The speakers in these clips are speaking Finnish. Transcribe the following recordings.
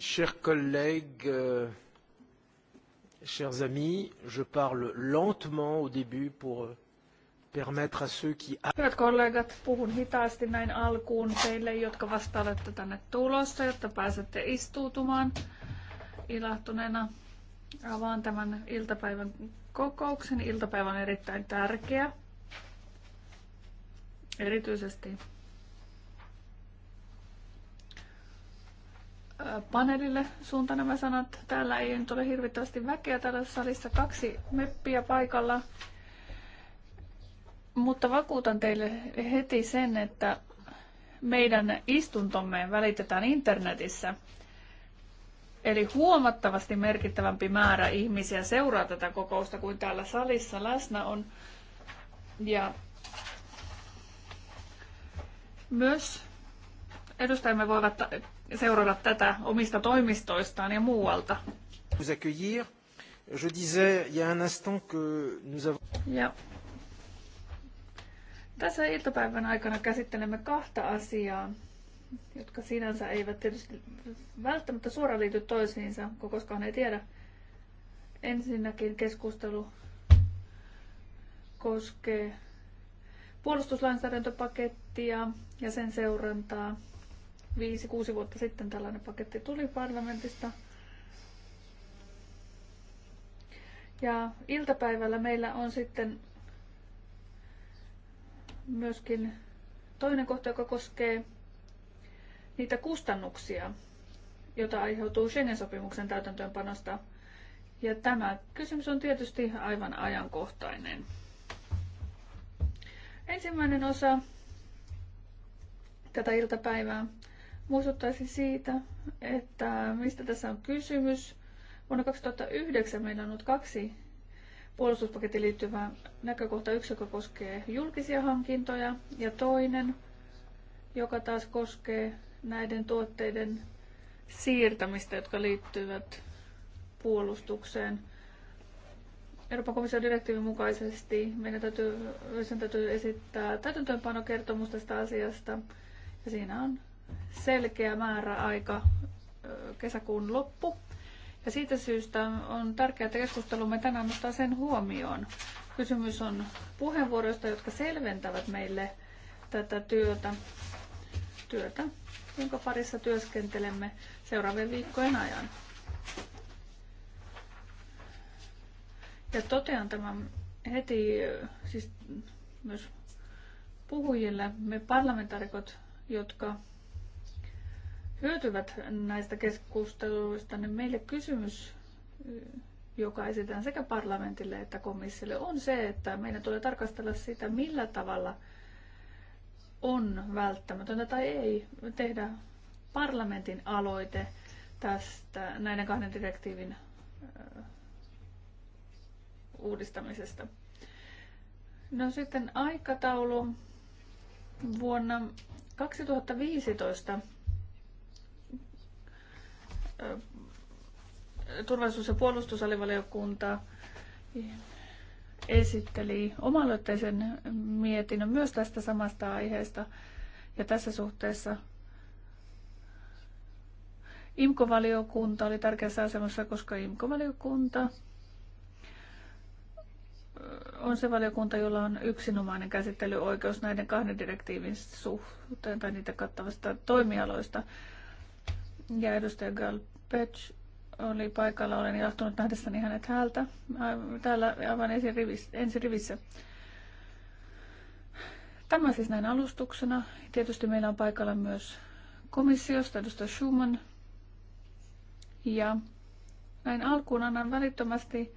Chers collègues, euh, chers amis, je parle lentement au début pour euh, permettre à ceux qui... Hyvät kollegat, puhun hitaasti näin alkuun teille, jotka vasta olette tänne tulossa, jotta pääsette istuutumaan ilahtuneena. Avaan tämän iltapäivän kokouksen. Iltapäivä on erittäin tärkeä, erityisesti paneelille suunta nämä sanat. Täällä ei nyt ole hirvittävästi väkeä. Täällä salissa kaksi meppiä paikalla. Mutta vakuutan teille heti sen, että meidän istuntomme välitetään internetissä. Eli huomattavasti merkittävämpi määrä ihmisiä seuraa tätä kokousta kuin täällä salissa läsnä on. Ja myös edustajamme voivat seurata tätä omista toimistoistaan ja muualta. Je disais il y a un instant que nous avons... Ja. Tässä iltapäivän aikana käsittelemme kahta asiaa, jotka sinänsä eivät tietysti välttämättä suoraan liity toisiinsa, koska ne ei tiedä. Ensinnäkin keskustelu koskee puolustuslainsäädäntöpakettia ja sen seurantaa viisi, kuusi vuotta sitten tällainen paketti tuli parlamentista. Ja iltapäivällä meillä on sitten myöskin toinen kohta, joka koskee niitä kustannuksia, joita aiheutuu Schengen-sopimuksen täytäntöönpanosta. Ja tämä kysymys on tietysti aivan ajankohtainen. Ensimmäinen osa tätä iltapäivää Muistuttaisin siitä, että mistä tässä on kysymys. Vuonna 2009 meillä on ollut kaksi puolustuspakettiin liittyvää näkökohta. Yksi, joka koskee julkisia hankintoja ja toinen, joka taas koskee näiden tuotteiden siirtämistä, jotka liittyvät puolustukseen. Euroopan komission direktiivin mukaisesti meidän täytyy, sen täytyy esittää täytäntöönpanokertomus tästä asiasta. Ja siinä on selkeä määräaika kesäkuun loppu. Ja siitä syystä on tärkeää, että keskustelumme tänään ottaa sen huomioon. Kysymys on puheenvuoroista, jotka selventävät meille tätä työtä, työtä jonka parissa työskentelemme seuraavien viikkojen ajan. Ja totean tämän heti siis myös puhujille, me parlamentaarikot, jotka hyötyvät näistä keskusteluista, niin meille kysymys, joka esitetään sekä parlamentille että komissiolle, on se, että meidän tulee tarkastella sitä, millä tavalla on välttämätöntä tai ei tehdä parlamentin aloite tästä näiden kahden direktiivin uudistamisesta. No sitten aikataulu vuonna 2015 turvallisuus- ja puolustusalivaliokunta esitteli omaloitteisen mietinnön myös tästä samasta aiheesta. Ja tässä suhteessa IMKO-valiokunta oli tärkeässä asemassa, koska IMKO-valiokunta on se valiokunta, jolla on yksinomainen käsittelyoikeus näiden kahden direktiivin suhteen tai niitä kattavista toimialoista. Ja edustaja Girl Patch oli paikalla. Olen jahtunut nähdessäni hänet häältä. Täällä aivan ensi rivissä. Ensi rivissä. Tämä siis näin alustuksena. Tietysti meillä on paikalla myös komissiosta edustaja Schumann. Ja näin alkuun annan välittömästi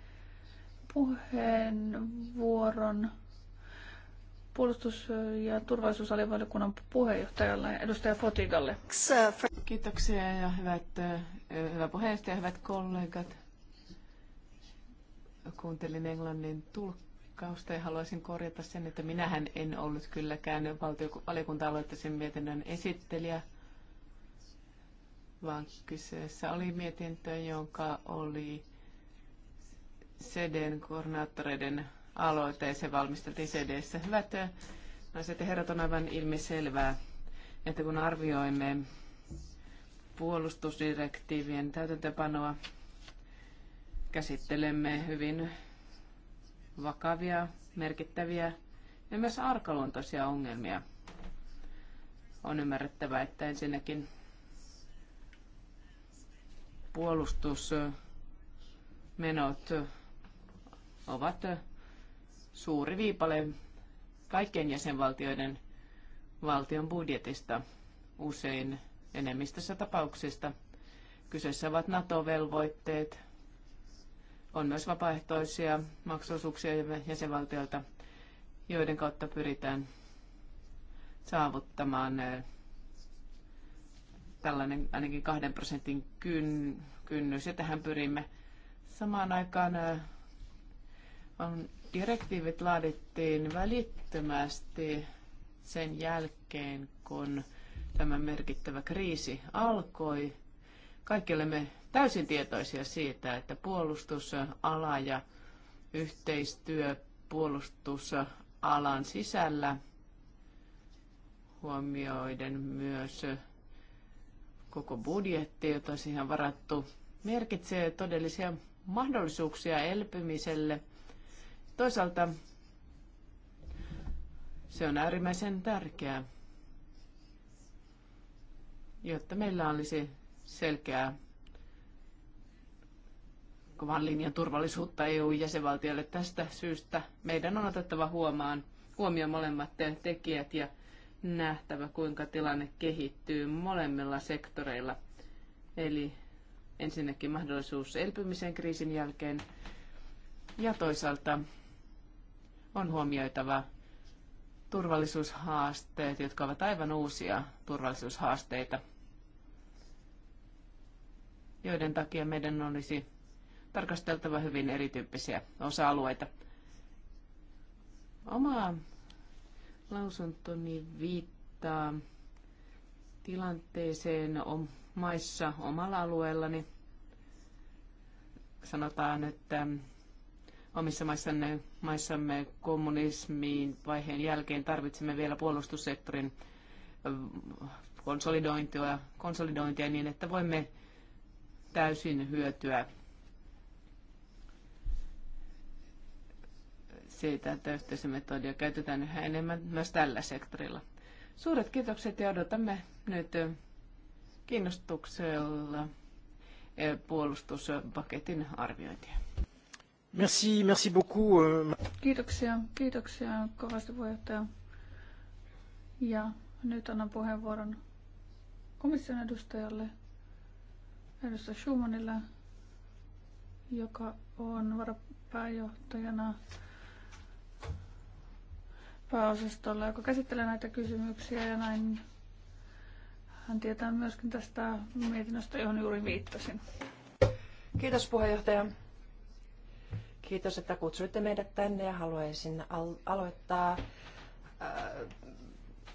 puheenvuoron puolustus- ja turvallisuusalivaliokunnan puheenjohtajalle, edustaja Fotigalle. Kiitoksia ja hyvät, eh, hyvä puheenjohtaja, hyvät kollegat. Kuuntelin englannin tulkkausta ja haluaisin korjata sen, että minähän en ollut kylläkään valiokunta-aloitteisen mietinnön esittelijä, vaan kyseessä oli mietintö, joka oli CDn koordinaattoreiden aloite. Se valmisteltiin CDssä. Hyvät eh, naiset ja herrat, on aivan ilmiselvää, että kun arvioimme puolustusdirektiivien täytäntöpanoa, käsittelemme hyvin vakavia, merkittäviä ja myös arkaluontoisia ongelmia. On ymmärrettävä, että ensinnäkin puolustusmenot ovat suuri viipale kaikkien jäsenvaltioiden valtion budjetista usein enemmistössä tapauksista. Kyseessä ovat NATO-velvoitteet, on myös vapaaehtoisia maksuosuuksia jäsenvaltioilta, joiden kautta pyritään saavuttamaan eh, tällainen ainakin kahden prosentin kynnys, ja tähän pyrimme. Samaan aikaan eh, on direktiivit laadittiin välittömästi sen jälkeen, kun tämä merkittävä kriisi alkoi. Kaikki olemme täysin tietoisia siitä, että puolustusala ja yhteistyö puolustusalan sisällä huomioiden myös koko budjetti, jota siihen on varattu, merkitsee todellisia mahdollisuuksia elpymiselle – Toisaalta se on äärimmäisen tärkeää, jotta meillä olisi selkeää kovan linjan turvallisuutta EU-jäsenvaltioille. Tästä syystä meidän on otettava huomaan, huomioon molemmat tekijät ja nähtävä, kuinka tilanne kehittyy molemmilla sektoreilla. Eli ensinnäkin mahdollisuus elpymisen kriisin jälkeen ja toisaalta on huomioitava turvallisuushaasteet, jotka ovat aivan uusia turvallisuushaasteita, joiden takia meidän olisi tarkasteltava hyvin erityyppisiä osa-alueita. Oma lausuntoni viittaa tilanteeseen maissa omalla alueellani. Sanotaan, että omissa maissamme, maissamme kommunismiin vaiheen jälkeen tarvitsemme vielä puolustussektorin konsolidointia, konsolidointia niin, että voimme täysin hyötyä siitä, että yhteisömetodia käytetään yhä enemmän myös tällä sektorilla. Suuret kiitokset ja odotamme nyt kiinnostuksella puolustuspaketin arviointia. Merci, merci beaucoup. Euh, kiitoksia, kiitoksia kovasti puheenjohtaja. Ja nyt annan puheenvuoron komission edustajalle, edustaja Schumannille, joka on varapääjohtajana pääosastolla, joka käsittelee näitä kysymyksiä ja näin hän tietää myöskin tästä mietinnöstä, johon juuri viittasin. Kiitos puheenjohtaja. Kiitos, että kutsuitte meidät tänne ja haluaisin al- aloittaa äh,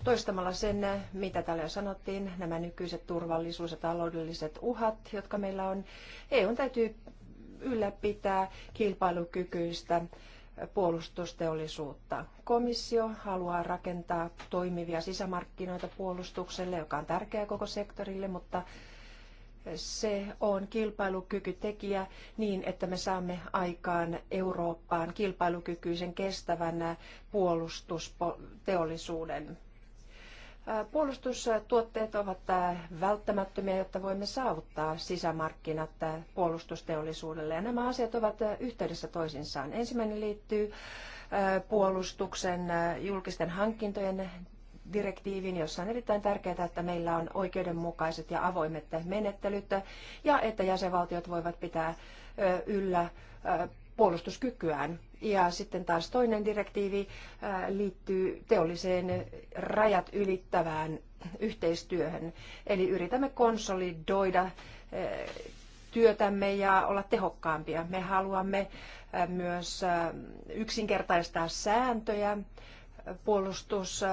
toistamalla sen, mitä täällä jo sanottiin, nämä nykyiset turvallisuus- ja taloudelliset uhat, jotka meillä on. EU täytyy ylläpitää kilpailukykyistä puolustusteollisuutta. Komissio haluaa rakentaa toimivia sisämarkkinoita puolustukselle, joka on tärkeää koko sektorille, mutta se on kilpailukykytekijä niin, että me saamme aikaan Eurooppaan kilpailukykyisen kestävän puolustusteollisuuden. Puolustustuotteet ovat välttämättömiä, jotta voimme saavuttaa sisämarkkinat puolustusteollisuudelle. Ja nämä asiat ovat yhteydessä toisinsaan. Ensimmäinen liittyy puolustuksen julkisten hankintojen direktiivin, jossa on erittäin tärkeää, että meillä on oikeudenmukaiset ja avoimet menettelyt ja että jäsenvaltiot voivat pitää yllä puolustuskykyään. Ja sitten taas toinen direktiivi liittyy teolliseen rajat ylittävään yhteistyöhön. Eli yritämme konsolidoida työtämme ja olla tehokkaampia. Me haluamme myös yksinkertaistaa sääntöjä puolustus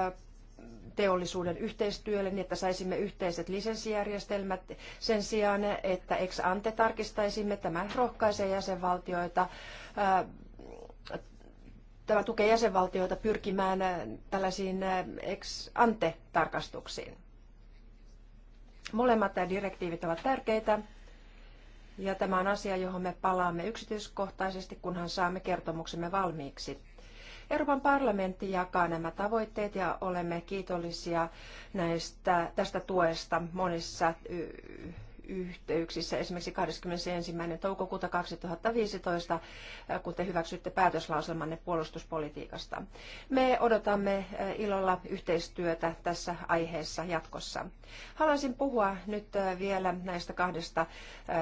teollisuuden yhteistyölle niin, että saisimme yhteiset lisenssijärjestelmät sen sijaan, että ex ante tarkistaisimme. Tämä rohkaisee jäsenvaltioita Tämä tukee jäsenvaltioita pyrkimään tällaisiin ex ante tarkastuksiin. Molemmat direktiivit ovat tärkeitä ja tämä on asia, johon me palaamme yksityiskohtaisesti, kunhan saamme kertomuksemme valmiiksi. Euroopan parlamentti jakaa nämä tavoitteet ja olemme kiitollisia näistä, tästä tuesta monissa yhteyksissä, esimerkiksi 21. toukokuuta 2015, äh, kun te hyväksytte päätöslauselmanne puolustuspolitiikasta. Me odotamme äh, ilolla yhteistyötä tässä aiheessa jatkossa. Haluaisin puhua nyt äh, vielä näistä kahdesta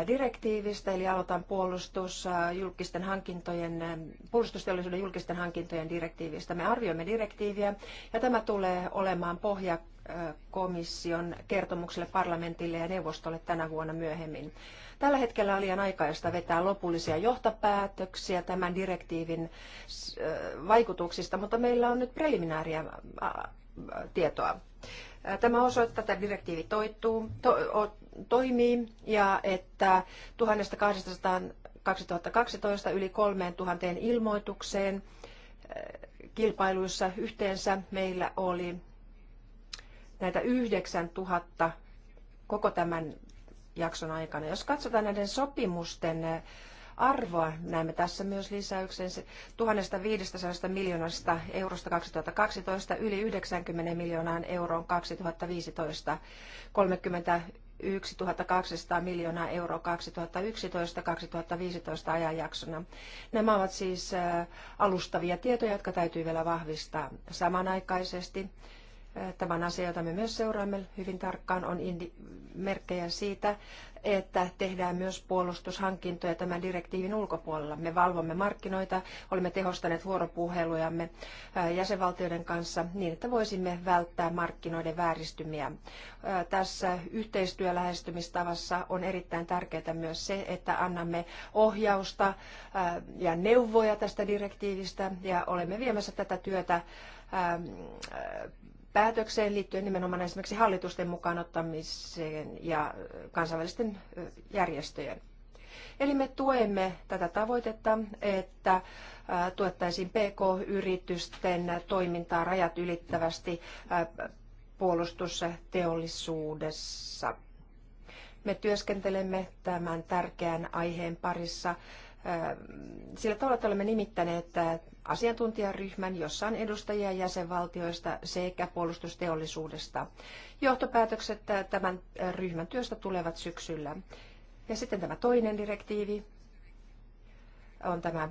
direktiivistä, eli aloitan puolustus, julkisten hankintojen, puolustusteollisuuden julkisten hankintojen direktiivistä. Me arvioimme direktiiviä ja tämä tulee olemaan pohja komission kertomukselle parlamentille ja neuvostolle tänä vuonna myöhemmin. Tällä hetkellä on liian aikaista vetää lopullisia johtopäätöksiä tämän direktiivin vaikutuksista, mutta meillä on nyt preliminääriä tietoa. Tämä osoittaa, että direktiivi toituu, to, toimii ja että 1200 2012 yli 3000 ilmoitukseen kilpailuissa yhteensä meillä oli näitä 9000 koko tämän jakson aikana. Jos katsotaan näiden sopimusten eh, arvoa, näemme tässä myös lisäyksen 1500 miljoonasta eurosta 2012 yli 90 miljoonaan euroon 2015, 31 200 miljoonaa euroa 2011-2015 ajanjaksona. Nämä ovat siis eh, alustavia tietoja, jotka täytyy vielä vahvistaa samanaikaisesti Tämä on asia, jota me myös seuraamme hyvin tarkkaan. On indi- merkkejä siitä, että tehdään myös puolustushankintoja tämän direktiivin ulkopuolella. Me valvomme markkinoita, olemme tehostaneet vuoropuhelujamme jäsenvaltioiden kanssa niin, että voisimme välttää markkinoiden vääristymiä. Tässä yhteistyölähestymistavassa on erittäin tärkeää myös se, että annamme ohjausta ja neuvoja tästä direktiivistä ja olemme viemässä tätä työtä päätökseen liittyen nimenomaan esimerkiksi hallitusten mukaan ottamiseen ja kansainvälisten järjestöjen. Eli me tuemme tätä tavoitetta, että tuettaisiin PK-yritysten toimintaa rajat ylittävästi puolustusteollisuudessa. Me työskentelemme tämän tärkeän aiheen parissa sillä tavalla, että olemme nimittäneet äh, asiantuntijaryhmän, jossa on edustajia jäsenvaltioista sekä puolustusteollisuudesta. Johtopäätökset äh, tämän äh, ryhmän työstä tulevat syksyllä. Ja sitten tämä toinen direktiivi on tämä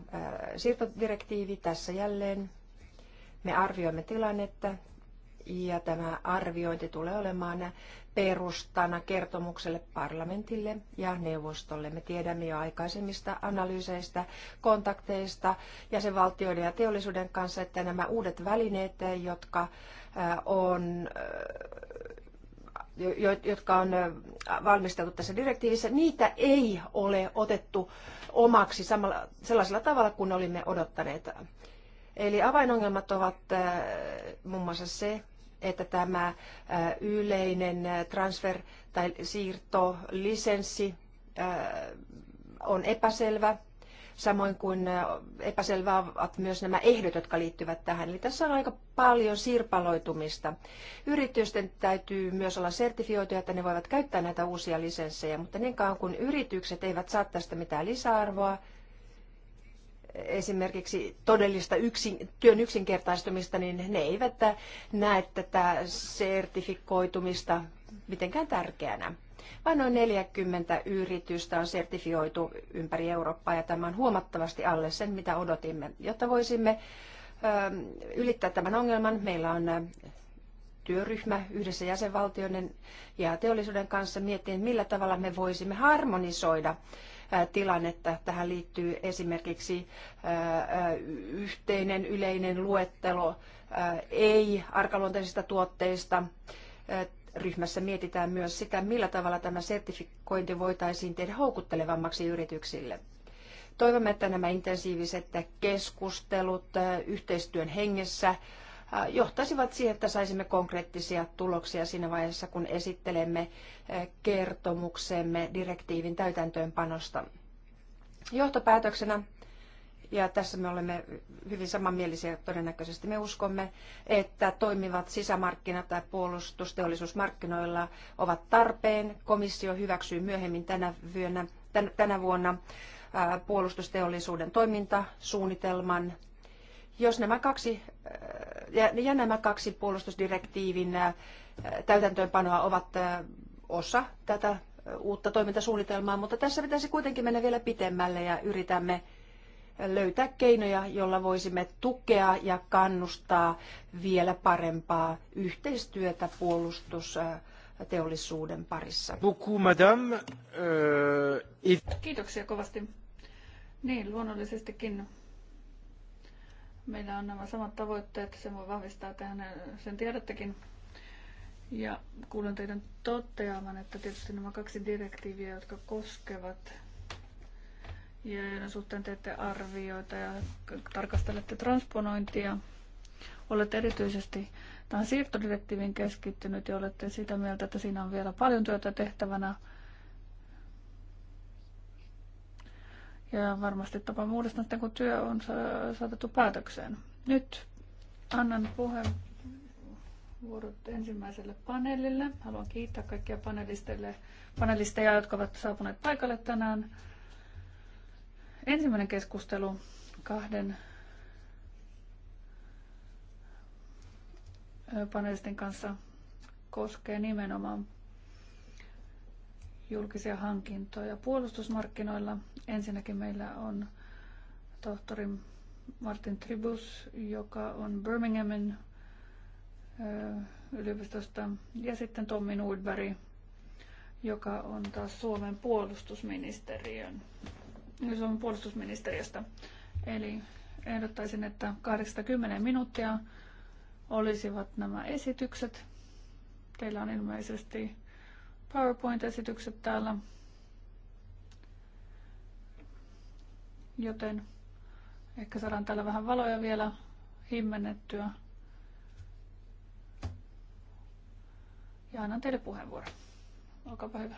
siirtodirektiivi tässä jälleen. Me arvioimme tilannetta ja tämä arviointi tulee olemaan perustana kertomukselle parlamentille ja neuvostolle. Me tiedämme jo aikaisemmista analyyseistä, kontakteista ja sen valtioiden ja teollisuuden kanssa, että nämä uudet välineet, jotka äh, on äh, jotka on äh, valmisteltu tässä direktiivissä, niitä ei ole otettu omaksi samalla, sellaisella tavalla kuin olimme odottaneet. Eli avainongelmat ovat muun mm. muassa se, että tämä yleinen transfer tai siirto lisenssi on epäselvä. Samoin kuin epäselvää ovat myös nämä ehdot, jotka liittyvät tähän. Eli tässä on aika paljon sirpaloitumista. Yritysten täytyy myös olla sertifioituja, että ne voivat käyttää näitä uusia lisenssejä, mutta niin kauan kuin yritykset eivät saa tästä mitään lisäarvoa, esimerkiksi todellista yksin, työn yksinkertaistumista, niin ne eivät näe tätä sertifikoitumista mitenkään tärkeänä. Vain noin 40 yritystä on sertifioitu ympäri Eurooppaa ja tämä on huomattavasti alle sen, mitä odotimme. Jotta voisimme ähm, ylittää tämän ongelman, meillä on äh, työryhmä yhdessä jäsenvaltioiden ja teollisuuden kanssa miettiä, millä tavalla me voisimme harmonisoida tilannetta. Tähän liittyy esimerkiksi yhteinen yleinen luettelo ei-arkaluonteisista tuotteista. Ryhmässä mietitään myös sitä, millä tavalla tämä sertifikointi voitaisiin tehdä houkuttelevammaksi yrityksille. Toivomme, että nämä intensiiviset keskustelut yhteistyön hengessä Äh, johtaisivat siihen, että saisimme konkreettisia tuloksia siinä vaiheessa, kun esittelemme äh, kertomuksemme direktiivin täytäntöönpanosta. Johtopäätöksenä, ja tässä me olemme hyvin samanmielisiä todennäköisesti, me uskomme, että toimivat sisämarkkinat tai puolustusteollisuusmarkkinoilla ovat tarpeen. Komissio hyväksyy myöhemmin tänä, vyönä, tänä vuonna äh, puolustusteollisuuden toimintasuunnitelman jos nämä kaksi, äh, ja, ja nämä kaksi puolustusdirektiivin äh, täytäntöönpanoa ovat äh, osa tätä uutta toimintasuunnitelmaa, mutta tässä pitäisi kuitenkin mennä vielä pitemmälle ja yritämme löytää keinoja, joilla voisimme tukea ja kannustaa vielä parempaa yhteistyötä puolustusteollisuuden parissa. Euh, Kiitoksia kovasti. Niin, luonnollisestikin Meillä on nämä samat tavoitteet, se voi vahvistaa, että sen tiedättekin. Ja kuulen teidän toteavan, että tietysti nämä kaksi direktiiviä, jotka koskevat ja joiden suhteen teette arvioita ja tarkastelette transponointia, olette erityisesti tähän siirtodirektiiviin keskittynyt ja olette sitä mieltä, että siinä on vielä paljon työtä tehtävänä Ja varmasti tapa uudestaan sitten, kun työ on saatettu päätökseen. Nyt annan puheenvuorot ensimmäiselle paneelille. Haluan kiittää kaikkia panelisteille, panelisteja, jotka ovat saapuneet paikalle tänään. Ensimmäinen keskustelu kahden panelistin kanssa koskee nimenomaan julkisia hankintoja puolustusmarkkinoilla. Ensinnäkin meillä on tohtori Martin Tribus, joka on Birminghamin yliopistosta, ja sitten Tommi Nordberg, joka on taas Suomen puolustusministeriön, Suomen puolustusministeriöstä. Eli ehdottaisin, että 80 minuuttia olisivat nämä esitykset. Teillä on ilmeisesti PowerPoint-esitykset täällä. Joten ehkä saadaan täällä vähän valoja vielä himmennettyä. Ja annan teille puheenvuoro. Olkaapa hyvä.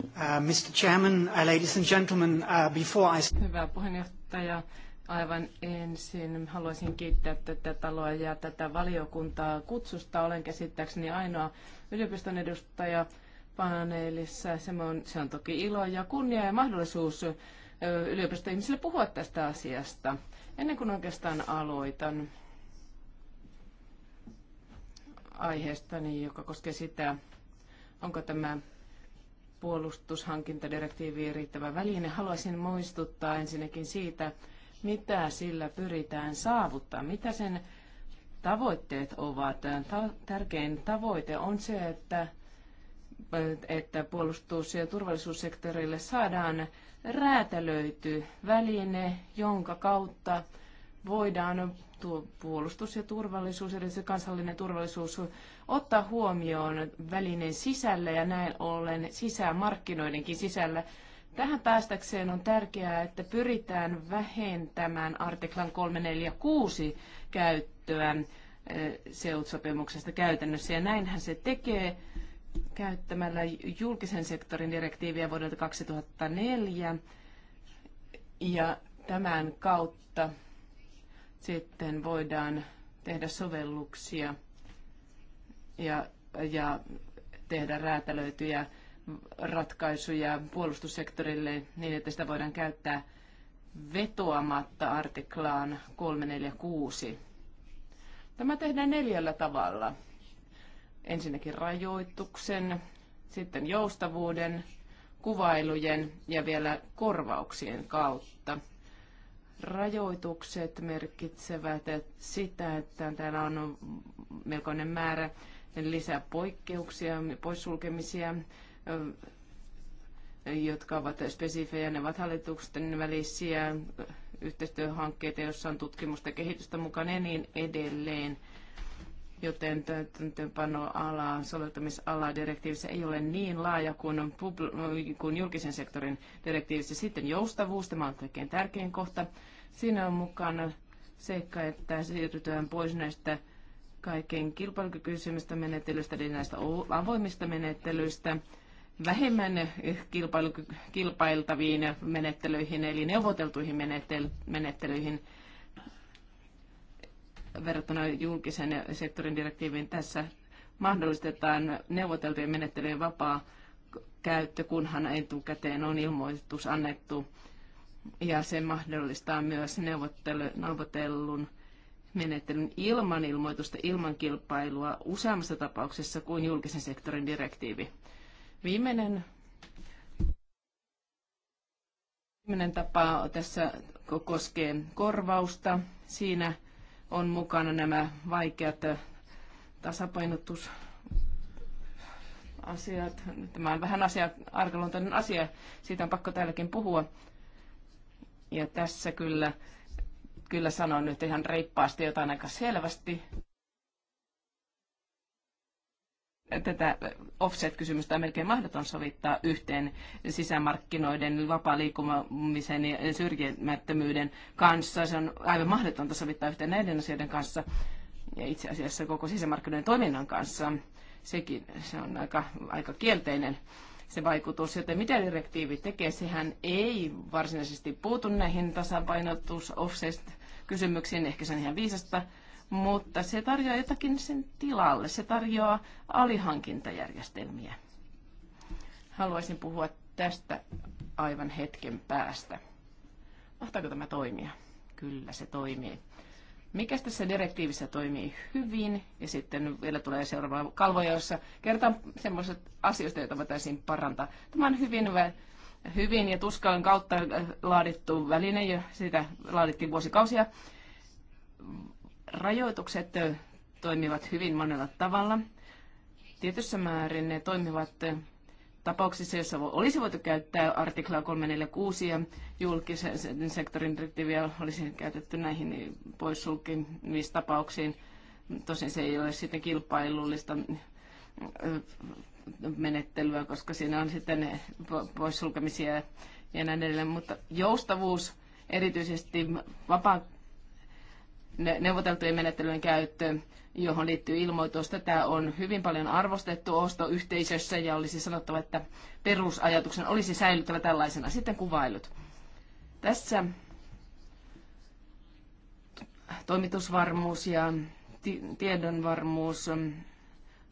Uh, Mr. Chairman, uh, ladies and gentlemen, uh, before I... Hyvä puheenjohtaja. Aivan ensin haluaisin kiittää tätä taloa ja tätä valiokuntaa kutsusta. Olen käsittääkseni ainoa yliopiston edustaja paneelissa. Se on, se on toki ilo ja kunnia ja mahdollisuus yliopistoihmisille puhua tästä asiasta. Ennen kuin oikeastaan aloitan aiheesta, joka koskee sitä, onko tämä puolustushankintadirektiivi riittävä väline, haluaisin muistuttaa ensinnäkin siitä, mitä sillä pyritään saavuttaa, mitä sen tavoitteet ovat. Tärkein tavoite on se, että, että puolustus- ja turvallisuussektorille saadaan räätälöity väline, jonka kautta voidaan tuo puolustus ja turvallisuus, eli se kansallinen turvallisuus, ottaa huomioon välineen sisällä ja näin ollen sisämarkkinoidenkin sisällä Tähän päästäkseen on tärkeää, että pyritään vähentämään artiklan 346 käyttöä eh, seutsopimuksesta käytännössä, ja näinhän se tekee käyttämällä julkisen sektorin direktiiviä vuodelta 2004, ja tämän kautta sitten voidaan tehdä sovelluksia ja, ja tehdä räätälöityjä ratkaisuja puolustussektorille niin, että sitä voidaan käyttää vetoamatta artiklaan 346. Tämä tehdään neljällä tavalla. Ensinnäkin rajoituksen, sitten joustavuuden, kuvailujen ja vielä korvauksien kautta. Rajoitukset merkitsevät sitä, että täällä on melkoinen määrä lisää poikkeuksia, poissulkemisia, jotka ovat spesifejä. Ne ovat hallituksen välisiä yhteistyöhankkeita, joissa on tutkimusta ja kehitystä mukana ja niin edelleen. Joten täytäntöönpanoala, soveltamisala direktiivissä ei ole niin laaja kuin, kuin julkisen sektorin direktiivissä. Sitten joustavuus, tämä on kaikkein tärkein kohta. Siinä on mukana seikka, että siirrytään pois näistä kaikkein kilpailukykyisimmistä menettelyistä, eli näistä avoimista menettelyistä vähemmän kilpailu, kilpailtaviin menettelyihin, eli neuvoteltuihin menettelyihin verrattuna julkisen sektorin direktiiviin. Tässä mahdollistetaan neuvoteltujen menettelyjen vapaa käyttö, kunhan etukäteen on ilmoitus annettu. Ja se mahdollistaa myös neuvotellun menettelyn ilman ilmoitusta, ilman kilpailua useammassa tapauksessa kuin julkisen sektorin direktiivi. Viimeinen, viimeinen tapa tässä koskee korvausta. Siinä on mukana nämä vaikeat tasapainotus asiat. Tämä on vähän asia, arkaluontainen asia, siitä on pakko täälläkin puhua. Ja tässä kyllä, kyllä sanon nyt ihan reippaasti jotain aika selvästi tätä offset-kysymystä on melkein mahdoton sovittaa yhteen sisämarkkinoiden vapaa liikkumisen ja syrjimättömyyden kanssa. Se on aivan mahdotonta sovittaa yhteen näiden asioiden kanssa ja itse asiassa koko sisämarkkinoiden toiminnan kanssa. Sekin se on aika, aika kielteinen se vaikutus, joten mitä direktiivi tekee, sehän ei varsinaisesti puutu näihin tasapainotus offset kysymyksiin, ehkä se on ihan viisasta mutta se tarjoaa jotakin sen tilalle. Se tarjoaa alihankintajärjestelmiä. Haluaisin puhua tästä aivan hetken päästä. Mahtaako tämä toimia? Kyllä se toimii. Mikä tässä direktiivissä toimii hyvin? Ja sitten vielä tulee seuraava kalvo, jossa kertaan semmoiset asioista, joita voitaisiin parantaa. Tämä on hyvin, hyvin ja tuskan kautta laadittu väline, ja sitä laadittiin vuosikausia Rajoitukset toimivat hyvin monella tavalla. Tietyssä määrin ne toimivat tapauksissa, joissa olisi voitu käyttää artiklaa 346 ja julkisen sektorin direktiiviä olisi käytetty näihin poissulkemistapauksiin. tapauksiin tosin se ei ole sitten kilpailullista menettelyä, koska siinä on sitten poissulkemisia ja näin edelleen. Mutta joustavuus erityisesti vapaa neuvoteltujen menettelyjen käyttö, johon liittyy ilmoitus. Tätä on hyvin paljon arvostettu ostoyhteisössä ja olisi sanottava, että perusajatuksen olisi säilyttävä tällaisena. Sitten kuvailut. Tässä toimitusvarmuus ja tiedonvarmuus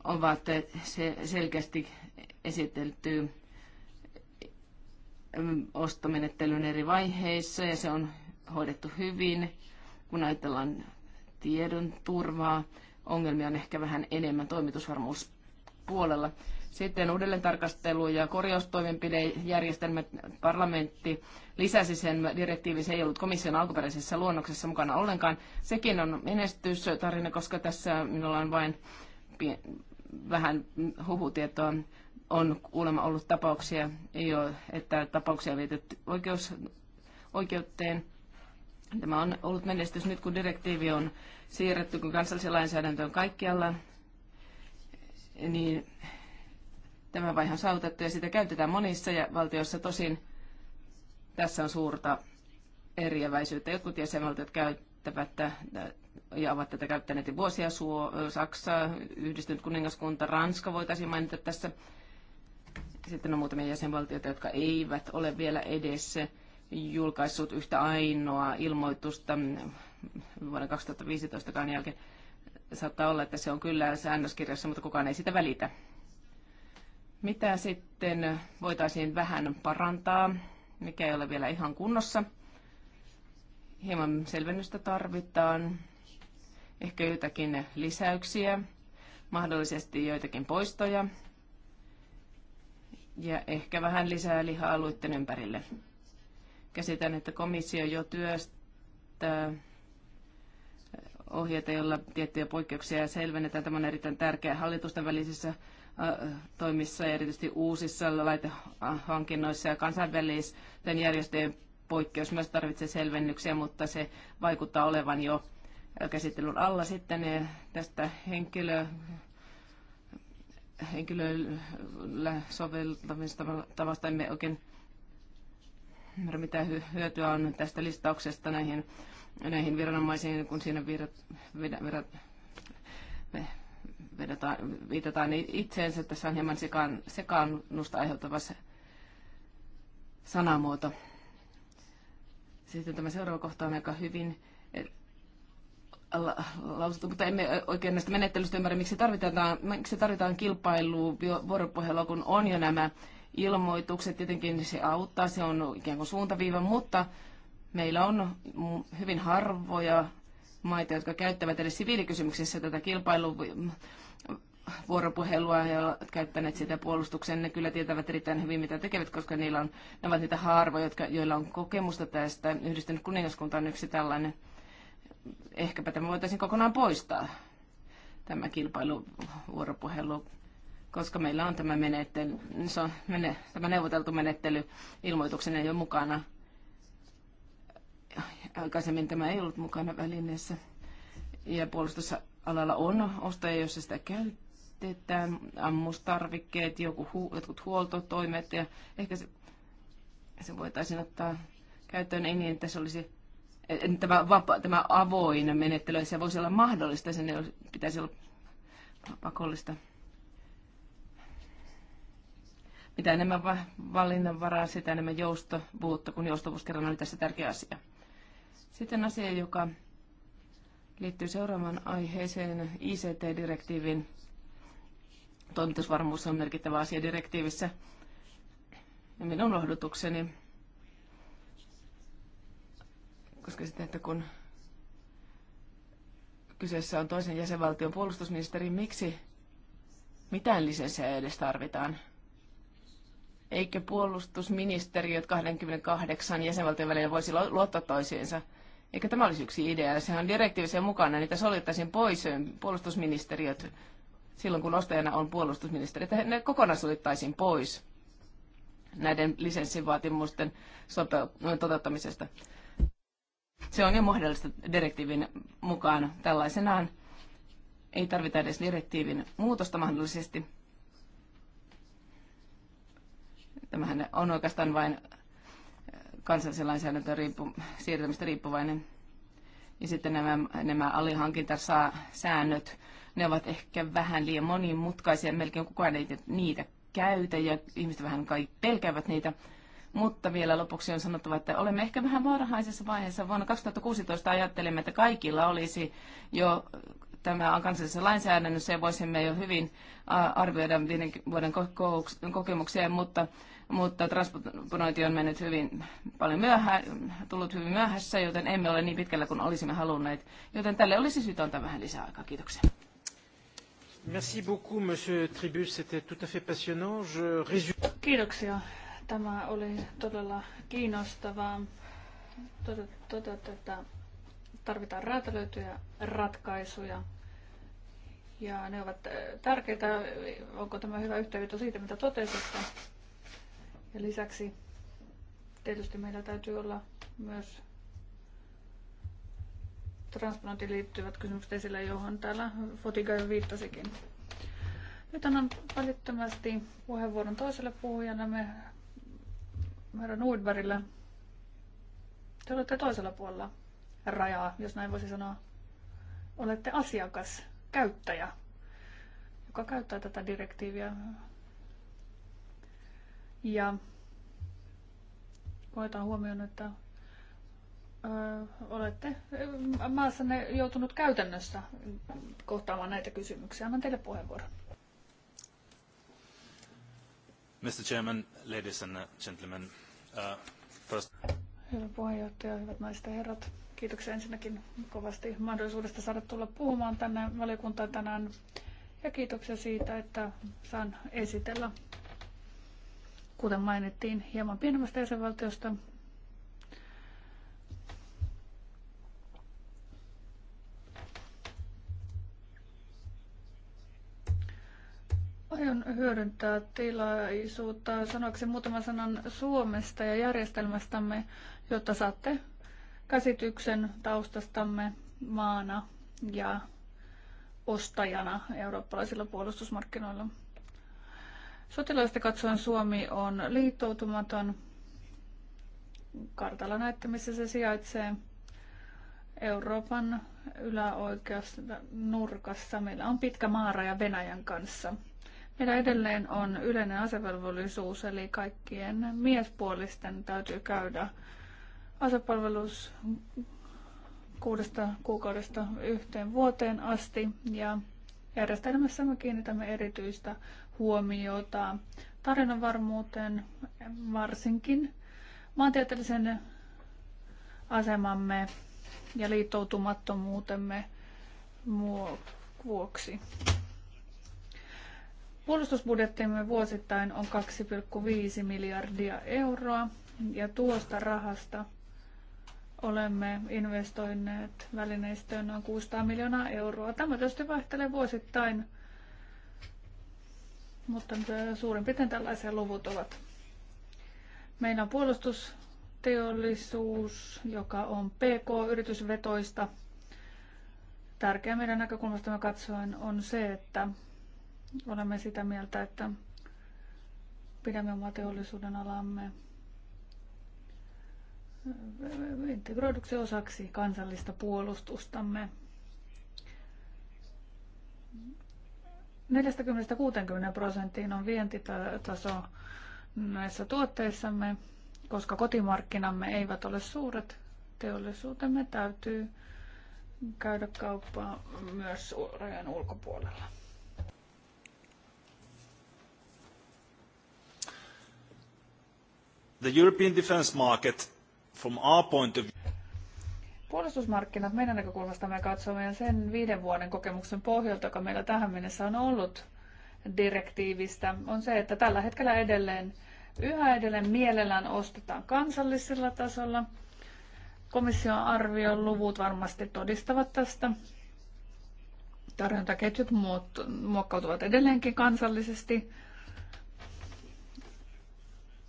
ovat selkeästi esitelty ostomenettelyn eri vaiheissa ja se on hoidettu hyvin kun ajatellaan tiedon turvaa, ongelmia on ehkä vähän enemmän toimitusvarmuuspuolella. Sitten uudelleen tarkastelu ja korjaustoimenpidejärjestelmä parlamentti lisäsi sen direktiivin, se ei ollut komission alkuperäisessä luonnoksessa mukana ollenkaan. Sekin on menestystarina, koska tässä minulla on vain vähän huhutietoa. On kuulemma ollut tapauksia, ole, että tapauksia on liitetty oikeus, oikeuteen Tämä on ollut menestys nyt, kun direktiivi on siirretty, kun kansallisen lainsäädäntö on kaikkialla, niin tämä vaihe on saavutettu ja sitä käytetään monissa ja valtioissa tosin tässä on suurta eriäväisyyttä. Jotkut jäsenvaltiot käyttävät ja ovat tätä käyttäneet vuosia. Suo, Saksa, Yhdistynyt kuningaskunta, Ranska voitaisiin mainita tässä. Sitten on muutamia jäsenvaltioita, jotka eivät ole vielä edessä julkaissut yhtä ainoa ilmoitusta vuoden 2015 jälkeen. Saattaa olla, että se on kyllä säännöskirjassa, mutta kukaan ei sitä välitä. Mitä sitten voitaisiin vähän parantaa, mikä ei ole vielä ihan kunnossa? Hieman selvennystä tarvitaan, ehkä joitakin lisäyksiä, mahdollisesti joitakin poistoja ja ehkä vähän lisää lihaa luitten ympärille. Käsitän, että komissio jo työstää ohjeita, joilla tiettyjä poikkeuksia selvennetään. Tämä on erittäin tärkeää hallitusten välisissä äh, toimissa ja erityisesti uusissa laitehankinnoissa ja kansainvälisten järjestöjen poikkeus myös tarvitsee selvennyksiä, mutta se vaikuttaa olevan jo käsittelyn alla sitten tästä henkilö, henkilöllä soveltamista tavasta emme oikein mitä hyötyä on tästä listauksesta näihin, näihin viranomaisiin, kun siinä virat, virat, virat, vedetaan, viitataan niin itseensä. Tässä on hieman sekaan, sekaannusta aiheuttava se sanamuoto. Sitten tämä seuraava kohta on aika hyvin eh, lausuttu, mutta emme oikein näistä menettelystä ymmärrä, miksi tarvitaan, miksi tarvitaan kilpailua vuoropuhelua, kun on jo nämä ilmoitukset, tietenkin se auttaa, se on ikään kuin suuntaviiva, mutta meillä on hyvin harvoja maita, jotka käyttävät edes siviilikysymyksissä tätä kilpailuvuoropuhelua ja käyttäneet sitä puolustukseen. Ne kyllä tietävät erittäin hyvin, mitä tekevät, koska niillä on, ne ovat niitä harvoja, jotka, joilla on kokemusta tästä. Yhdistynyt kuningaskunta on yksi tällainen. Ehkäpä tämä voitaisiin kokonaan poistaa, tämä kilpailuvuoropuhelu koska meillä on tämä, menettely, niin se on, mene, tämä neuvoteltu menettely ilmoituksen ei ole mukana. Aikaisemmin tämä ei ollut mukana välineessä. Ja puolustusalalla on ostaja, jossa sitä käytetään, ammustarvikkeet, joku hu, jotkut huoltotoimet ja ehkä se, se voitaisiin ottaa käyttöön ei niin, että se olisi tämä, vapa, tämä avoin menettely, se voisi olla mahdollista, sen ei pitäisi olla pakollista. mitä enemmän valinnanvaraa, sitä enemmän joustavuutta, kun joustavuus kerran oli tässä tärkeä asia. Sitten asia, joka liittyy seuraavaan aiheeseen, ICT-direktiivin. Toimitusvarmuus on merkittävä asia direktiivissä. Ja minun lohdutukseni, koska sitten, että kun kyseessä on toisen jäsenvaltion puolustusministeri, miksi mitään lisenssiä edes tarvitaan? Eikö puolustusministeriöt 28 jäsenvaltion välillä voisi luottaa toisiinsa? Eikö tämä olisi yksi idea? Se on direktiivisen mukana, niitä soljettaisiin pois puolustusministeriöt silloin, kun ostajana on puolustusministeri, että ne kokonaan suljettaisiin pois näiden lisenssivaatimusten toteuttamisesta. Se on jo mahdollista direktiivin mukaan tällaisenaan. Ei tarvita edes direktiivin muutosta mahdollisesti. Tämähän on oikeastaan vain äh, kansallisen lainsäädäntöön riippu, siirtämistä riippuvainen. Ja sitten nämä, nämä alihankintasäännöt, ne ovat ehkä vähän liian monimutkaisia, melkein kukaan ei niitä käytä ja ihmiset vähän kai pelkäävät niitä. Mutta vielä lopuksi on sanottava, että olemme ehkä vähän varhaisessa vaiheessa. Vuonna 2016 ajattelimme, että kaikilla olisi jo tämä on kansallisessa lainsäädännössä ja voisimme jo hyvin arvioida viiden vuoden kokemuksia, mutta mutta transponointi on mennyt hyvin paljon myöhään, tullut hyvin myöhässä, joten emme ole niin pitkällä kuin olisimme halunneet. Joten tälle olisi syytä antaa vähän lisää aikaa. Kiitoksia. Merci beaucoup, monsieur Tribus. C'était tout à fait passionnant. Je résume... Kiitoksia. Tämä oli todella kiinnostavaa. todeta, että tarvitaan räätälöityjä ratkaisuja ja ne ovat äh, tärkeitä. Onko tämä hyvä yhteenveto siitä, mitä totesitte? Ja lisäksi tietysti meillä täytyy olla myös transplantiin liittyvät kysymykset esillä, johon täällä Fotiga jo viittasikin. Nyt annan välittömästi puheenvuoron toiselle puhujalle, herra Nordbergille. Te olette toisella puolella rajaa, jos näin voisi sanoa. Olette asiakas, käyttäjä, joka käyttää tätä direktiiviä. Ja koetaan huomioon, että ö, olette maassanne joutunut käytännössä kohtaamaan näitä kysymyksiä. Annan teille puheenvuoron. Mr. Chairman, ladies and gentlemen, uh, first... Hyvä puheenjohtaja, hyvät naiset ja herrat. Kiitoksia ensinnäkin kovasti mahdollisuudesta saada tulla puhumaan tänne valiokuntaan tänään. Ja kiitoksia siitä, että saan esitellä kuten mainittiin, hieman pienemmästä jäsenvaltiosta. Aion hyödyntää tilaisuutta sanoksi muutaman sanan Suomesta ja järjestelmästämme, jotta saatte käsityksen taustastamme maana ja ostajana eurooppalaisilla puolustusmarkkinoilla. Sotilaista katsoen Suomi on liittoutumaton. Kartalla näette, missä se sijaitsee. Euroopan yläoikeassa nurkassa. Meillä on pitkä maaraja Venäjän kanssa. Meillä edelleen on yleinen asevelvollisuus, eli kaikkien miespuolisten täytyy käydä asepalvelus kuudesta kuukaudesta yhteen vuoteen asti. Ja järjestelmässä me kiinnitämme erityistä huomiota tarinanvarmuuteen, varsinkin maantieteellisen asemamme ja liittoutumattomuutemme vuoksi. Puolustusbudjettimme vuosittain on 2,5 miljardia euroa ja tuosta rahasta olemme investoineet välineistöön noin 600 miljoonaa euroa. Tämä tietysti vaihtelee vuosittain mutta suurin piirtein tällaisia luvut ovat. Meillä on puolustusteollisuus, joka on PK-yritysvetoista. Tärkeää meidän näkökulmastamme katsoen on se, että olemme sitä mieltä, että pidämme omaa teollisuuden alamme eh, integroiduksi osaksi kansallista puolustustamme. 40-60 prosenttiin on vientitaso näissä tuotteissamme, koska kotimarkkinamme eivät ole suuret. Teollisuutemme täytyy käydä kauppaa myös rajan ulkopuolella. The European defense market from our point of view Puolustusmarkkinat meidän näkökulmasta me katsomme sen viiden vuoden kokemuksen pohjalta, joka meillä tähän mennessä on ollut direktiivistä, on se, että tällä hetkellä edelleen yhä edelleen mielellään ostetaan kansallisella tasolla. Komission arvion luvut varmasti todistavat tästä. Tarjontaketjut muokkautuvat edelleenkin kansallisesti.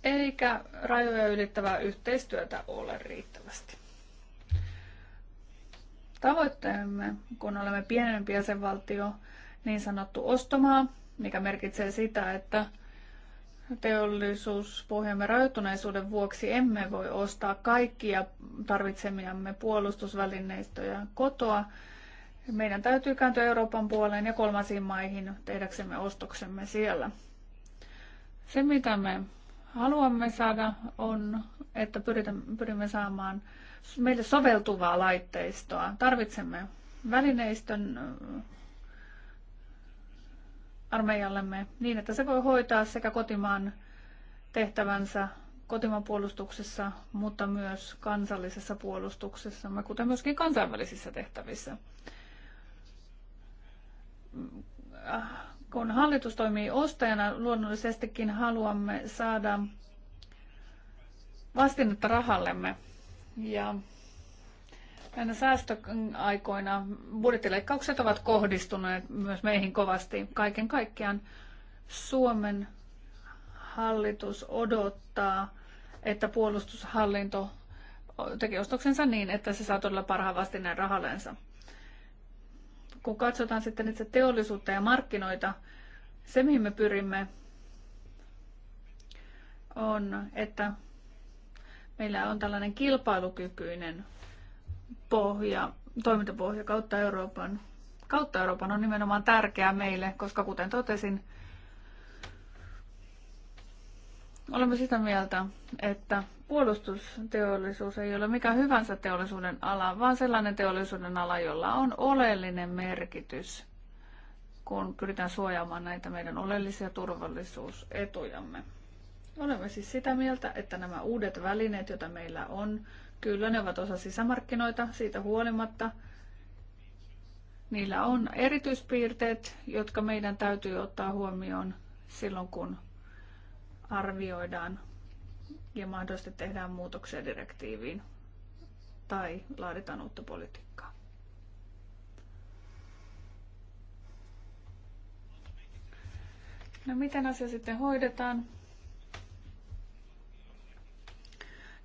Eikä rajoja ylittävää yhteistyötä ole riittävästi. Tavoitteemme, kun olemme pienempi jäsenvaltio, niin sanottu ostomaa, mikä merkitsee sitä, että teollisuuspohjamme rajoittuneisuuden vuoksi emme voi ostaa kaikkia tarvitsemiamme puolustusvälineistöjä kotoa. Meidän täytyy kääntyä Euroopan puoleen ja kolmansiin maihin tehdäksemme ostoksemme siellä. Se, mitä me haluamme saada, on, että pyrimme saamaan meille soveltuvaa laitteistoa. Tarvitsemme välineistön armeijallemme niin, että se voi hoitaa sekä kotimaan tehtävänsä kotimaan puolustuksessa, mutta myös kansallisessa puolustuksessa, kuten myöskin kansainvälisissä tehtävissä. Kun hallitus toimii ostajana, luonnollisestikin haluamme saada vastinetta rahallemme. Ja näinä säästöaikoina budjettileikkaukset ovat kohdistuneet myös meihin kovasti. Kaiken kaikkiaan Suomen hallitus odottaa, että puolustushallinto teki ostoksensa niin, että se saa todella parhaan vastineen rahallensa. Kun katsotaan sitten itse teollisuutta ja markkinoita, se mihin me pyrimme on, että Meillä on tällainen kilpailukykyinen pohja, toimintapohja kautta Euroopan. Kautta Euroopan on nimenomaan tärkeää meille, koska kuten totesin, olemme sitä mieltä, että puolustusteollisuus ei ole mikään hyvänsä teollisuuden ala, vaan sellainen teollisuuden ala, jolla on oleellinen merkitys, kun pyritään suojaamaan näitä meidän oleellisia turvallisuusetujamme. Olemme siis sitä mieltä, että nämä uudet välineet, joita meillä on, kyllä ne ovat osa sisämarkkinoita siitä huolimatta. Niillä on erityispiirteet, jotka meidän täytyy ottaa huomioon silloin, kun arvioidaan ja mahdollisesti tehdään muutoksia direktiiviin tai laaditaan uutta politiikkaa. No miten asia sitten hoidetaan?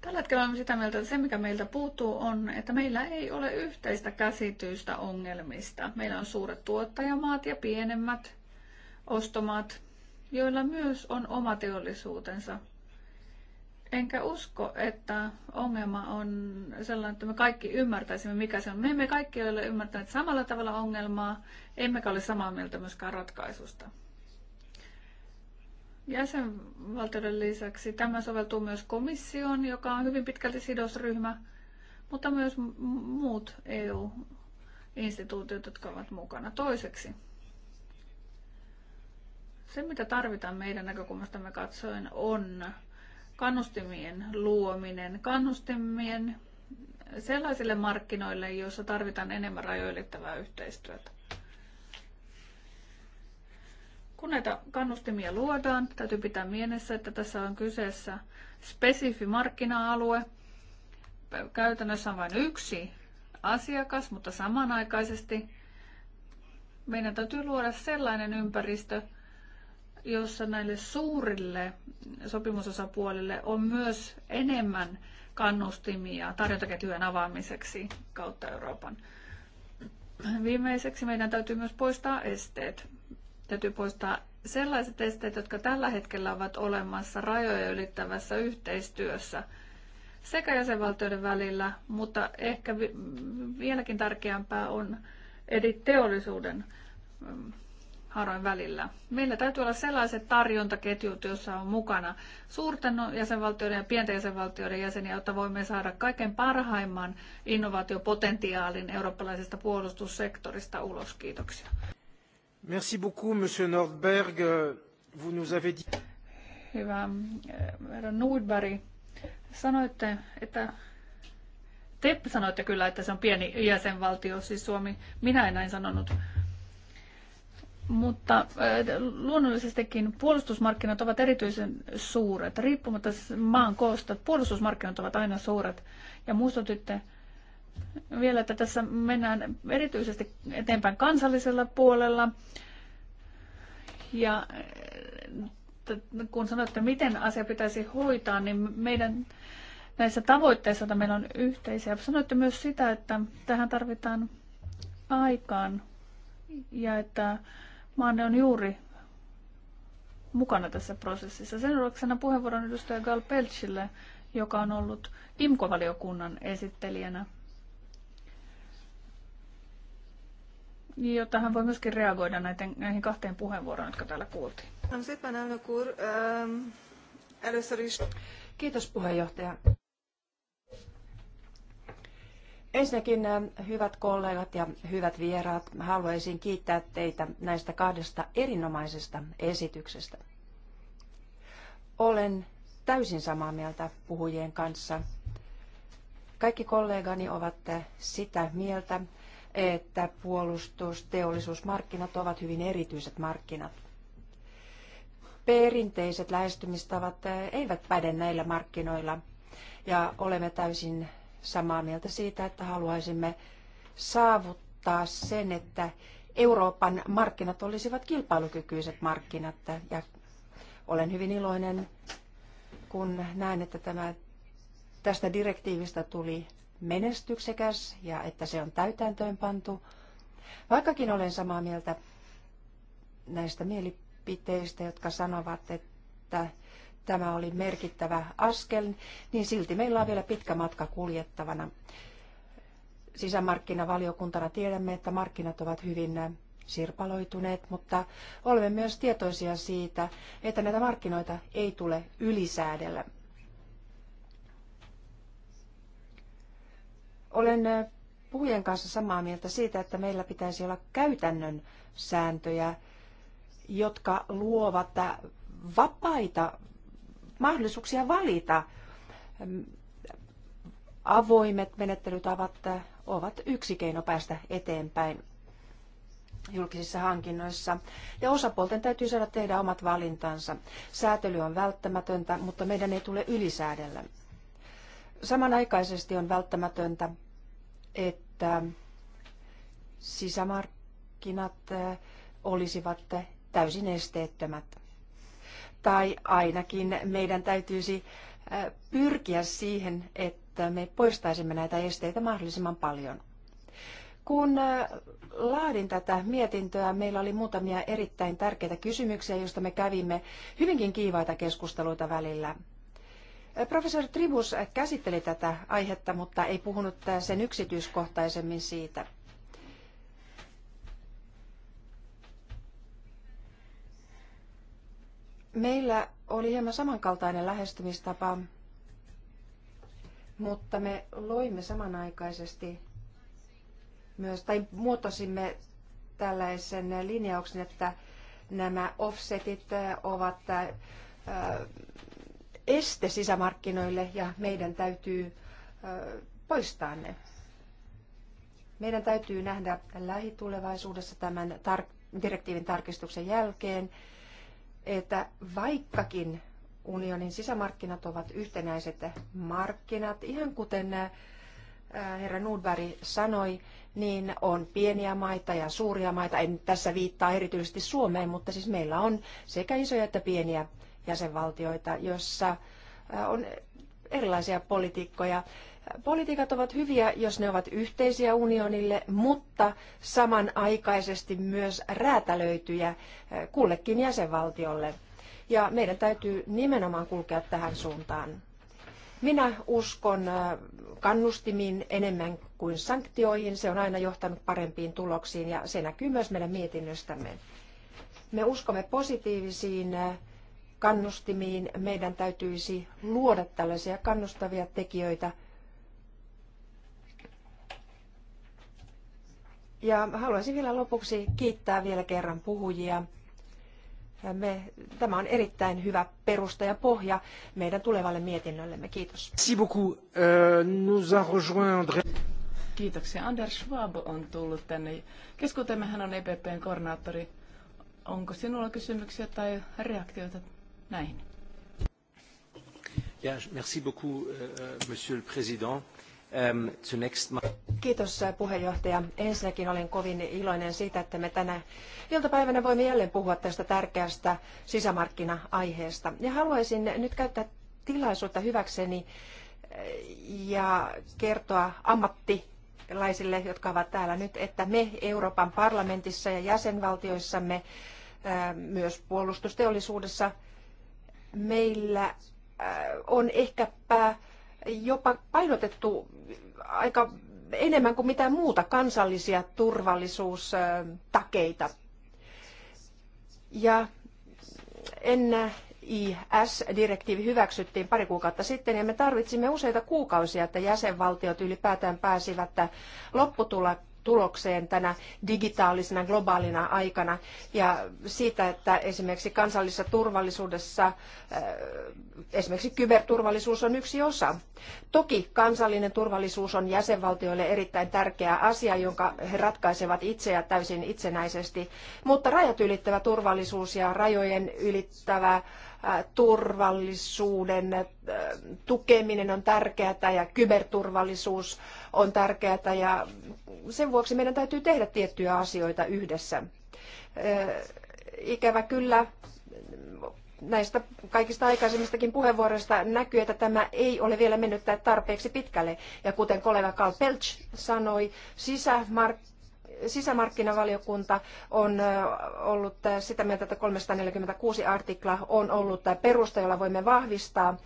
Tällä hetkellä olemme sitä mieltä, että se mikä meiltä puuttuu on, että meillä ei ole yhteistä käsitystä ongelmista. Meillä on suuret tuottajamaat ja pienemmät ostomaat, joilla myös on oma teollisuutensa. Enkä usko, että ongelma on sellainen, että me kaikki ymmärtäisimme, mikä se on. Me emme kaikki ole ymmärtäneet samalla tavalla ongelmaa, emmekä ole samaa mieltä myöskään ratkaisusta. Jäsenvaltioiden lisäksi tämä soveltuu myös komissioon, joka on hyvin pitkälti sidosryhmä, mutta myös muut EU-instituutiot, jotka ovat mukana. Toiseksi, se mitä tarvitaan meidän näkökulmastamme katsoen on kannustimien luominen, kannustimien sellaisille markkinoille, joissa tarvitaan enemmän rajoilettavaa yhteistyötä. Kun näitä kannustimia luodaan, täytyy pitää mielessä, että tässä on kyseessä spesifi markkina-alue. Käytännössä on vain yksi asiakas, mutta samanaikaisesti meidän täytyy luoda sellainen ympäristö, jossa näille suurille sopimusosapuolille on myös enemmän kannustimia tarjontaketjujen avaamiseksi kautta Euroopan. Viimeiseksi meidän täytyy myös poistaa esteet. Täytyy poistaa sellaiset esteet, jotka tällä hetkellä ovat olemassa rajoja ylittävässä yhteistyössä sekä jäsenvaltioiden välillä, mutta ehkä vieläkin tärkeämpää on eri teollisuuden mm, harojen välillä. Meillä täytyy olla sellaiset tarjontaketjut, joissa on mukana suurten jäsenvaltioiden ja pienten jäsenvaltioiden jäseniä, jotta voimme saada kaiken parhaimman innovaatiopotentiaalin eurooppalaisesta puolustussektorista ulos. Kiitoksia. Merci beaucoup, Monsieur Nordberg. Vous nous avez dit... Hyvä. Äh, herra Nordberg, sanoitte, että te sanoitte kyllä, että se on pieni jäsenvaltio, siis Suomi. Minä en näin sanonut. Mutta äh, luonnollisestikin puolustusmarkkinat ovat erityisen suuret. Riippumatta siis maan koosta, puolustusmarkkinat ovat aina suuret. Ja muistutitte vielä, että tässä mennään erityisesti eteenpäin kansallisella puolella. Ja kun sanoitte, miten asia pitäisi hoitaa, niin meidän näissä tavoitteissa, joita meillä on yhteisiä, sanoitte myös sitä, että tähän tarvitaan aikaan ja että maanne on juuri mukana tässä prosessissa. Sen ruoksena puheenvuoron edustaja Gal Pelchille, joka on ollut IMKO-valiokunnan esittelijänä jotta hän voi myöskin reagoida näiden, näihin kahteen puheenvuoroon, jotka täällä kuultiin. Kiitos puheenjohtaja. Ensinnäkin hyvät kollegat ja hyvät vieraat, haluaisin kiittää teitä näistä kahdesta erinomaisesta esityksestä. Olen täysin samaa mieltä puhujien kanssa. Kaikki kollegani ovat sitä mieltä, että puolustusteollisuusmarkkinat ovat hyvin erityiset markkinat. Perinteiset lähestymistavat eh, eivät päde näillä markkinoilla ja olemme täysin samaa mieltä siitä, että haluaisimme saavuttaa sen, että Euroopan markkinat olisivat kilpailukykyiset markkinat ja olen hyvin iloinen, kun näen, että tämä, tästä direktiivistä tuli menestyksekäs ja että se on täytäntöönpantu. Vaikkakin olen samaa mieltä näistä mielipiteistä, jotka sanovat, että tämä oli merkittävä askel, niin silti meillä on vielä pitkä matka kuljettavana. Sisämarkkinavaliokuntana tiedämme, että markkinat ovat hyvin sirpaloituneet, mutta olemme myös tietoisia siitä, että näitä markkinoita ei tule ylisäädellä. Olen puhujen kanssa samaa mieltä siitä, että meillä pitäisi olla käytännön sääntöjä, jotka luovat vapaita mahdollisuuksia valita. Avoimet menettelytavat ovat yksi keino päästä eteenpäin julkisissa hankinnoissa. Ja osapuolten täytyy saada tehdä omat valintansa. Säätely on välttämätöntä, mutta meidän ei tule ylisäädellä. Samanaikaisesti on välttämätöntä, että sisämarkkinat eh, olisivat täysin esteettömät. Tai ainakin meidän täytyisi eh, pyrkiä siihen, että me poistaisimme näitä esteitä mahdollisimman paljon. Kun eh, laadin tätä mietintöä, meillä oli muutamia erittäin tärkeitä kysymyksiä, joista me kävimme hyvinkin kiivaita keskusteluita välillä. Professori Tribus käsitteli tätä aihetta, mutta ei puhunut sen yksityiskohtaisemmin siitä. Meillä oli hieman samankaltainen lähestymistapa, mutta me loimme samanaikaisesti myös, tai muotoisimme tällaisen linjauksen, että nämä offsetit ovat äh, este sisämarkkinoille ja meidän täytyy poistaa ne. Meidän täytyy nähdä lähitulevaisuudessa tämän tar- direktiivin tarkistuksen jälkeen, että vaikkakin unionin sisämarkkinat ovat yhtenäiset markkinat, ihan kuten herra Nudberg sanoi, niin on pieniä maita ja suuria maita. En tässä viittaa erityisesti Suomeen, mutta siis meillä on sekä isoja että pieniä jäsenvaltioita, jossa on erilaisia politiikkoja. Politiikat ovat hyviä, jos ne ovat yhteisiä unionille, mutta samanaikaisesti myös räätälöityjä kullekin jäsenvaltiolle. Ja meidän täytyy nimenomaan kulkea tähän suuntaan. Minä uskon kannustimiin enemmän kuin sanktioihin. Se on aina johtanut parempiin tuloksiin ja se näkyy myös meidän mietinnöstämme. Me uskomme positiivisiin kannustimiin, meidän täytyisi luoda tällaisia kannustavia tekijöitä. Ja haluaisin vielä lopuksi kiittää vielä kerran puhujia. Me, tämä on erittäin hyvä perusta ja pohja meidän tulevalle mietinnöllemme. Kiitos. Euh, Kiitoksia. Anders Schwab on tullut tänne. Keskuutemme hän on EPPn koordinaattori. Onko sinulla kysymyksiä tai reaktioita näihin. Merci beaucoup, euh, euh, monsieur le président. Euh, Kiitos äh, puheenjohtaja. Ensinnäkin olen kovin iloinen siitä, että me tänä iltapäivänä voimme jälleen puhua tästä tärkeästä sisämarkkina-aiheesta. Ja haluaisin nyt käyttää tilaisuutta hyväkseni äh, ja kertoa ammattilaisille, jotka ovat täällä nyt, että me Euroopan parlamentissa ja jäsenvaltioissamme äh, myös puolustusteollisuudessa – meillä äh, on ehkäpä jopa painotettu aika enemmän kuin mitään muuta kansallisia turvallisuustakeita. Ja NIS-direktiivi hyväksyttiin pari kuukautta sitten ja me tarvitsimme useita kuukausia, että jäsenvaltiot ylipäätään pääsivät lopputulokseen tulokseen tänä digitaalisena globaalina aikana ja siitä, että esimerkiksi kansallisessa turvallisuudessa äh, esimerkiksi kyberturvallisuus on yksi osa. Toki kansallinen turvallisuus on jäsenvaltioille erittäin tärkeä asia, jonka he ratkaisevat ja täysin itsenäisesti, mutta rajat ylittävä turvallisuus ja rajojen ylittävä turvallisuuden tukeminen on tärkeää ja kyberturvallisuus on tärkeää ja sen vuoksi meidän täytyy tehdä tiettyjä asioita yhdessä. Ikävä kyllä näistä kaikista aikaisemmistakin puheenvuoroista näkyy, että tämä ei ole vielä mennyt tarpeeksi pitkälle. Ja kuten kollega Karl Pelch sanoi, sisämark- sisämarkkinavaliokunta on ollut sitä mieltä, että 346 artikla on ollut perusta, jolla voimme vahvistaa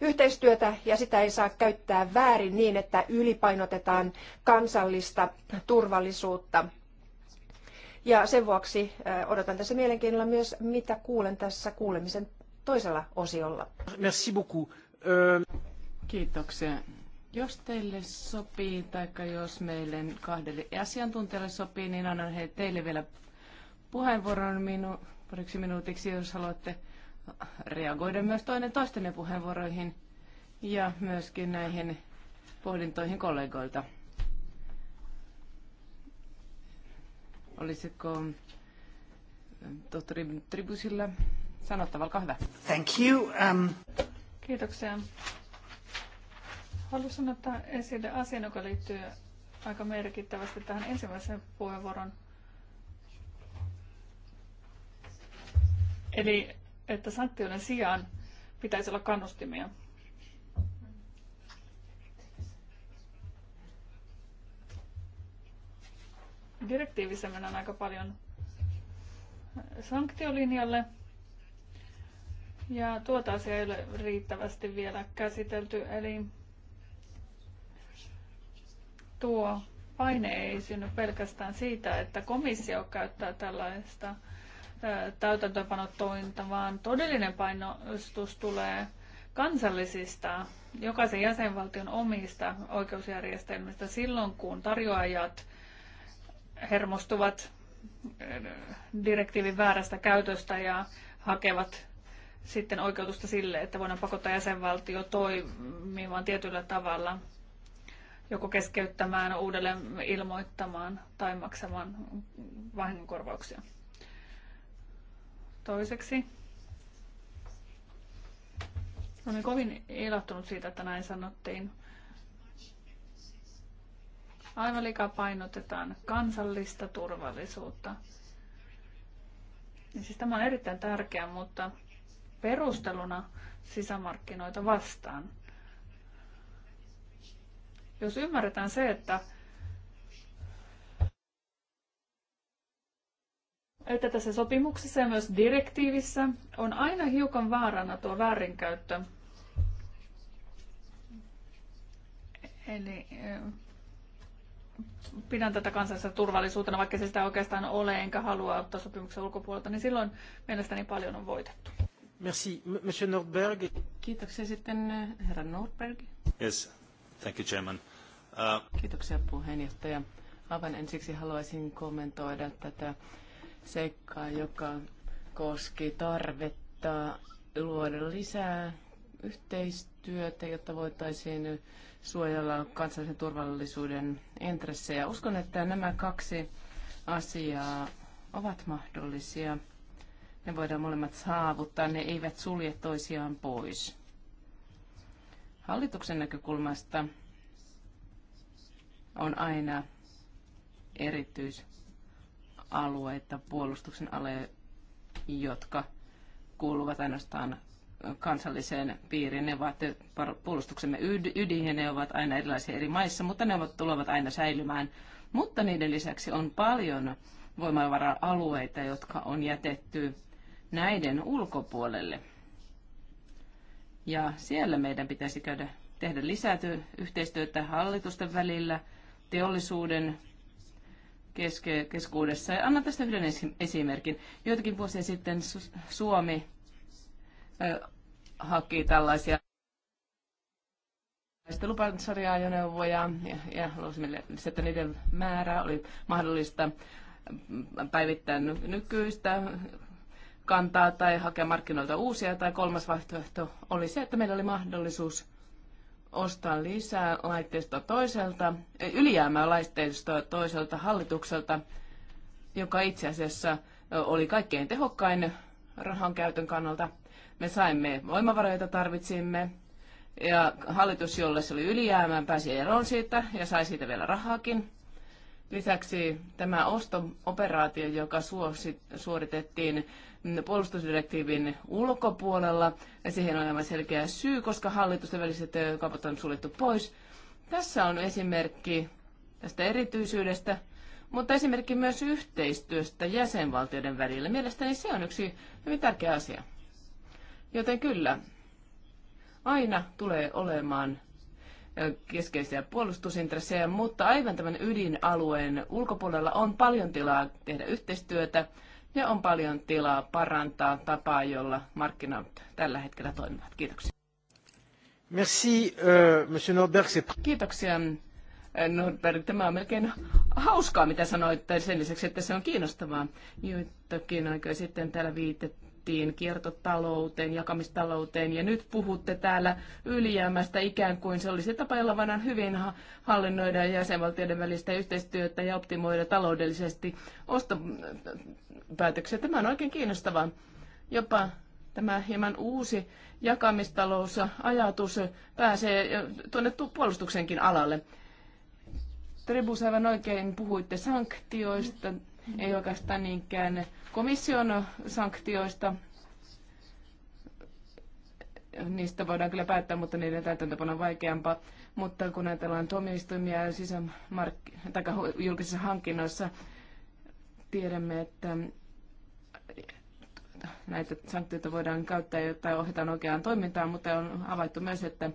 yhteistyötä ja sitä ei saa käyttää väärin niin, että ylipainotetaan kansallista turvallisuutta. Ja sen vuoksi odotan tässä mielenkiinnolla myös, mitä kuulen tässä kuulemisen toisella osiolla. Merci beaucoup. Kiitoksia. Jos teille sopii, tai jos meille kahdelle asiantuntijalle sopii, niin annan he teille vielä puheenvuoron minu, pariksi minuutiksi, jos haluatte reagoida myös toinen toistenne puheenvuoroihin ja myöskin näihin pohdintoihin kollegoilta. Olisiko ähm, tohtori Tribusilla sanottava, olkaa hyvä. Thank you. Um... Kiitoksia. Haluaisin ottaa esille asian, joka liittyy aika merkittävästi tähän ensimmäiseen puheenvuoron. Eli että sanktioiden sijaan pitäisi olla kannustimia. Direktiivissä mennään aika paljon sanktiolinjalle. Ja tuota asiaa ei ole riittävästi vielä käsitelty, eli tuo paine ei synny pelkästään siitä, että komissio käyttää tällaista täytäntöpanotointa, vaan todellinen painostus tulee kansallisista, jokaisen jäsenvaltion omista oikeusjärjestelmistä silloin, kun tarjoajat hermostuvat direktiivin väärästä käytöstä ja hakevat sitten oikeutusta sille, että voidaan pakottaa jäsenvaltio toimimaan tietyllä tavalla joko keskeyttämään, uudelleen ilmoittamaan tai maksamaan vahingonkorvauksia. Toiseksi olen kovin ilahtunut siitä, että näin sanottiin. Aivan liikaa painotetaan kansallista turvallisuutta. Ja siis tämä on erittäin tärkeä, mutta perusteluna sisämarkkinoita vastaan – jos ymmärretään se, että että tässä sopimuksessa ja myös direktiivissä on aina hiukan vaarana tuo väärinkäyttö. Eli eh, pidän tätä kansallisena turvallisuutena, vaikka se sitä oikeastaan ole, enkä halua ottaa sopimuksen ulkopuolelta, niin silloin mielestäni paljon on voitettu. Merci, Monsieur Nordberg. Kiitoksia sitten eh, herra Nordberg. Yes, thank you, Chairman. Äh, Kiitoksia puheenjohtaja. Aivan ensiksi haluaisin kommentoida tätä seikkaa, joka koski tarvetta luoda lisää yhteistyötä, jotta voitaisiin suojella kansallisen turvallisuuden intressejä. Uskon, että nämä kaksi asiaa ovat mahdollisia. Ne voidaan molemmat saavuttaa, ne eivät sulje toisiaan pois. Hallituksen näkökulmasta on aina erityisalueita puolustuksen alle, jotka kuuluvat ainoastaan kansalliseen piiriin. Ne ovat puolustuksemme ydin ja ne ovat aina erilaisia eri maissa, mutta ne ovat, tulevat aina säilymään. Mutta niiden lisäksi on paljon voimavara-alueita, jotka on jätetty näiden ulkopuolelle. Ja siellä meidän pitäisi käydä tehdä lisätyö yhteistyötä hallitusten välillä – teollisuuden keske- keskuudessa. Ja annan tästä yhden esimerkin. Joitakin vuosia sitten Suomi ö, haki tällaisia lupasarja-ajoneuvoja ja, ja halusimme, että niiden määrä oli mahdollista päivittää nykyistä kantaa tai hakea markkinoilta uusia. Tai kolmas vaihtoehto oli se, että meillä oli mahdollisuus ostaa lisää laitteista toiselta, eh, ylijäämää laitteista toiselta hallitukselta, joka itse asiassa eh, oli kaikkein tehokkain rahan käytön kannalta. Me saimme voimavaroja, joita tarvitsimme, ja hallitus, jolle se oli ylijäämää, pääsi eroon siitä ja sai siitä vielä rahaakin. Lisäksi tämä osto operaatio, joka suoritettiin puolustusdirektiivin ulkopuolella. Ja siihen on aivan selkeä syy, koska hallitusten väliset kaupat on suljettu pois. Tässä on esimerkki tästä erityisyydestä, mutta esimerkki myös yhteistyöstä jäsenvaltioiden välillä. Mielestäni se on yksi hyvin tärkeä asia. Joten kyllä, aina tulee olemaan keskeisiä puolustusintressejä, mutta aivan tämän ydinalueen ulkopuolella on paljon tilaa tehdä yhteistyötä ja on paljon tilaa parantaa tapaa, jolla markkinat tällä hetkellä toimivat. Kiitoksia. Merci, euh, monsieur Norberg. Kiitoksia, äh, Norberg. Tämä on melkein hauskaa, mitä sanoit, sen lisäksi, että se on kiinnostavaa. Joitakin aikoja sitten täällä viitettiin siirryttiin kiertotalouteen, jakamistalouteen ja nyt puhutte täällä ylijäämästä ikään kuin se olisi tapa, jolla voidaan hyvin hallinnoida jäsenvaltioiden välistä yhteistyötä ja optimoida taloudellisesti ostopäätöksiä. Tämä on oikein kiinnostavaa. Jopa tämä hieman uusi jakamistalousajatus pääsee tuonne puolustuksenkin alalle. Trebus aivan oikein puhuitte sanktioista. Mm ei oikeastaan niinkään komission sanktioista. Niistä voidaan kyllä päättää, mutta niiden täytäntöpano on vaikeampaa. Mutta kun ajatellaan tuomioistuimia sisämark- julkisissa hankinnoissa, tiedämme, että näitä sanktioita voidaan käyttää, jotta ohjataan oikeaan toimintaan, mutta on havaittu myös, että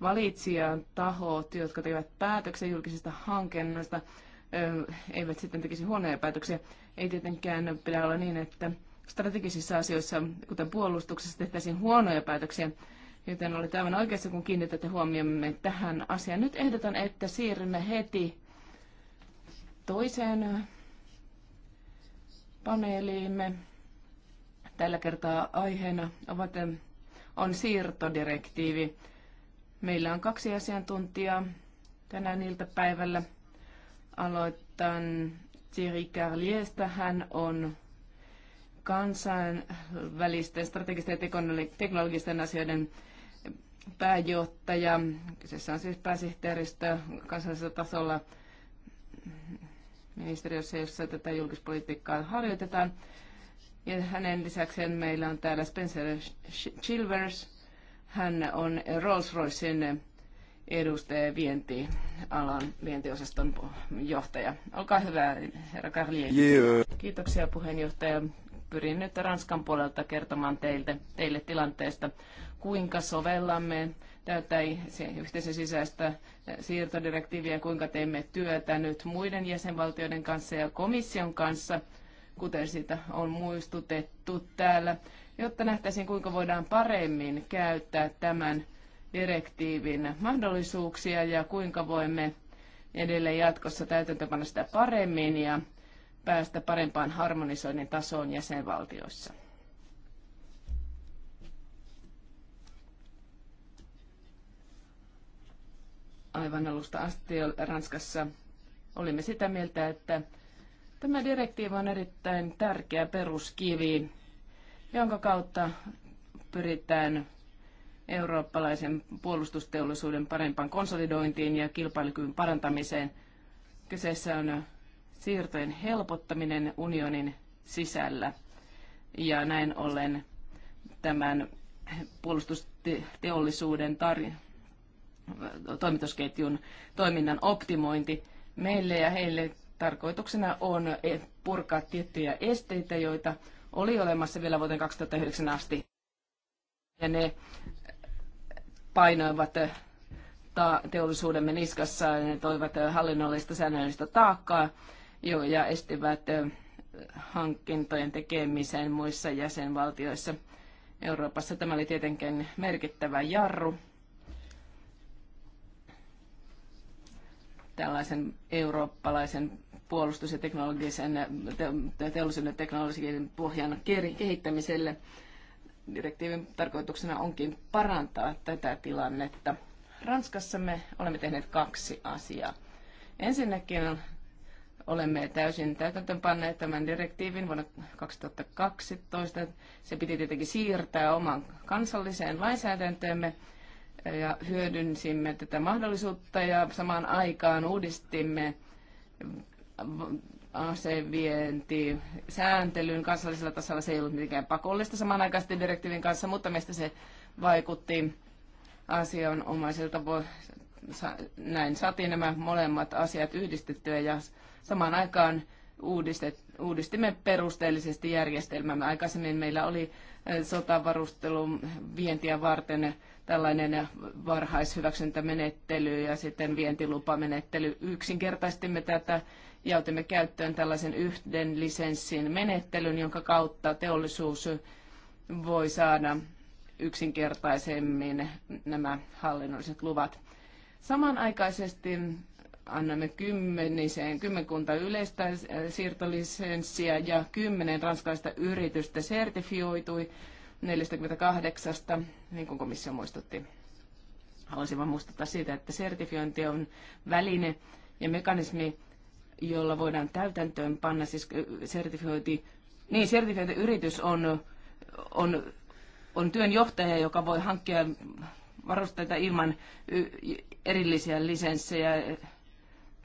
valitsijan tahot, jotka tekevät päätöksen julkisista hankinnoista, eivät sitten tekisi huonoja päätöksiä. Ei tietenkään pidä olla niin, että strategisissa asioissa, kuten puolustuksessa, tehtäisiin huonoja päätöksiä, joten oli aivan oikeassa, kun kiinnitätte huomiomme tähän asiaan. Nyt ehdotan, että siirrymme heti toiseen paneeliimme. Tällä kertaa aiheena ovat, on siirtodirektiivi. Meillä on kaksi asiantuntijaa tänään iltapäivällä – Aloitan Thierry Carliestä. Hän on kansainvälisten strategisten ja teknologisten asioiden pääjohtaja. Kyseessä on siis pääsihteeristö kansallisella tasolla ministeriössä, jossa tätä julkispolitiikkaa harjoitetaan. Ja hänen lisäkseen meillä on täällä Spencer Chilvers. Hän on Rolls-Roycen edustaja vientialan vientiosaston johtaja. Olkaa hyvä, herra Karlier. Yeah. Kiitoksia puheenjohtaja. Pyrin nyt Ranskan puolelta kertomaan teille, teille tilanteesta, kuinka sovellamme tätä yhteisen sisäistä eh, siirtodirektiiviä, kuinka teemme työtä nyt muiden jäsenvaltioiden kanssa ja komission kanssa, kuten sitä on muistutettu täällä, jotta nähtäisiin, kuinka voidaan paremmin käyttää tämän direktiivin mahdollisuuksia ja kuinka voimme edelleen jatkossa täytäntöpanna sitä paremmin ja päästä parempaan harmonisoinnin tasoon jäsenvaltioissa. Aivan alusta asti Ranskassa olimme sitä mieltä, että tämä direktiivi on erittäin tärkeä peruskivi, jonka kautta pyritään eurooppalaisen puolustusteollisuuden parempaan konsolidointiin ja kilpailukyvyn parantamiseen. Kyseessä on siirtojen helpottaminen unionin sisällä. Ja näin ollen tämän puolustusteollisuuden tar- toimitusketjun toiminnan optimointi meille ja heille tarkoituksena on eh, purkaa tiettyjä esteitä, joita oli olemassa vielä vuoteen 2009 asti. Ja ne painoivat eh, teollisuudemme niskassa, ne toivat eh, hallinnollista säännöllistä taakkaa ja estivät eh, hankintojen tekemiseen muissa jäsenvaltioissa Euroopassa. Tämä oli tietenkin merkittävä jarru tällaisen eurooppalaisen puolustus- ja teknologisen, teollisuuden teknologisen pohjan kehittämiselle direktiivin tarkoituksena onkin parantaa tätä tilannetta. Ranskassa me olemme tehneet kaksi asiaa. Ensinnäkin olemme täysin täytäntöönpanneet tämän direktiivin vuonna 2012. Se piti tietenkin siirtää oman kansalliseen lainsäädäntöömme ja hyödynsimme tätä mahdollisuutta ja samaan aikaan uudistimme asevienti sääntelyn kansallisella tasolla. Se ei ollut mitenkään pakollista samanaikaisesti direktiivin kanssa, mutta meistä se vaikutti asianomaisilta. Näin saatiin nämä molemmat asiat yhdistettyä ja samaan aikaan uudistet, uudistimme perusteellisesti järjestelmämme. Aikaisemmin meillä oli sotavarustelun vientiä varten tällainen varhaishyväksyntämenettely ja sitten vientilupamenettely. Yksinkertaistimme tätä ja otimme käyttöön tällaisen yhden lisenssin menettelyn, jonka kautta teollisuus voi saada yksinkertaisemmin nämä hallinnolliset luvat. Samanaikaisesti annamme kymmeniseen, kymmenkunta yleistä siirtolisenssiä ja kymmenen ranskalaista yritystä sertifioitui 48, niin kuin komissio muistutti. Haluaisin vain muistuttaa siitä, että sertifiointi on väline ja mekanismi, jolla voidaan täytäntöön panna, siis sertifiointi, niin yritys on, on, on työnjohtaja, joka voi hankkia varusteita ilman erillisiä lisenssejä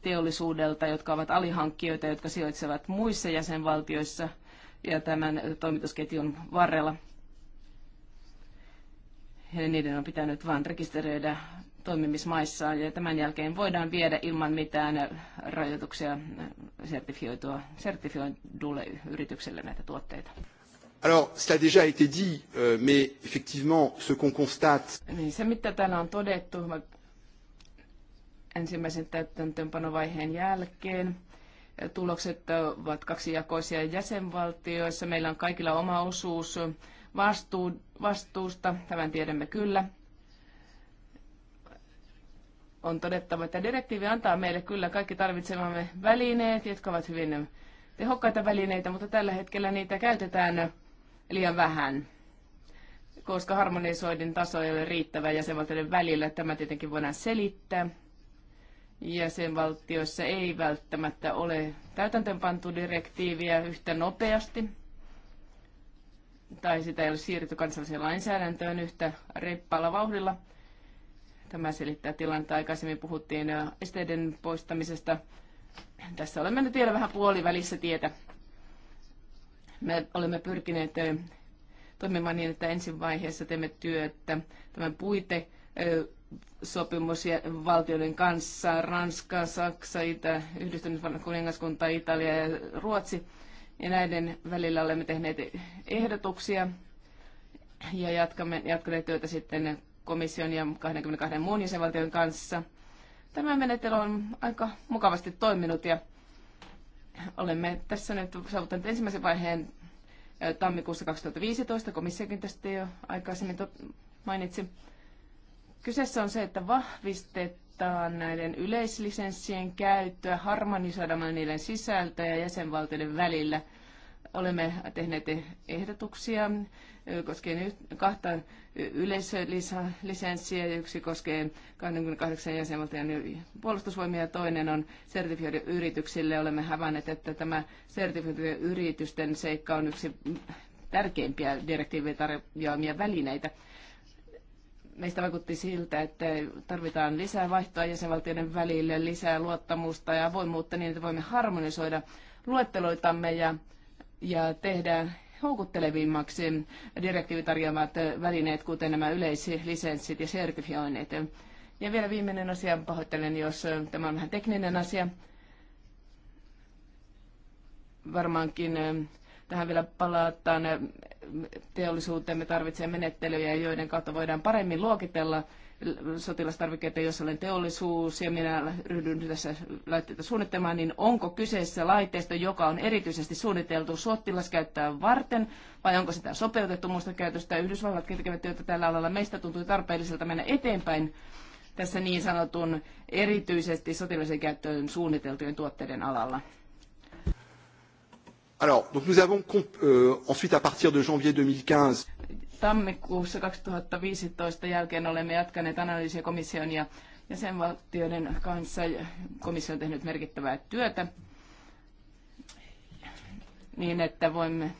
teollisuudelta, jotka ovat alihankkijoita, jotka sijoitsevat muissa jäsenvaltioissa ja tämän toimitusketjun varrella. Ja niiden on pitänyt vain rekisteröidä toimimismaissa ja tämän jälkeen voidaan viedä ilman mitään rajoituksia sertifioitua, sertifioidulle yritykselle näitä tuotteita. Alors, cela a déjà été dit, euh, mais effectivement, ce qu'on constate... Niin, se, mitä täällä on todettu ensimmäisen täytäntöönpanovaiheen jälkeen, tulokset ovat kaksijakoisia jäsenvaltioissa. Meillä on kaikilla oma osuus vastuusta, tämän tiedämme kyllä on todettava, että direktiivi antaa meille kyllä kaikki tarvitsemamme välineet, jotka ovat hyvin tehokkaita välineitä, mutta tällä hetkellä niitä käytetään liian vähän, koska harmonisoidin taso ei ole riittävä jäsenvaltioiden välillä. Tämä tietenkin voidaan selittää. Jäsenvaltioissa ei välttämättä ole täytäntöönpantu direktiiviä yhtä nopeasti, tai sitä ei ole siirretty kansalliseen lainsäädäntöön yhtä reippaalla vauhdilla – Tämä selittää tilannetta. Aikaisemmin puhuttiin äh, esteiden poistamisesta. Tässä olemme nyt vielä vähän puolivälissä tietä. Me olemme pyrkineet äh, toimimaan niin, että ensin vaiheessa teemme työtä tämän puite äh, sopimus valtioiden kanssa, Ranska, Saksa, Itä, Yhdistynyt kuningaskunta, Italia ja Ruotsi. Ja näiden välillä olemme tehneet ehdotuksia ja jatkamme, jatkaneet työtä sitten komission ja 22 muun jäsenvaltion kanssa. Tämä menettely on aika mukavasti toiminut ja olemme tässä nyt saavuttaneet ensimmäisen vaiheen tammikuussa 2015. Komissiokin tästä jo aikaisemmin mainitsi. Kyseessä on se, että vahvistetaan näiden yleislisenssien käyttöä, harmonisoidaan niiden sisältöjä jäsenvaltioiden välillä – Olemme tehneet ehdotuksia koskien kahta yleisölisenssiä. Yksi koskee 28 jäsenvaltion puolustusvoimia ja toinen on sertifioiden yrityksille. Olemme havainneet, että tämä sertifioiden yritysten seikka on yksi tärkeimpiä direktiivien tarjoamia välineitä meistä vaikutti siltä, että tarvitaan lisää vaihtoa jäsenvaltioiden välille, lisää luottamusta ja avoimuutta niin, että voimme harmonisoida luetteloitamme ja ja tehdä houkuttelevimmaksi direktiivi tarjoamat välineet, kuten nämä yleislisenssit ja sertifioinnit. Ja vielä viimeinen asia, pahoittelen, jos tämä on vähän tekninen asia. Varmaankin eh, tähän vielä palataan. Eh, teollisuuteen me tarvitsee menettelyjä, joiden kautta voidaan paremmin luokitella sotilastarvikkeita, jos olen teollisuus ja minä ryhdyn tässä laitteita suunnittelemaan, niin onko kyseessä laitteisto, joka on erityisesti suunniteltu sotilaskäyttöä varten, vai onko sitä sopeutettu muusta käytöstä? Yhdysvallat tekevät työtä tällä alalla. Meistä tuntui tarpeelliselta mennä eteenpäin tässä niin sanotun erityisesti sotilaisen käyttöön suunniteltujen tuotteiden alalla. Alors, donc nous avons euh, ensuite à partir de janvier 2015 Tammikuussa 2015 jälkeen olemme jatkaneet analyysiä komission ja jäsenvaltioiden kanssa. Komissio on tehnyt merkittävää työtä niin, että voimme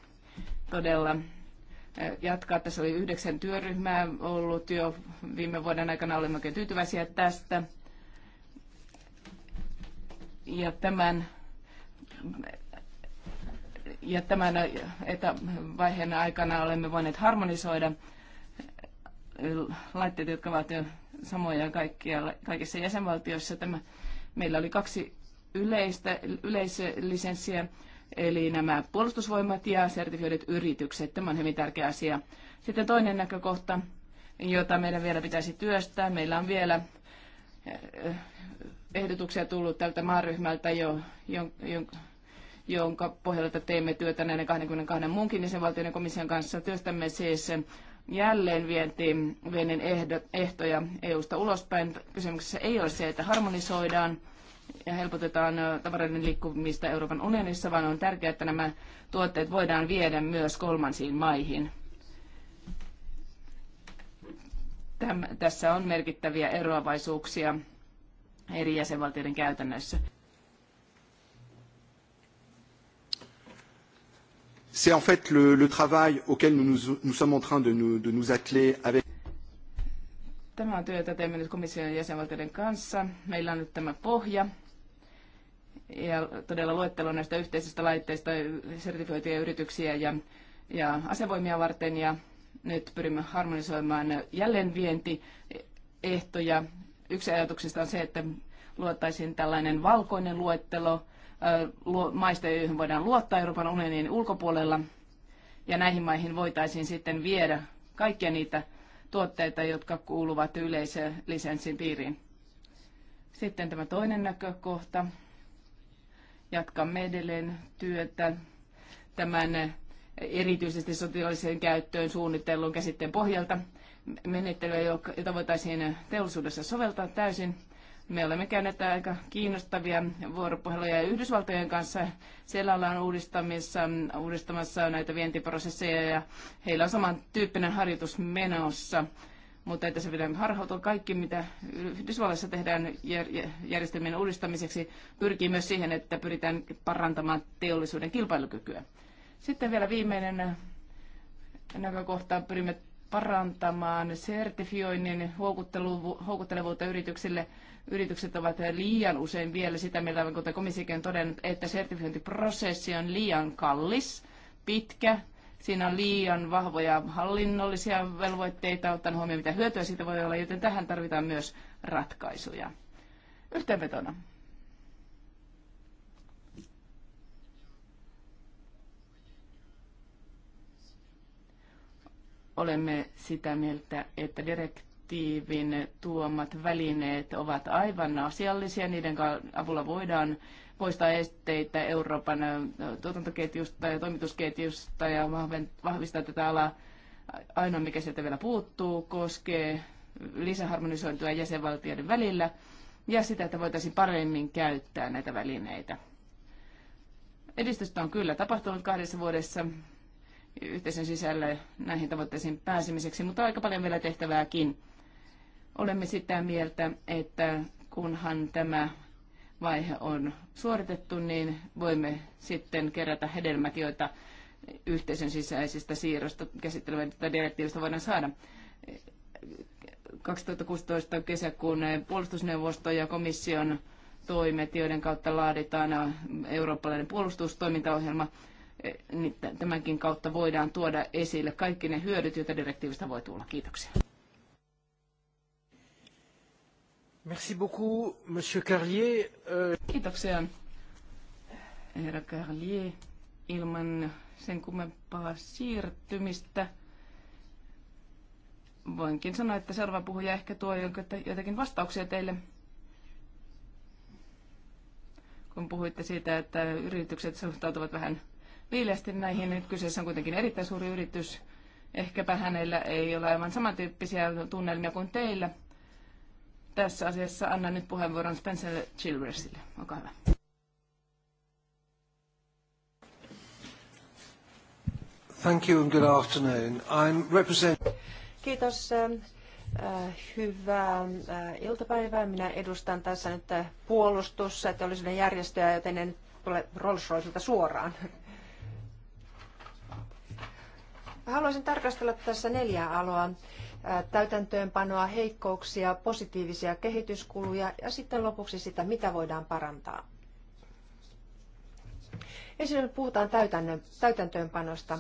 todella eh, jatkaa. Tässä oli yhdeksän työryhmää ollut jo viime vuoden aikana. Olemme oikein tyytyväisiä tästä. Ja tämän ja tämän vaiheen aikana olemme voineet harmonisoida eh, laitteet, jotka ovat eh, samoja kaikkialla, kaikissa jäsenvaltioissa. Tämä, meillä oli kaksi yleistä, yleislisenssiä, eli nämä puolustusvoimat ja sertifioidut yritykset. Tämä on hyvin tärkeä asia. Sitten toinen näkökohta, jota meidän vielä pitäisi työstää. Meillä on vielä eh, ehdotuksia tullut tältä maaryhmältä, jo, jo, jo, jonka pohjalta teemme työtä näiden 22 muunkin jäsenvaltion ja komission kanssa. Työstämme siis jälleen vientiin, viennin ehdot, ehtoja EU-sta ulospäin. Kysymyksessä ei ole se, että harmonisoidaan ja helpotetaan tavaroiden liikkumista Euroopan unionissa, vaan on tärkeää, että nämä tuotteet voidaan viedä myös kolmansiin maihin. Täm, tässä on merkittäviä eroavaisuuksia eri jäsenvaltioiden käytännössä. C'est en fait le, le travail auquel nous, nous, nous sommes en train de nous, de nous atteler avec. Tämä on työtä teemme nyt komission jäsenvaltioiden kanssa. Meillä on nyt tämä pohja ja todella luettelo näistä yhteisistä laitteista sertifioituja yrityksiä ja, ja asevoimia varten. Ja nyt pyrimme harmonisoimaan jälleenvientiehtoja. Yksi ajatuksista on se, että luottaisiin tällainen valkoinen luettelo – maista, joihin voidaan luottaa Euroopan unionin ulkopuolella. Ja näihin maihin voitaisiin sitten viedä kaikkia niitä tuotteita, jotka kuuluvat yleisen lisenssin piiriin. Sitten tämä toinen näkökohta. Jatkamme edelleen työtä tämän erityisesti sotilaalliseen käyttöön suunnittelun käsitteen pohjalta menettelyä, jota voitaisiin teollisuudessa soveltaa täysin. Me olemme käyneet aika kiinnostavia vuoropuheluja Yhdysvaltojen kanssa. Siellä ollaan uudistamassa, uudistamassa näitä vientiprosesseja ja heillä on samantyyppinen harjoitus menossa. Mutta että se pitää harhautua kaikki, mitä Yhdysvalloissa tehdään järjestelmien uudistamiseksi, pyrkii myös siihen, että pyritään parantamaan teollisuuden kilpailukykyä. Sitten vielä viimeinen näkökohta. Pyrimme parantamaan sertifioinnin houkuttelevuutta yrityksille – yritykset ovat liian usein vielä sitä mieltä, kuten komissiokin on todennut, että sertifiointiprosessi on liian kallis, pitkä, siinä on liian vahvoja hallinnollisia velvoitteita, ottaen huomioon mitä hyötyä siitä voi olla, joten tähän tarvitaan myös ratkaisuja. Yhteenvetona. Olemme sitä mieltä, että direktiivi direktiivin tuomat välineet ovat aivan asiallisia. Niiden avulla voidaan poistaa esteitä Euroopan tuotantoketjusta ja toimitusketjusta ja vahvistaa tätä alaa. Ainoa, mikä sieltä vielä puuttuu, koskee lisäharmonisointia jäsenvaltioiden välillä ja sitä, että voitaisiin paremmin käyttää näitä välineitä. Edistystä on kyllä tapahtunut kahdessa vuodessa yhteisön sisällä näihin tavoitteisiin pääsemiseksi, mutta aika paljon vielä tehtävääkin. Olemme sitä mieltä, että kunhan tämä vaihe on suoritettu, niin voimme sitten kerätä hedelmät, joita yhteisön sisäisistä siirrosta käsittelevän direktiivistä voidaan saada. 2016 kesäkuun puolustusneuvosto ja komission toimet, joiden kautta laaditaan eurooppalainen puolustustoimintaohjelma. Niin tämänkin kautta voidaan tuoda esille kaikki ne hyödyt, joita direktiivistä voi tulla. Kiitoksia. Merci beaucoup, Monsieur Carlier. Euh, Kiitoksia, herra Carlier. Ilman sen kummempaa siirtymistä voinkin sanoa, että seuraava puhuja ehkä tuo jotakin vastauksia teille kun puhuitte siitä, että yritykset suhtautuvat vähän viileästi näihin. Nyt kyseessä on kuitenkin erittäin suuri yritys. Ehkäpä hänellä ei ole aivan samantyyppisiä tunnelmia kuin teillä tässä asiassa annan nyt puheenvuoron Spencer Chilversille. Olkaa hyvä. Thank you and good afternoon. I'm represent... Kiitos. Äh, hyvää äh, iltapäivää. Minä edustan tässä nyt että äh, puolustusteollisuuden järjestöjä, joten en tule rolls suoraan. Haluaisin tarkastella tässä neljää aloa täytäntöönpanoa, heikkouksia, positiivisia kehityskuluja ja sitten lopuksi sitä, mitä voidaan parantaa. Ensin puhutaan täytäntöönpanosta.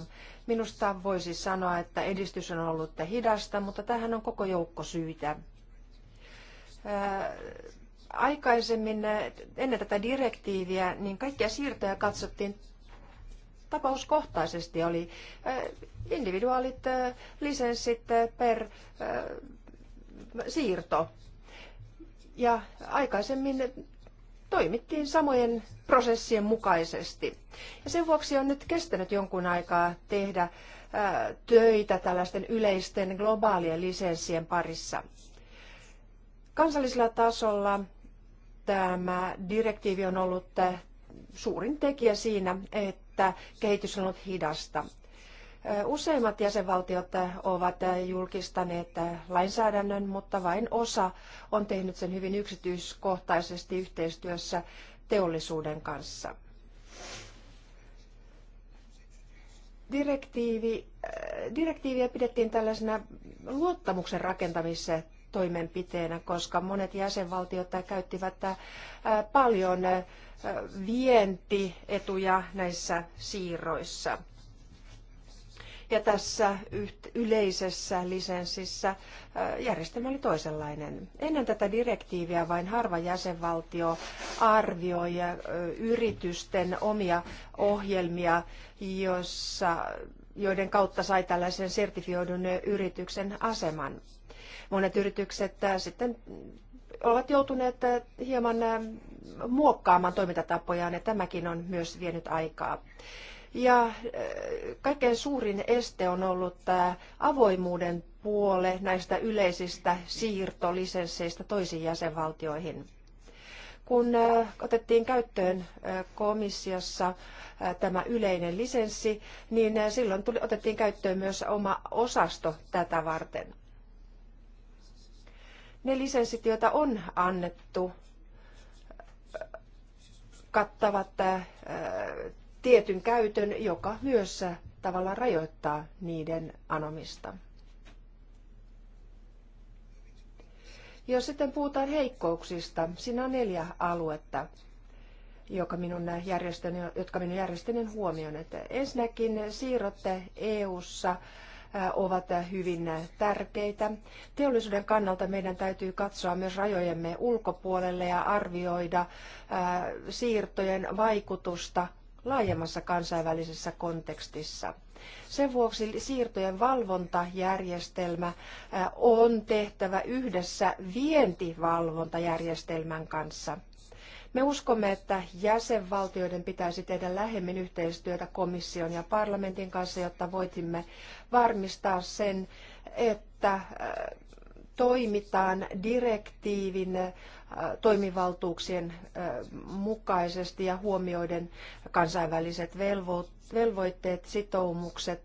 Minusta voisi sanoa, että edistys on ollut hidasta, mutta tähän on koko joukko syitä. Ää, aikaisemmin, ennen tätä direktiiviä, niin kaikkia siirtoja katsottiin tapauskohtaisesti oli eh, individuaalit eh, lisenssit eh, per siirto. Ja aikaisemmin toimittiin samojen prosessien mukaisesti. Ja sen vuoksi on nyt kestänyt jonkun aikaa tehdä töitä tällaisten yleisten globaalien lisenssien parissa. Kansallisella tasolla tämä direktiivi on ollut suurin tekijä siinä, että että kehitys on ollut hidasta. Useimmat jäsenvaltiot ovat julkistaneet lainsäädännön, mutta vain osa on tehnyt sen hyvin yksityiskohtaisesti yhteistyössä teollisuuden kanssa. Direktiivi, direktiiviä pidettiin tällaisena luottamuksen rakentamisen toimenpiteenä, koska monet jäsenvaltiot käyttivät äh, paljon äh, vientietuja näissä siirroissa. Ja tässä yleisessä lisenssissä äh, järjestelmä oli toisenlainen. Ennen tätä direktiiviä vain harva jäsenvaltio arvioi yritysten omia ohjelmia, jossa, joiden kautta sai tällaisen sertifioidun yrityksen aseman. Monet yritykset äh, sitten ovat joutuneet äh, hieman äh, muokkaamaan toimintatapojaan ja tämäkin on myös vienyt aikaa. Ja kaikkein suurin este on ollut tämä avoimuuden puole näistä yleisistä siirtolisensseistä toisiin jäsenvaltioihin. Kun otettiin käyttöön komissiossa tämä yleinen lisenssi, niin silloin tuli, otettiin käyttöön myös oma osasto tätä varten. Ne lisenssit, joita on annettu, kattavat äh, tietyn käytön, joka myös tavallaan rajoittaa niiden anomista. Jos sitten puhutaan heikkouksista, siinä on neljä aluetta, joka minun jotka minun järjestöni on huomioinut. Ensinnäkin siirrotte EU-ssa ovat hyvin tärkeitä. Teollisuuden kannalta meidän täytyy katsoa myös rajojemme ulkopuolelle ja arvioida äh, siirtojen vaikutusta laajemmassa kansainvälisessä kontekstissa. Sen vuoksi siirtojen valvontajärjestelmä äh, on tehtävä yhdessä vientivalvontajärjestelmän kanssa – me uskomme, että jäsenvaltioiden pitäisi tehdä lähemmin yhteistyötä komission ja parlamentin kanssa, jotta voitimme varmistaa sen, että äh, toimitaan direktiivin äh, toimivaltuuksien äh, mukaisesti ja huomioiden kansainväliset velvoitteet, sitoumukset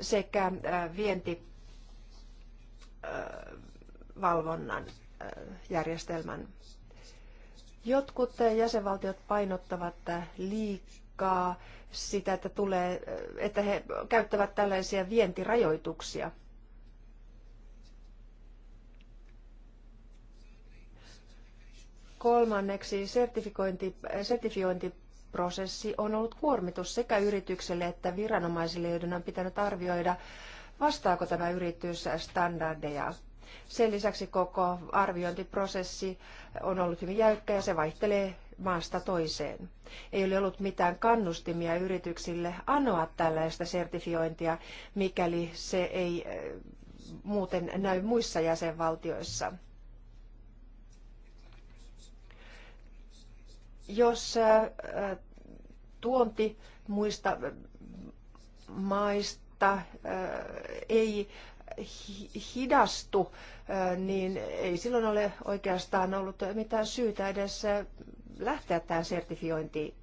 sekä vientivalvonnan järjestelmän Jotkut jäsenvaltiot painottavat liikaa sitä, että, tulee, että he käyttävät tällaisia vientirajoituksia. Kolmanneksi sertifiointi, sertifiointiprosessi on ollut kuormitus sekä yritykselle että viranomaisille, joiden on pitänyt arvioida, vastaako tämä yritys standardeja sen lisäksi koko arviointiprosessi on ollut hyvin jäykkä ja se vaihtelee maasta toiseen. Ei ole ollut mitään kannustimia yrityksille anoa tällaista sertifiointia, mikäli se ei eh, muuten näy muissa jäsenvaltioissa. Jos eh, tuonti muista eh, maista ei hidastu, niin ei silloin ole oikeastaan ollut mitään syytä edes lähteä tähän sertifiointiin.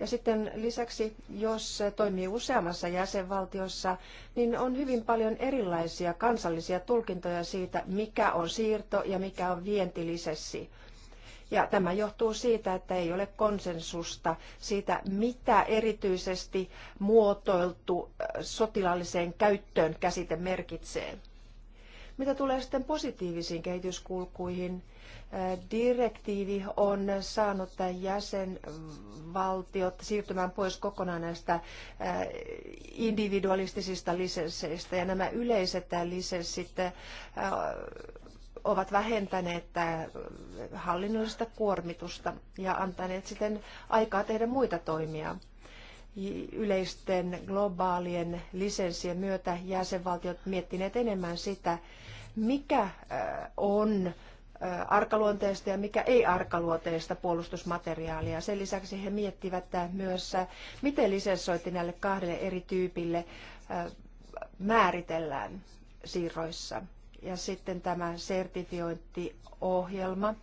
Ja sitten lisäksi, jos toimii useammassa jäsenvaltiossa, niin on hyvin paljon erilaisia kansallisia tulkintoja siitä, mikä on siirto ja mikä on vientilisessi. Ja tämä johtuu siitä, että ei ole konsensusta siitä, mitä erityisesti muotoiltu äh, sotilaalliseen käyttöön käsite merkitsee. Mitä tulee sitten positiivisiin kehityskulkuihin, äh, direktiivi on saanut jäsenvaltiot siirtymään pois kokonaan näistä äh, individualistisista lisensseistä ja nämä yleiset lisenssit ovat vähentäneet hallinnollista kuormitusta ja antaneet sitten aikaa tehdä muita toimia. Yleisten globaalien lisenssien myötä jäsenvaltiot miettineet enemmän sitä, mikä on arkaluonteista ja mikä ei arkaluonteista puolustusmateriaalia. Sen lisäksi he miettivät myös, miten lisenssointi näille kahdelle eri tyypille määritellään siirroissa ja sitten tämä sertifiointiohjelma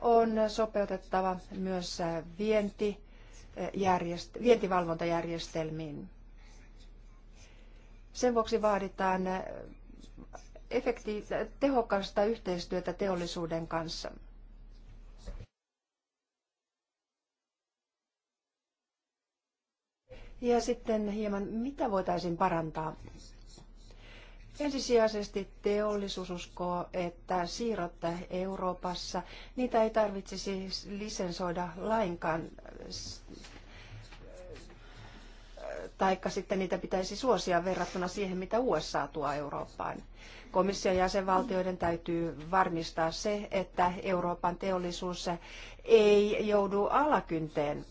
on sopeutettava myös vienti, eh, järjest, vientivalvontajärjestelmiin. Sen vuoksi vaaditaan eh, efekti, tehokasta yhteistyötä teollisuuden kanssa. Ja sitten hieman, mitä voitaisiin parantaa Ensisijaisesti teollisuus uskoo, että siirrot Euroopassa, niitä ei tarvitsisi lisensoida lainkaan, taikka sitten niitä pitäisi suosia verrattuna siihen, mitä USA tuo Eurooppaan. Komission jäsenvaltioiden täytyy varmistaa se, että Euroopan teollisuus ei joudu alakynteen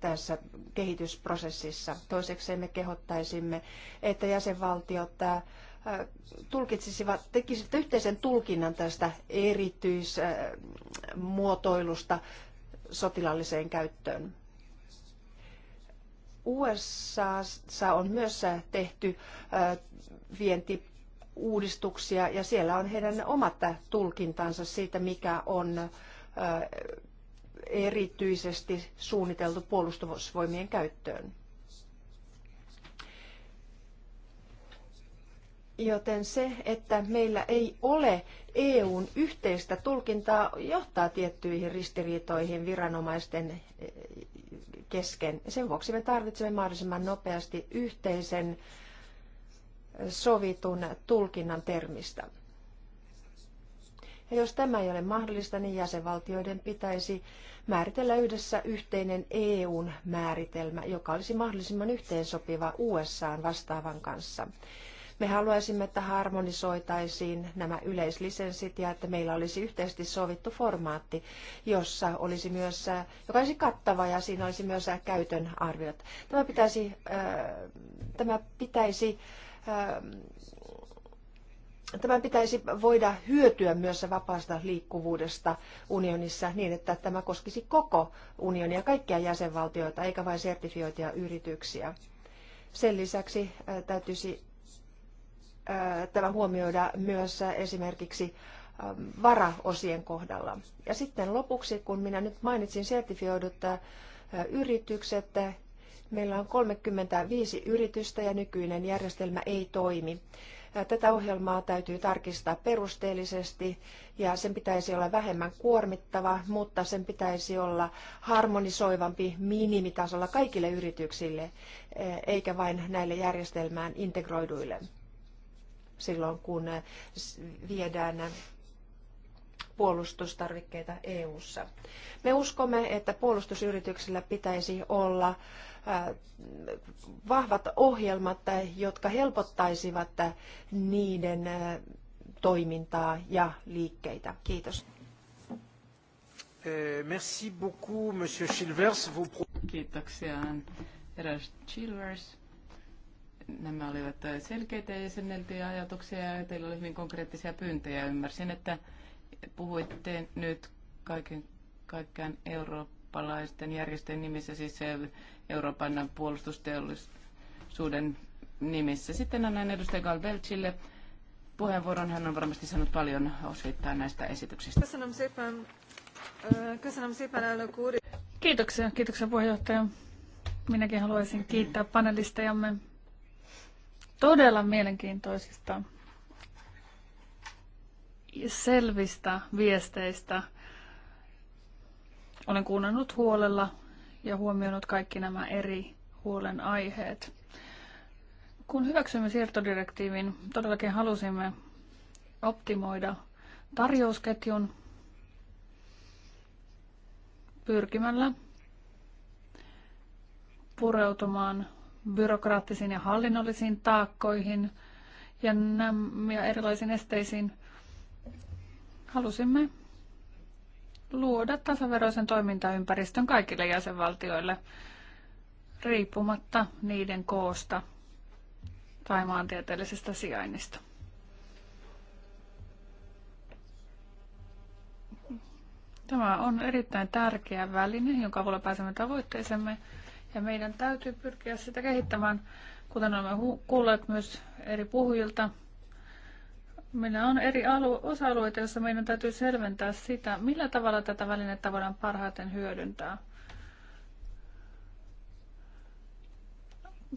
tässä kehitysprosessissa. Toiseksi me kehottaisimme, että jäsenvaltiot tulkitsisivat, tekisivät yhteisen tulkinnan tästä erityismuotoilusta sotilaalliseen käyttöön. USA on myös tehty uudistuksia ja siellä on heidän omat tulkintansa siitä, mikä on erityisesti suunniteltu puolustusvoimien käyttöön. Joten se, että meillä ei ole EUn yhteistä tulkintaa, johtaa tiettyihin ristiriitoihin viranomaisten eh, kesken. Sen vuoksi me tarvitsemme mahdollisimman nopeasti yhteisen sovitun tulkinnan termistä. Ja jos tämä ei ole mahdollista, niin jäsenvaltioiden pitäisi määritellä yhdessä yhteinen EUn määritelmä, joka olisi mahdollisimman yhteensopiva USAn vastaavan kanssa. Me haluaisimme, että harmonisoitaisiin nämä yleislisenssit ja että meillä olisi yhteisesti sovittu formaatti, jossa olisi myös, äh, joka olisi kattava ja siinä olisi myös äh, käytön arviot. Tämä pitäisi, äh, tämä pitäisi Tämän pitäisi voida hyötyä myös vapaasta liikkuvuudesta unionissa niin, että tämä koskisi koko unionia, kaikkia jäsenvaltioita, eikä vain sertifioituja yrityksiä. Sen lisäksi täytyisi tämä huomioida myös esimerkiksi varaosien kohdalla. Ja sitten lopuksi, kun minä nyt mainitsin sertifioidut yritykset, meillä on 35 yritystä ja nykyinen järjestelmä ei toimi. Tätä ohjelmaa täytyy tarkistaa perusteellisesti ja sen pitäisi olla vähemmän kuormittava, mutta sen pitäisi olla harmonisoivampi minimitasolla kaikille yrityksille, eikä vain näille järjestelmään integroiduille silloin, kun eh, viedään eh, puolustustarvikkeita EU:ssa. Me uskomme, että puolustusyrityksillä pitäisi olla eh, vahvat ohjelmat, jotka helpottaisivat niiden toimintaa ja liikkeitä. Kiitos. Merci beaucoup, Monsieur Chilvers. Kiitoksia, herra Chilvers nämä olivat selkeitä ja jäseneltyjä ajatuksia ja teillä oli hyvin konkreettisia pyyntöjä. Ymmärsin, että puhuitte nyt kaiken kaikkiaan eurooppalaisten järjestöjen nimissä, siis Euroopan puolustusteollisuuden nimissä. Sitten annan edustaja Galbelchille puheenvuoron. Hän on varmasti saanut paljon osittain näistä esityksistä. Kiitoksia, kiitoksia puheenjohtaja. Minäkin haluaisin kiittää panelistejamme todella mielenkiintoisista selvistä viesteistä. Olen kuunnellut huolella ja huomioinut kaikki nämä eri huolenaiheet. Kun hyväksymme siirtodirektiivin, todellakin halusimme optimoida tarjousketjun pyrkimällä pureutumaan byrokraattisiin ja hallinnollisiin taakkoihin ja, nämä ja erilaisiin esteisiin. Halusimme luoda tasaveroisen toimintaympäristön kaikille jäsenvaltioille riippumatta niiden koosta tai maantieteellisestä sijainnista. Tämä on erittäin tärkeä väline, jonka avulla pääsemme tavoitteisemme ja meidän täytyy pyrkiä sitä kehittämään, kuten olemme kuulleet myös eri puhujilta. Meillä on eri alu- osa-alueita, joissa meidän täytyy selventää sitä, millä tavalla tätä välinettä voidaan parhaiten hyödyntää.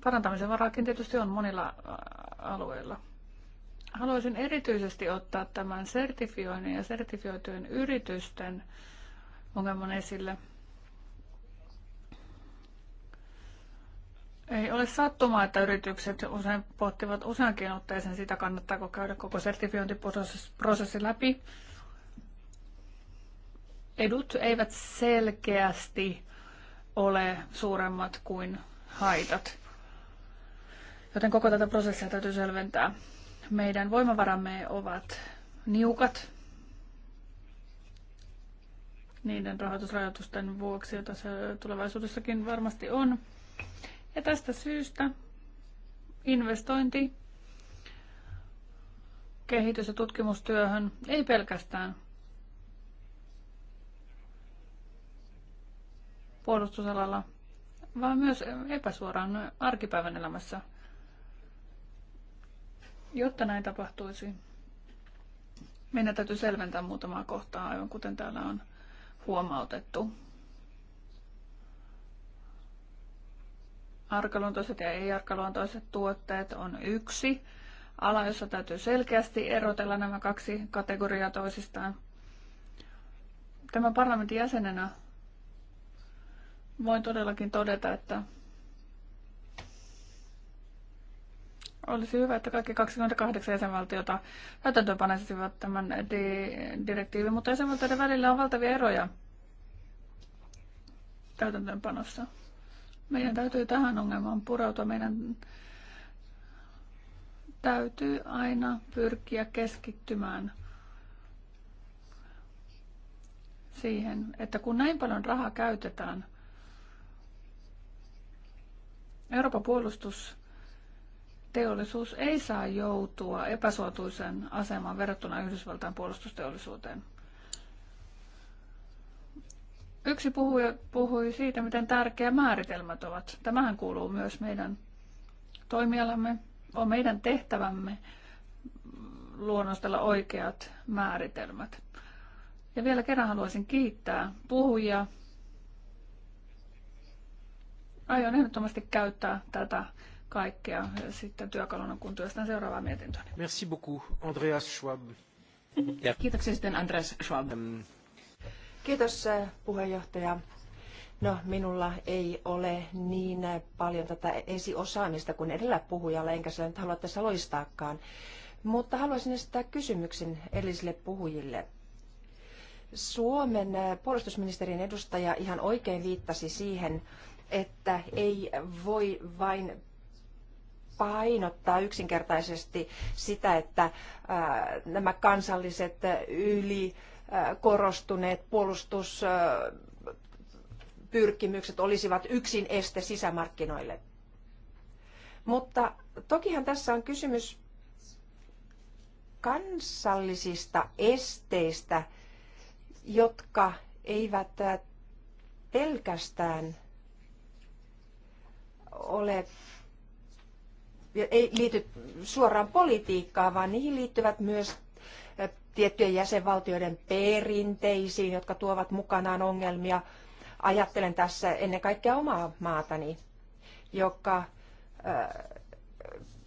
Parantamisen varaakin tietysti on monilla alueilla. Haluaisin erityisesti ottaa tämän sertifioinnin ja sertifioitujen yritysten ongelman esille – Ei ole sattumaa, että yritykset usein pohtivat useankin otteeseen sitä, kannattaako käydä koko sertifiointiprosessi läpi. Edut eivät selkeästi ole suuremmat kuin haitat. Joten koko tätä prosessia täytyy selventää. Meidän voimavaramme ovat niukat niiden rahoitusrajoitusten vuoksi, joita se tulevaisuudessakin varmasti on. Ja tästä syystä investointi kehitys- ja tutkimustyöhön ei pelkästään puolustusalalla, vaan myös epäsuoraan arkipäivän elämässä, jotta näin tapahtuisi. Meidän täytyy selventää muutamaa kohtaa, aivan kuten täällä on huomautettu. arkaluontoiset ja ei-arkaluontoiset tuotteet on yksi ala, jossa täytyy selkeästi erotella nämä kaksi kategoriaa toisistaan. Tämän parlamentin jäsenenä voin todellakin todeta, että olisi hyvä, että kaikki 28 jäsenvaltiota täytäntöönpanaisivat tämän di- direktiivin, mutta jäsenvaltioiden välillä on valtavia eroja täytäntöönpanossa. Meidän täytyy tähän ongelmaan pureutua. Meidän täytyy aina pyrkiä keskittymään siihen, että kun näin paljon rahaa käytetään, Euroopan puolustusteollisuus ei saa joutua epäsuotuisen asemaan verrattuna Yhdysvaltain puolustusteollisuuteen. Yksi puhuja puhui siitä, miten tärkeä määritelmät ovat. Tämähän kuuluu myös meidän toimialamme, on meidän tehtävämme luonnostella oikeat määritelmät. Ja vielä kerran haluaisin kiittää puhujia. Aion ehdottomasti käyttää tätä kaikkea sitten työkaluna, kun työstän seuraavaa mietintöä. Merci beaucoup, Andreas Schwab. Kiitoksia sitten Andreas Schwab. Ähm, Kiitos eh, puheenjohtaja. No, minulla ei ole niin eh, paljon tätä esiosaamista kuin edellä puhujalla, enkä sitä nyt halua tässä loistaakaan. Mutta haluaisin esittää kysymyksen edellisille puhujille. Suomen eh, puolustusministerin edustaja ihan oikein viittasi siihen, että ei voi vain painottaa yksinkertaisesti sitä, että nämä kansalliset yli korostuneet puolustuspyrkimykset olisivat yksin este sisämarkkinoille. Mutta tokihan tässä on kysymys kansallisista esteistä, jotka eivät pelkästään ole, ei liity suoraan politiikkaan, vaan niihin liittyvät myös tiettyjen jäsenvaltioiden perinteisiin, jotka tuovat mukanaan ongelmia. Ajattelen tässä ennen kaikkea omaa maatani, joka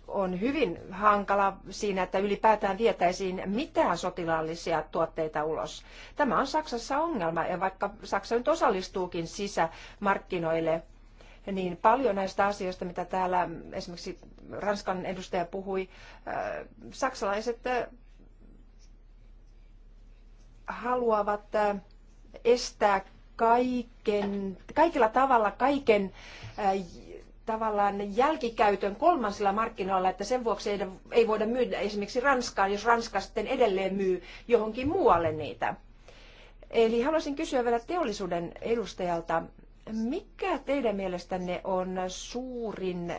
on hyvin hankala siinä, että ylipäätään vietäisiin mitään sotilaallisia tuotteita ulos. Tämä on Saksassa ongelma, ja vaikka Saksa nyt osallistuukin sisämarkkinoille, niin paljon näistä asioista, mitä täällä esimerkiksi Ranskan edustaja puhui, saksalaiset haluavat äh, estää kaiken, kaikilla tavalla kaiken äh, tavallaan jälkikäytön kolmansilla markkinoilla, että sen vuoksi ei, ei voida myydä esimerkiksi Ranskaan, jos Ranska sitten edelleen myy johonkin muualle niitä. Eli haluaisin kysyä vielä teollisuuden edustajalta, mikä teidän mielestänne on suurin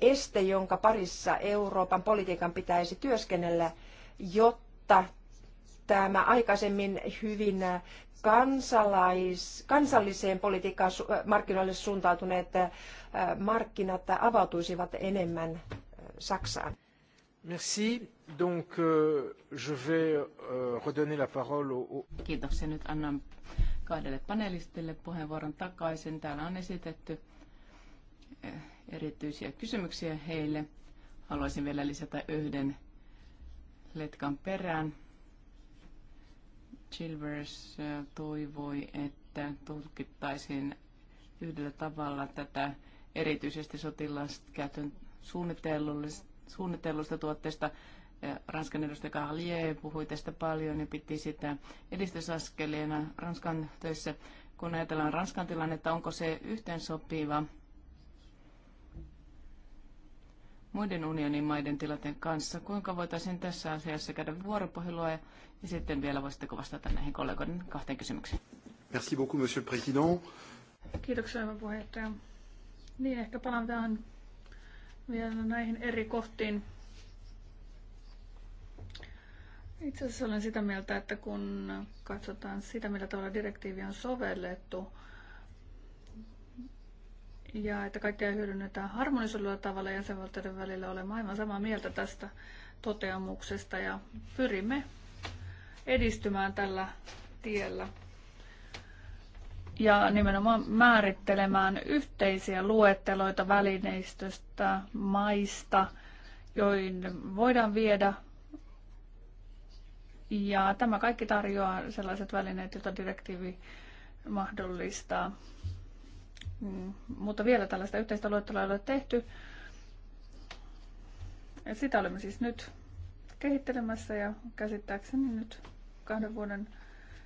este, jonka parissa Euroopan politiikan pitäisi työskennellä, jotta tämä aikaisemmin hyvin kansalais, kansalliseen politiikkaan äh, markkinoille suuntautuneet äh, markkinat avautuisivat enemmän äh, Saksaan. Merci. Donc, euh, je vais euh, redonner la parole au... Kiitoksia. Nyt annan kahdelle panelistille puheenvuoron takaisin. Täällä on esitetty erityisiä kysymyksiä heille. Haluaisin vielä lisätä yhden letkan perään. Chilvers toivoi, että tulkittaisiin yhdellä tavalla tätä erityisesti sotilaskäytön suunnitellusta tuotteesta. Ranskan edustaja Carlier puhui tästä paljon ja piti sitä edistysaskeleena Ranskan töissä. Kun ajatellaan Ranskan tilannetta, onko se yhteensopiva muiden unionin maiden tilanteen kanssa. Kuinka voitaisiin tässä asiassa käydä vuoropuhelua ja, ja sitten vielä voisitteko vastata näihin kollegoiden kahteen kysymykseen? Merci beaucoup, monsieur le président. Kiitoksia, hyvä puheenjohtaja. Niin, ehkä palaan vielä näihin eri kohtiin. Itse asiassa olen sitä mieltä, että kun katsotaan sitä, millä tavalla direktiivi on sovellettu, ja että kaikkea hyödynnetään harmonisoidulla tavalla jäsenvaltioiden välillä. Olemme aivan samaa mieltä tästä toteamuksesta ja pyrimme edistymään tällä tiellä ja nimenomaan määrittelemään yhteisiä luetteloita välineistöstä, maista, joihin voidaan viedä. Ja tämä kaikki tarjoaa sellaiset välineet, joita direktiivi mahdollistaa. Mm, mutta vielä tällaista yhteistä luettelua ei ole tehty. Et sitä olemme siis nyt kehittelemässä ja käsittääkseni nyt kahden vuoden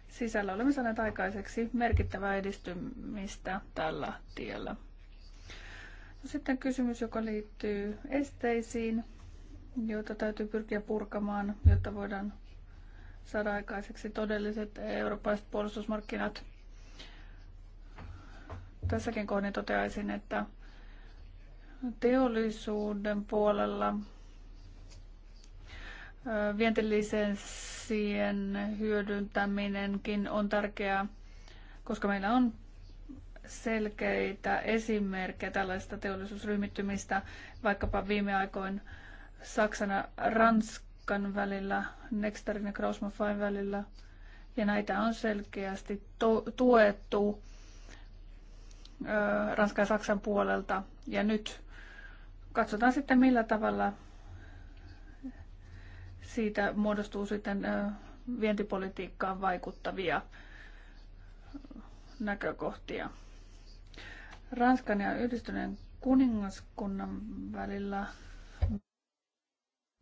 sisällä olemme saaneet aikaiseksi merkittävää edistymistä tällä tiellä. No sitten kysymys, joka liittyy esteisiin, joita täytyy pyrkiä purkamaan, jotta voidaan saada aikaiseksi todelliset eurooppalaiset puolustusmarkkinat. Tässäkin kohdin toteaisin, että teollisuuden puolella vientilisenssien hyödyntäminenkin on tärkeää, koska meillä on selkeitä esimerkkejä tällaista teollisuusryhmittymistä, vaikkapa viime aikoin Saksan Ranskan välillä, Nextarin ja Krausmafain välillä. Ja näitä on selkeästi tuettu Ranskan ja Saksan puolelta. Ja nyt katsotaan sitten millä tavalla siitä muodostuu sitten vientipolitiikkaan vaikuttavia näkökohtia. Ranskan ja yhdistyneen kuningaskunnan välillä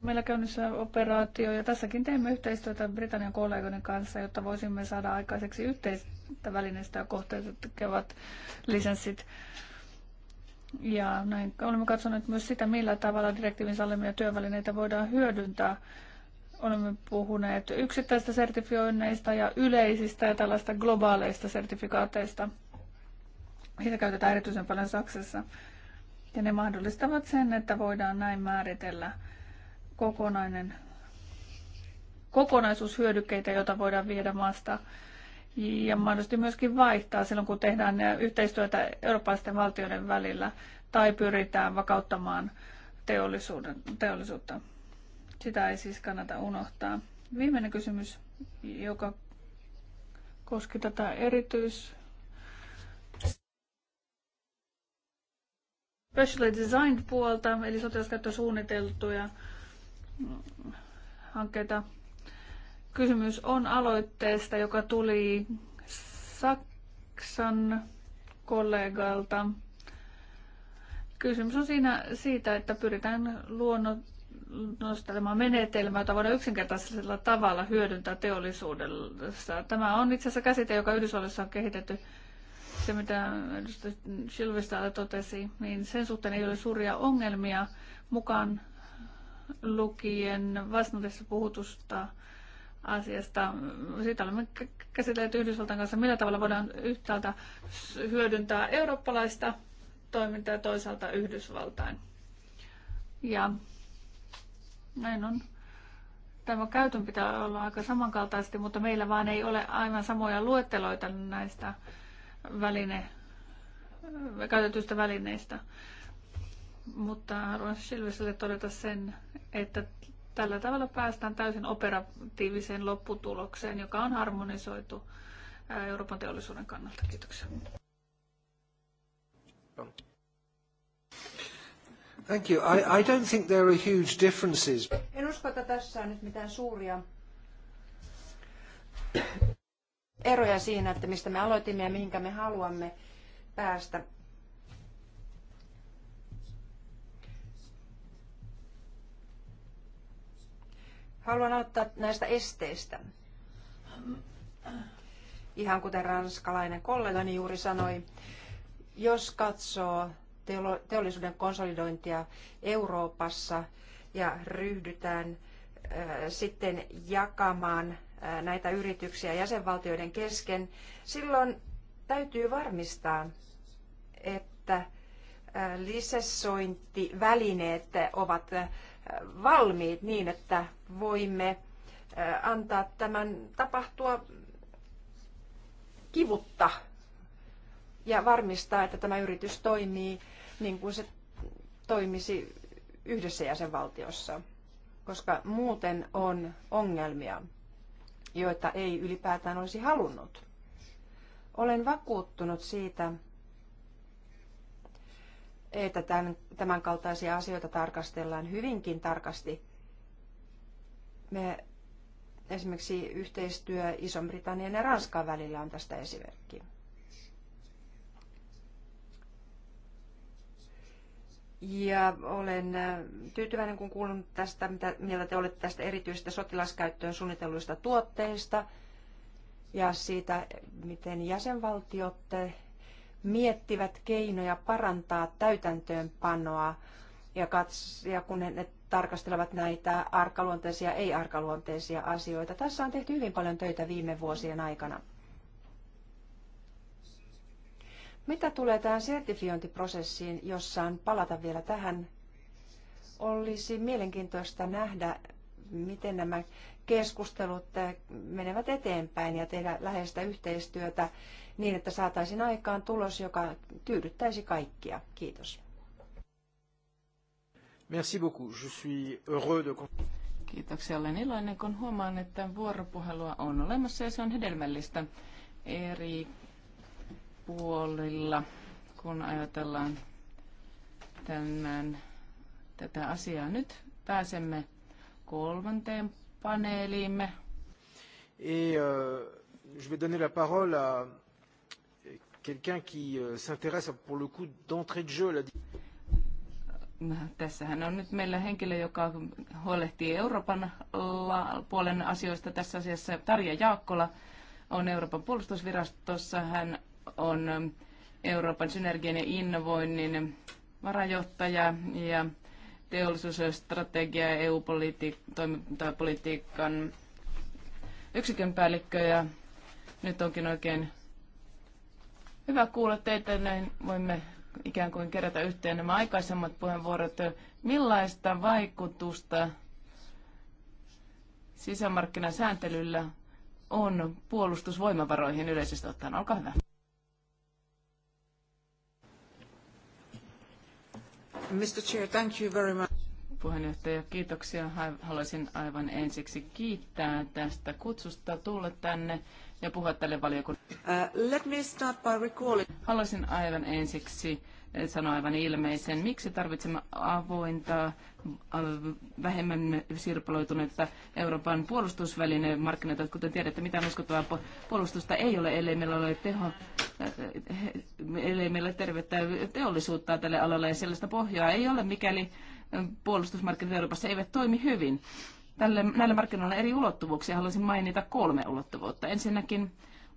Meillä käynnissä operaatio ja tässäkin teemme yhteistyötä Britannian kollegoiden kanssa, jotta voisimme saada aikaiseksi yhteistä välineistä ja kohteita tukevat lisenssit. Ja näin olemme katsoneet myös sitä, millä tavalla direktiivin sallimia työvälineitä voidaan hyödyntää. Olemme puhuneet yksittäisistä sertifioinneista ja yleisistä ja tällaista globaaleista sertifikaateista. Niitä käytetään erityisen paljon Saksassa. Ja ne mahdollistavat sen, että voidaan näin määritellä – kokonainen hyödykkeitä, joita voidaan viedä maasta ja mahdollisesti myöskin vaihtaa silloin, kun tehdään yhteistyötä eurooppalaisten valtioiden välillä tai pyritään vakauttamaan teollisuuden, teollisuutta. Sitä ei siis kannata unohtaa. Viimeinen kysymys, joka koski tätä erityis... Specially designed puolta, eli sotilaskäyttö suunniteltuja hankkeita. Kysymys on aloitteesta, joka tuli Saksan kollegalta. Kysymys on siinä, siitä, että pyritään luonnostelemaan menetelmää, jota voidaan yksinkertaisella tavalla hyödyntää teollisuudessa. Tämä on itse asiassa käsite, joka Yhdysvalloissa on kehitetty. Se, mitä edustaja Silvestäällä totesi, niin sen suhteen ei ole suuria ongelmia mukaan lukien vastuullisessa puhutusta asiasta. Siitä olemme käsitelleet Yhdysvaltain kanssa, millä tavalla voidaan yhtäältä hyödyntää eurooppalaista toimintaa ja toisaalta Yhdysvaltain. Ja näin on. Tämä käytön pitää olla aika samankaltaisesti, mutta meillä vaan ei ole aivan samoja luetteloita näistä väline, käytetyistä välineistä. Mutta haluan Silviselle todeta sen, että tällä tavalla päästään täysin operatiiviseen lopputulokseen, joka on harmonisoitu Euroopan teollisuuden kannalta. Kiitoksia. Thank you. I, I don't think there are huge differences. En usko, että tässä on nyt mitään suuria eroja siinä, että mistä me aloitimme ja mihinkä me haluamme päästä. Haluan aloittaa näistä esteistä. Ihan kuten ranskalainen kollegani juuri sanoi, jos katsoo teollisuuden konsolidointia Euroopassa ja ryhdytään äh, sitten jakamaan äh, näitä yrityksiä jäsenvaltioiden kesken, silloin täytyy varmistaa, että äh, lisessointivälineet ovat valmiit niin, että voimme antaa tämän tapahtua kivutta ja varmistaa, että tämä yritys toimii niin kuin se toimisi yhdessä jäsenvaltiossa, koska muuten on ongelmia, joita ei ylipäätään olisi halunnut. Olen vakuuttunut siitä, että tämän, tämän kaltaisia asioita tarkastellaan hyvinkin tarkasti. Me esimerkiksi yhteistyö iso britannian ja Ranskan välillä on tästä esimerkki. Ja olen äh, tyytyväinen, kun kuulun tästä, mitä mieltä te olette tästä erityistä sotilaskäyttöön suunnitelluista tuotteista ja siitä, miten jäsenvaltiot miettivät keinoja parantaa täytäntöönpanoa ja, kats- ja kun ne tarkastelevat näitä arkaluonteisia ja ei-arkaluonteisia asioita. Tässä on tehty hyvin paljon töitä viime vuosien aikana. Mitä tulee tähän sertifiointiprosessiin, jossa on palata vielä tähän, olisi mielenkiintoista nähdä, miten nämä keskustelut eh, menevät eteenpäin ja tehdä läheistä yhteistyötä niin, että saataisiin aikaan tulos, joka tyydyttäisi kaikkia. Kiitos. Merci beaucoup. Je suis heureux de... Kiitoksia. Olen iloinen, kun huomaan, että vuoropuhelua on olemassa ja se on hedelmällistä eri puolilla, kun ajatellaan tämän, tätä asiaa. Nyt pääsemme kolmanteen paneeliimme. Et euh, je vais donner la parole à quelqu'un qui euh, s'intéresse pour le coup d'entrée de jeu. La... Äh, tässähän on nyt meillä henkilö, joka huolehtii Euroopan puolen asioista tässä asiassa. Tarja Jaakkola on Euroopan puolustusvirastossa. Hän on Euroopan synergian ja innovoinnin varajohtaja ja teollisuusstrategia ja EU-politiikan yksikön päällikkö ja nyt onkin oikein hyvä kuulla teitä, näin voimme ikään kuin kerätä yhteen nämä aikaisemmat puheenvuorot. Millaista vaikutusta sisämarkkinasääntelyllä on puolustusvoimavaroihin yleisesti ottaen? Olkaa hyvä. Mr. Chair, thank you very much. Puheenjohtaja, kiitoksia. Haluaisin aivan ensiksi kiittää tästä kutsusta tulla tänne ja puhua tälle valiokunnalle. Uh, let me start by recalling. Haluaisin aivan ensiksi sanoi aivan ilmeisen. Miksi tarvitsemme avointa, äh, vähemmän sirpaloituneita Euroopan puolustusvälineen markkinoita? Kuten tiedätte, mitään uskottavaa puolustusta ei ole, ellei meillä ole teho, äh, äh, ellei meillä tervettä teollisuutta tälle alalle ja sellaista pohjaa ei ole, mikäli puolustusmarkkinat Euroopassa eivät toimi hyvin. Tälle, näillä markkinoilla on eri ulottuvuuksia. Haluaisin mainita kolme ulottuvuutta. Ensinnäkin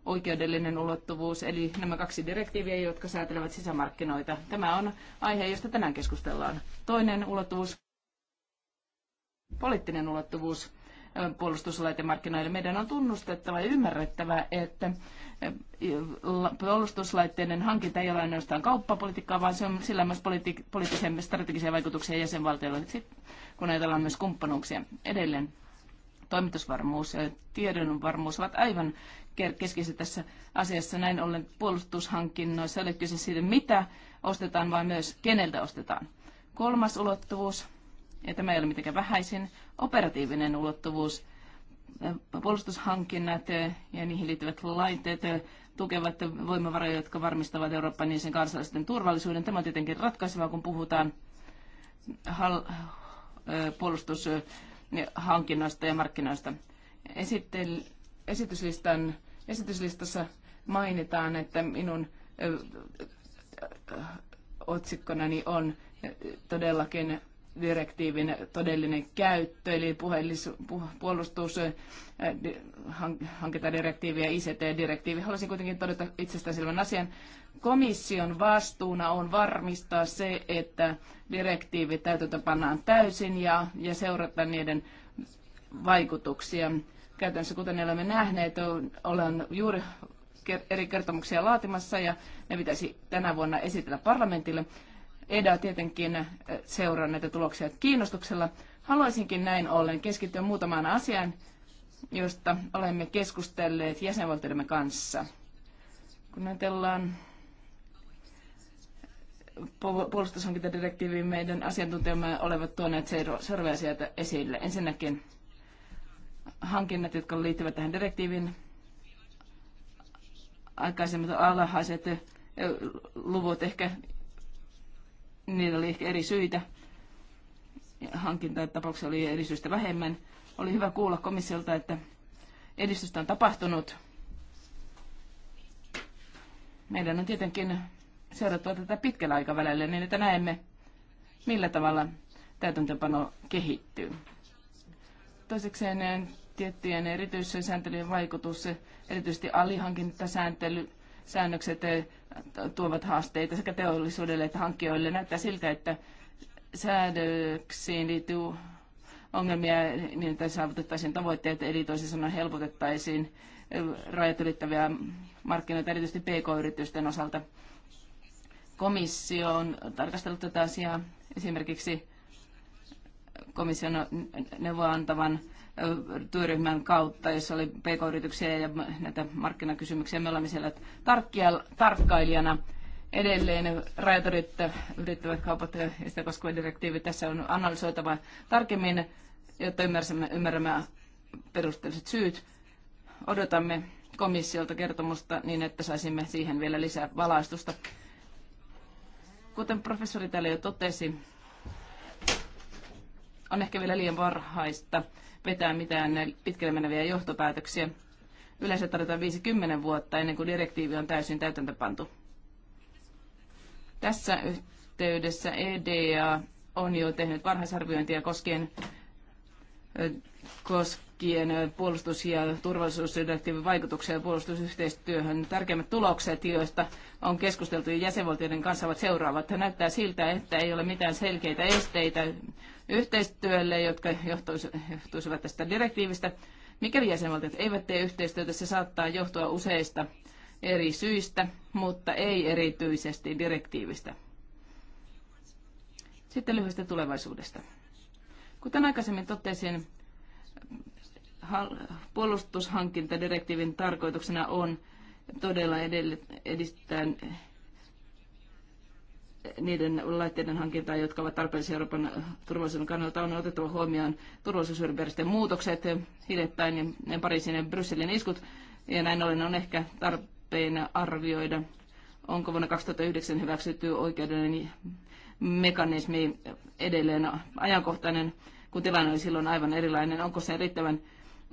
oikeudellinen ulottuvuus, eli nämä kaksi direktiiviä, jotka säätelevät sisämarkkinoita. Tämä on aihe, josta tänään keskustellaan. Toinen ulottuvuus, poliittinen ulottuvuus puolustuslaitemarkkinoille. Meidän on tunnustettava ja ymmärrettävä, että puolustuslaitteiden hankinta ei ole ainoastaan kauppapolitiikkaa, vaan se on sillä myös politi- poliittisen strategisia vaikutuksia jäsenvaltioille, kun ajatellaan myös kumppanuuksia edelleen toimitusvarmuus ja tiedonvarmuus ovat aivan keskeistä tässä asiassa. Näin ollen puolustushankinnoissa ei kyse siitä, mitä ostetaan, vaan myös keneltä ostetaan. Kolmas ulottuvuus, ja tämä ei ole mitenkään vähäisin, operatiivinen ulottuvuus. Puolustushankinnat eh, ja niihin liittyvät laitteet eh, tukevat voimavaroja, jotka varmistavat Euroopan niin sen kansalaisten turvallisuuden. Tämä on tietenkin ratkaisevaa, kun puhutaan hal- eh, puolustushankinnoista ja markkinoista. sitten esityslistan, esityslistassa mainitaan, että minun otsikkonani on todellakin direktiivin todellinen käyttö, eli puhelis, pu, puolustus, hankintadirektiivi ja ICT-direktiivi. Haluaisin kuitenkin todeta itsestäänselvän asian. Komission vastuuna on varmistaa se, että direktiivi täytäntöpannaan pannaan täysin ja, ja seurata niiden vaikutuksia Käytännössä, kuten olemme nähneet, olen juuri eri kertomuksia laatimassa ja ne pitäisi tänä vuonna esitellä parlamentille. EDA tietenkin eh, seuraa näitä tuloksia kiinnostuksella. Haluaisinkin näin ollen keskittyä muutamaan asiaan, josta olemme keskustelleet jäsenvaltioidemme kanssa. Kun ajatellaan puolustushankintadirektiiviin meidän asiantuntijamme olevat tuoneet seuraavia asioita esille. Ensinnäkin hankinnat, jotka liittyvät tähän direktiivin aikaisemmat alhaiset luvut ehkä, niillä oli ehkä eri syitä. Hankintatapauksia oli eri syistä vähemmän. Oli hyvä kuulla komissiolta, että edistystä on tapahtunut. Meidän on tietenkin seurattava tätä pitkällä aikavälillä niin, että näemme, millä tavalla täytäntöpano kehittyy. Toisekseen tiettyjen sääntelyjen vaikutus, erityisesti alihankintasääntely, säännökset eh, tuovat haasteita sekä teollisuudelle että hankkijoille. Näyttää siltä, että säädöksiin liittyy ongelmia niin, että saavutettaisiin tavoitteet, eli toisin sanoen helpotettaisiin eh, rajat ylittäviä markkinoita, erityisesti pk-yritysten osalta. Komissio on tarkastellut tätä asiaa esimerkiksi komission neuvoa antavan työryhmän kautta, jossa oli pk-yrityksiä ja näitä markkinakysymyksiä. Me olemme siellä tarkkailijana edelleen rajat yrittävät kaupat ja sitä koskeva direktiivi. Tässä on analysoitava tarkemmin, jotta ymmärrämme, ymmärrämme perusteelliset syyt. Odotamme komissiolta kertomusta niin, että saisimme siihen vielä lisää valaistusta. Kuten professori täällä jo totesi, on ehkä vielä liian varhaista vetää mitään pitkälle meneviä johtopäätöksiä. Yleensä tarvitaan 50 vuotta ennen kuin direktiivi on täysin täytäntöpantu. Tässä yhteydessä EDA on jo tehnyt varhaisarviointia koskien, koskien puolustus- ja turvallisuusdirektiivin vaikutuksia puolustusyhteistyöhön. Tärkeimmät tulokset, joista on keskusteltu jäsenvaltioiden kanssa, ovat seuraavat. Näyttää siltä, että ei ole mitään selkeitä esteitä yhteistyölle, jotka johtuisivat tästä direktiivistä. Mikäli jäsenvaltiot eivät tee yhteistyötä, se saattaa johtua useista eri syistä, mutta ei erityisesti direktiivistä. Sitten lyhyesti tulevaisuudesta. Kuten aikaisemmin totesin, puolustushankintadirektiivin tarkoituksena on todella edistää niiden laitteiden hankintaa, jotka ovat tarpeellisia Euroopan turvallisuuden kannalta, on otettava huomioon turvallisuusympäristön muutokset, hiljattain ja Pariisin ja Brysselin iskut, ja näin ollen on ehkä tarpeen arvioida, onko vuonna 2009 hyväksytty oikeudellinen mekanismi edelleen ajankohtainen, kun tilanne oli silloin aivan erilainen. Onko se riittävän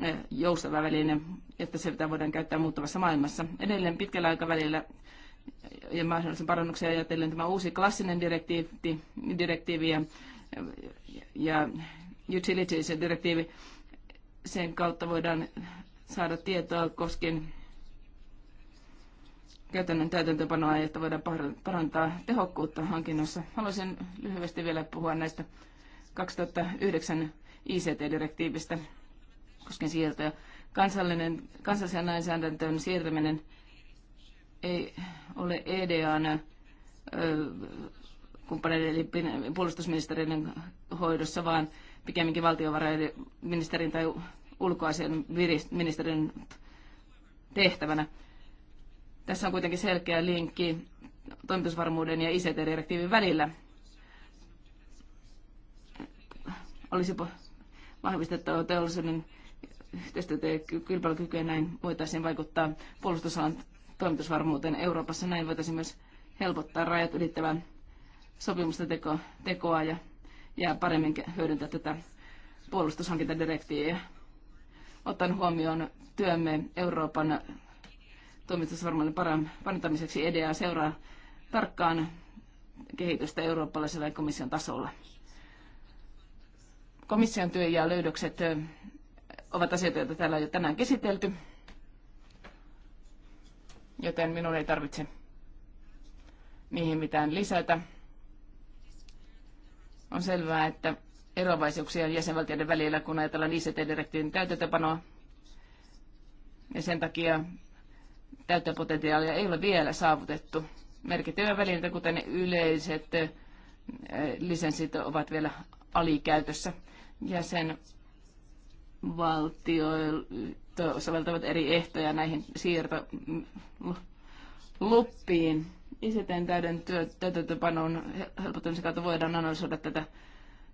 eh, joustava väline, että se voidaan käyttää muuttuvassa maailmassa. Edelleen pitkällä aikavälillä ja mahdollisia parannuksia ajatellen tämä uusi klassinen direktiivi, direktiivi ja, ja utilities-direktiivi. Sen kautta voidaan saada tietoa koskien käytännön täytäntöpanoa, että voidaan parantaa tehokkuutta hankinnossa. Haluaisin lyhyesti vielä puhua näistä 2009 ICT-direktiivistä koskien siirtoja. Kansallinen, kansalliseen lainsäädäntöön siirtäminen – ei ole EDAn kumppaneiden eli puolustusministeriön hoidossa, vaan pikemminkin valtiovarainministerin tai ulkoasian ministerin tehtävänä. Tässä on kuitenkin selkeä linkki toimitusvarmuuden ja ICT-direktiivin välillä. Olisi vahvistettava teollisuuden yhteistyötä ja kilpailukykyä näin voitaisiin vaikuttaa puolustusalan toimitusvarmuuteen Euroopassa. Näin voitaisiin myös helpottaa rajat ylittävän sopimusten teko, tekoa ja, ja paremmin hyödyntää tätä puolustushankintadirektiiviä. Otan huomioon työmme Euroopan toimitusvarmuuden parantamiseksi EDA seuraa tarkkaan kehitystä eurooppalaisella ja komission tasolla. Komission työ ja löydökset ovat asioita, joita täällä on jo tänään käsitelty joten minun ei tarvitse niihin mitään lisätä. On selvää, että eroavaisuuksia jäsenvaltioiden välillä, kun ajatellaan ICT-direktiivin täytäntöpanoa. Ja sen takia täyttöpotentiaalia ei ole vielä saavutettu. Merkittäviä välineitä, kuten yleiset eh, lisenssit, ovat vielä alikäytössä. Jäsenvaltio soveltavat eri ehtoja näihin siirtoluppiin. ICTn täyden täytäntöpanon helpottamisen kautta voidaan analysoida tätä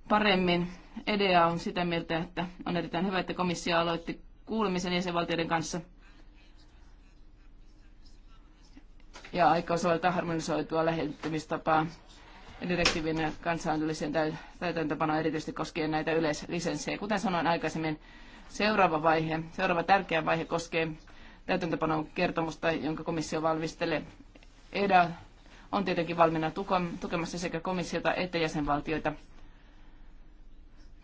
paremmin. EDEA on sitä mieltä, että on erittäin hyvä, että komissio aloitti kuulemisen jäsenvaltioiden kanssa ja aikaa soveltaa harmonisoitua lähettämistapaa direktiivin kansainväliseen täytäntöpanoon erityisesti koskien näitä yleislisenssejä. Kuten sanoin aikaisemmin, Seuraava vaihe, seuraava tärkeä vaihe koskee täytäntöpanon kertomusta, jonka komissio valmistelee. EDA on tietenkin valmiina tukemassa sekä komissiota että jäsenvaltioita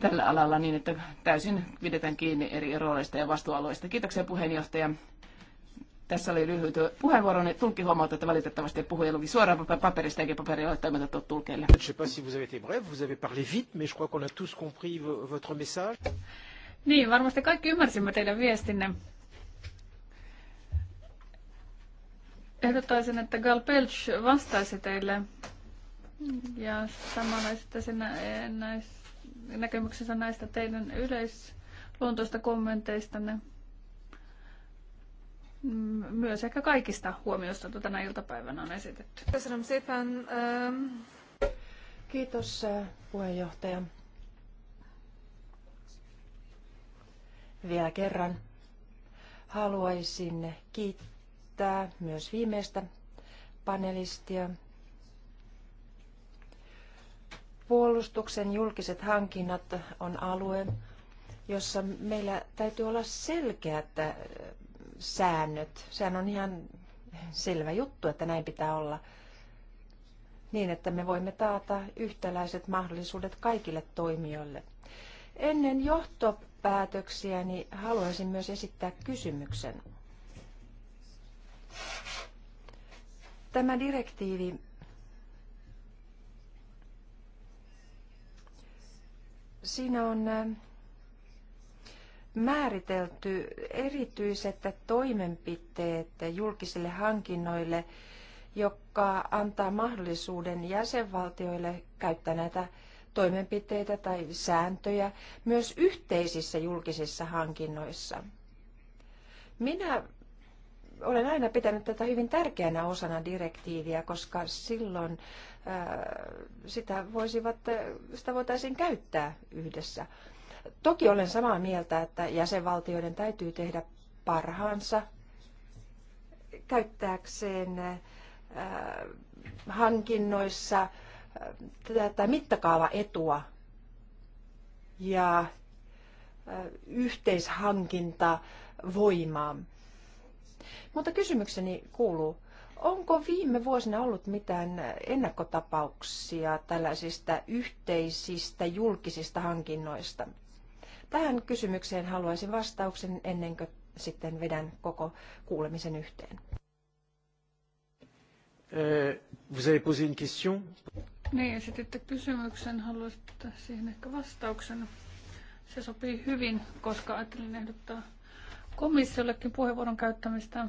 tällä alalla niin, että täysin pidetään kiinni eri rooleista ja vastuualueista. Kiitoksia puheenjohtaja. Tässä oli lyhyt puheenvuoro, niin tulkki huomauttaa, että valitettavasti puhuja luki suoraan paperista eikä paperia ole toimitettu tulkeille. Je sais pas si vous avez été bref, vous avez parlé vite, mais je crois qu'on a tous compris votre message. Niin, varmasti kaikki ymmärsimme teidän viestinne. Ehdottaisin, että Gal Pelch vastaisi teille ja samalla sitten näis, näkemyksensä näistä teidän yleisluontoista kommenteistanne. Myös ehkä kaikista huomioista, joita tänä iltapäivänä on esitetty. Kiitos puheenjohtaja. Vielä kerran haluaisin kiittää myös viimeistä panelistia. Puolustuksen julkiset hankinnat on alue, jossa meillä täytyy olla selkeät äh, säännöt. Sehän on ihan selvä juttu, että näin pitää olla niin, että me voimme taata yhtäläiset mahdollisuudet kaikille toimijoille. Ennen johtopäätöksiä niin haluaisin myös esittää kysymyksen. Tämä direktiivi siinä on äh, määritelty erityiset toimenpiteet julkisille hankinnoille, joka antaa mahdollisuuden jäsenvaltioille käyttää näitä toimenpiteitä tai sääntöjä myös yhteisissä julkisissa hankinnoissa. Minä olen aina pitänyt tätä hyvin tärkeänä osana direktiiviä, koska silloin äh, sitä, voisivat, äh, sitä voitaisiin käyttää yhdessä. Toki olen samaa mieltä, että jäsenvaltioiden täytyy tehdä parhaansa käyttääkseen äh, hankinnoissa tätä mittakaavaetua ja yhteishankinta voimaa. Mutta kysymykseni kuuluu, onko viime vuosina ollut mitään ennakkotapauksia tällaisista yhteisistä julkisista hankinnoista? Tähän kysymykseen haluaisin vastauksen ennen kuin sitten vedän koko kuulemisen yhteen. Euh, vous avez posé une question niin, esititte kysymyksen, haluaisitte siihen ehkä vastauksen. Se sopii hyvin, koska ajattelin ehdottaa komissiollekin puheenvuoron käyttämistä.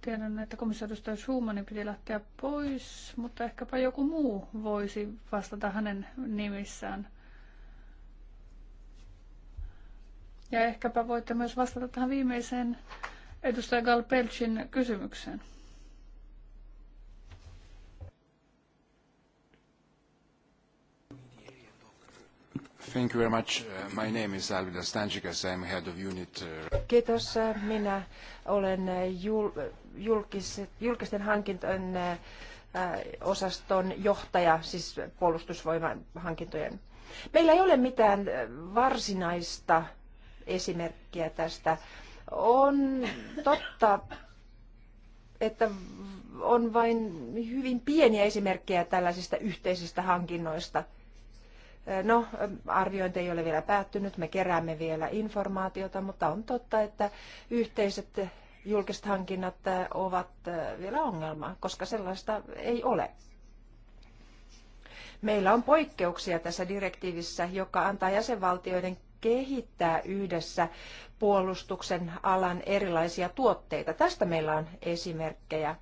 Tiedän, että komissiodustaja Schumannin piti lähteä pois, mutta ehkäpä joku muu voisi vastata hänen nimissään. Ja ehkäpä voitte myös vastata tähän viimeiseen edustaja Pelchin kysymykseen. Thank you very much. Uh, my name is I'm head of unit. Uh, Kiitos. Äh, minä olen äh, julkisten hankintojen äh, osaston johtaja, siis puolustusvoiman hankintojen. Meillä ei ole mitään varsinaista esimerkkiä tästä. On totta, että on vain hyvin pieniä esimerkkejä tällaisista yhteisistä hankinnoista – No, arviointi ei ole vielä päättynyt, me keräämme vielä informaatiota, mutta on totta, että yhteiset julkiset hankinnat ovat vielä ongelma, koska sellaista ei ole. Meillä on poikkeuksia tässä direktiivissä, joka antaa jäsenvaltioiden kehittää yhdessä puolustuksen alan erilaisia tuotteita. Tästä meillä on esimerkkejä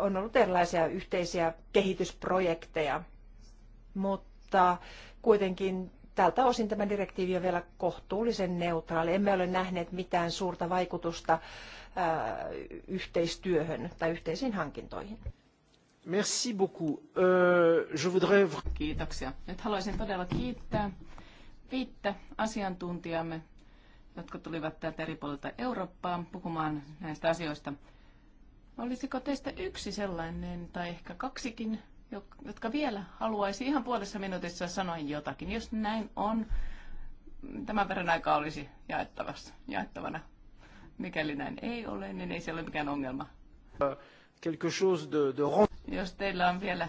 on ollut erilaisia yhteisiä kehitysprojekteja, mutta kuitenkin tältä osin tämä direktiivi on vielä kohtuullisen neutraali. Emme ole nähneet mitään suurta vaikutusta yhteistyöhön tai yhteisiin hankintoihin. Merci beaucoup. Euh, je voudrais... Kiitoksia. Nyt haluaisin todella kiittää viittä asiantuntijamme, jotka tulivat täältä eri puolilta Eurooppaa puhumaan näistä asioista. Olisiko teistä yksi sellainen, tai ehkä kaksikin, jotka vielä haluaisi ihan puolessa minuutissa sanoa jotakin? Jos näin on, tämän verran aikaa olisi jaettavassa, jaettavana. Mikäli näin ei ole, niin ei se ole mikään ongelma. Jos teillä on vielä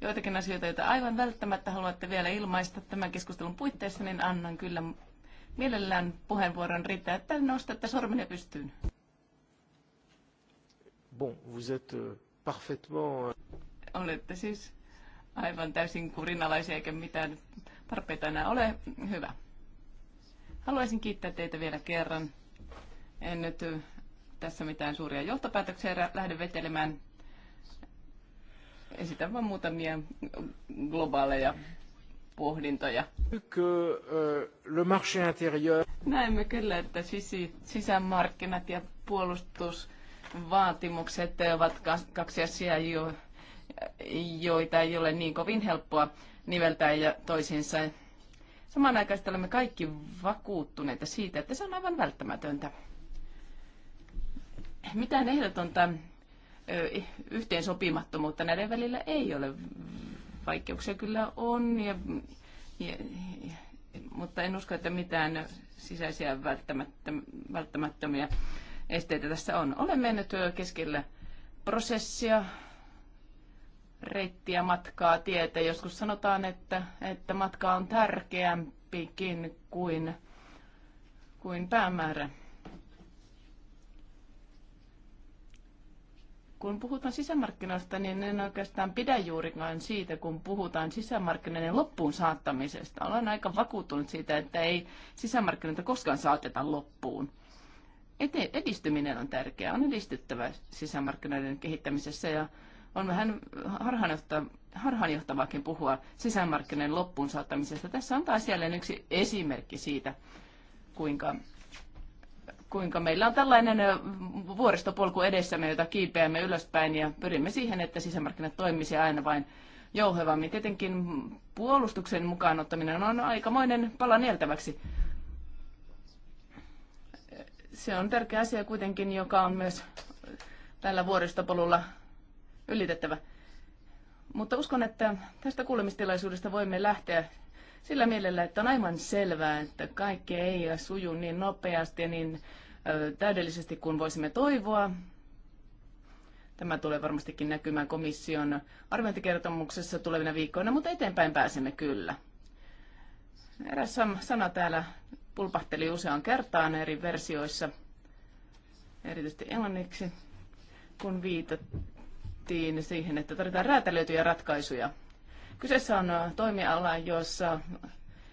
joitakin asioita, joita aivan välttämättä haluatte vielä ilmaista tämän keskustelun puitteissa, niin annan kyllä mielellään puheenvuoron riittää, että nostatte sormenne pystyyn. Bon, vous êtes euh, parfaitement... Euh, Olette siis aivan täysin kurinalaisia eikä mitään tarpeita enää ole. Hyvä. Haluaisin kiittää teitä vielä kerran. En nyt tässä mitään suuria johtopäätöksiä lähde vetelemään. Esitän vain muutamia globaaleja pohdintoja. Näemme kyllä, että sisämarkkinat ja puolustus vaatimukset ovat kaksi asiaa, jo, joita ei ole niin kovin helppoa niveltää ja toisiinsa. Samanaikaisesti olemme kaikki vakuuttuneita siitä, että se on aivan välttämätöntä. Mitään ehdotonta yhteensopimattomuutta näiden välillä ei ole. Vaikeuksia kyllä on, ja, ja, mutta en usko, että mitään sisäisiä välttämättömiä esteitä tässä on. Olen mennyt keskellä prosessia, reittiä, matkaa, tietä. Joskus sanotaan, että, että matka on tärkeämpikin kuin, kuin päämäärä. kun puhutaan sisämarkkinoista, niin en oikeastaan pidä juurikaan siitä, kun puhutaan sisämarkkinoiden loppuun saattamisesta. Olen aika vakuuttunut siitä, että ei sisämarkkinoita koskaan saateta loppuun edistyminen on tärkeää. On edistyttävä sisämarkkinoiden kehittämisessä ja on vähän harhaanjohtavaakin puhua sisämarkkinoiden loppuun saattamisesta. Tässä on taas jälleen yksi esimerkki siitä, kuinka, kuinka meillä on tällainen vuoristopolku edessämme, jota kiipeämme ylöspäin ja pyrimme siihen, että sisämarkkinat toimisi aina vain jouhevammin. Tietenkin puolustuksen mukaan ottaminen on aikamoinen pala nieltäväksi se on tärkeä asia kuitenkin, joka on myös tällä vuoristopolulla ylitettävä. Mutta uskon, että tästä kuulemistilaisuudesta voimme lähteä sillä mielellä, että on aivan selvää, että kaikki ei suju niin nopeasti ja niin täydellisesti kuin voisimme toivoa. Tämä tulee varmastikin näkymään komission arviointikertomuksessa tulevina viikkoina, mutta eteenpäin pääsemme kyllä. Eräs sana täällä pulpahteli useaan kertaan eri versioissa, erityisesti englanniksi, kun viitattiin siihen, että tarvitaan räätälöityjä ratkaisuja. Kyseessä on toimiala, jossa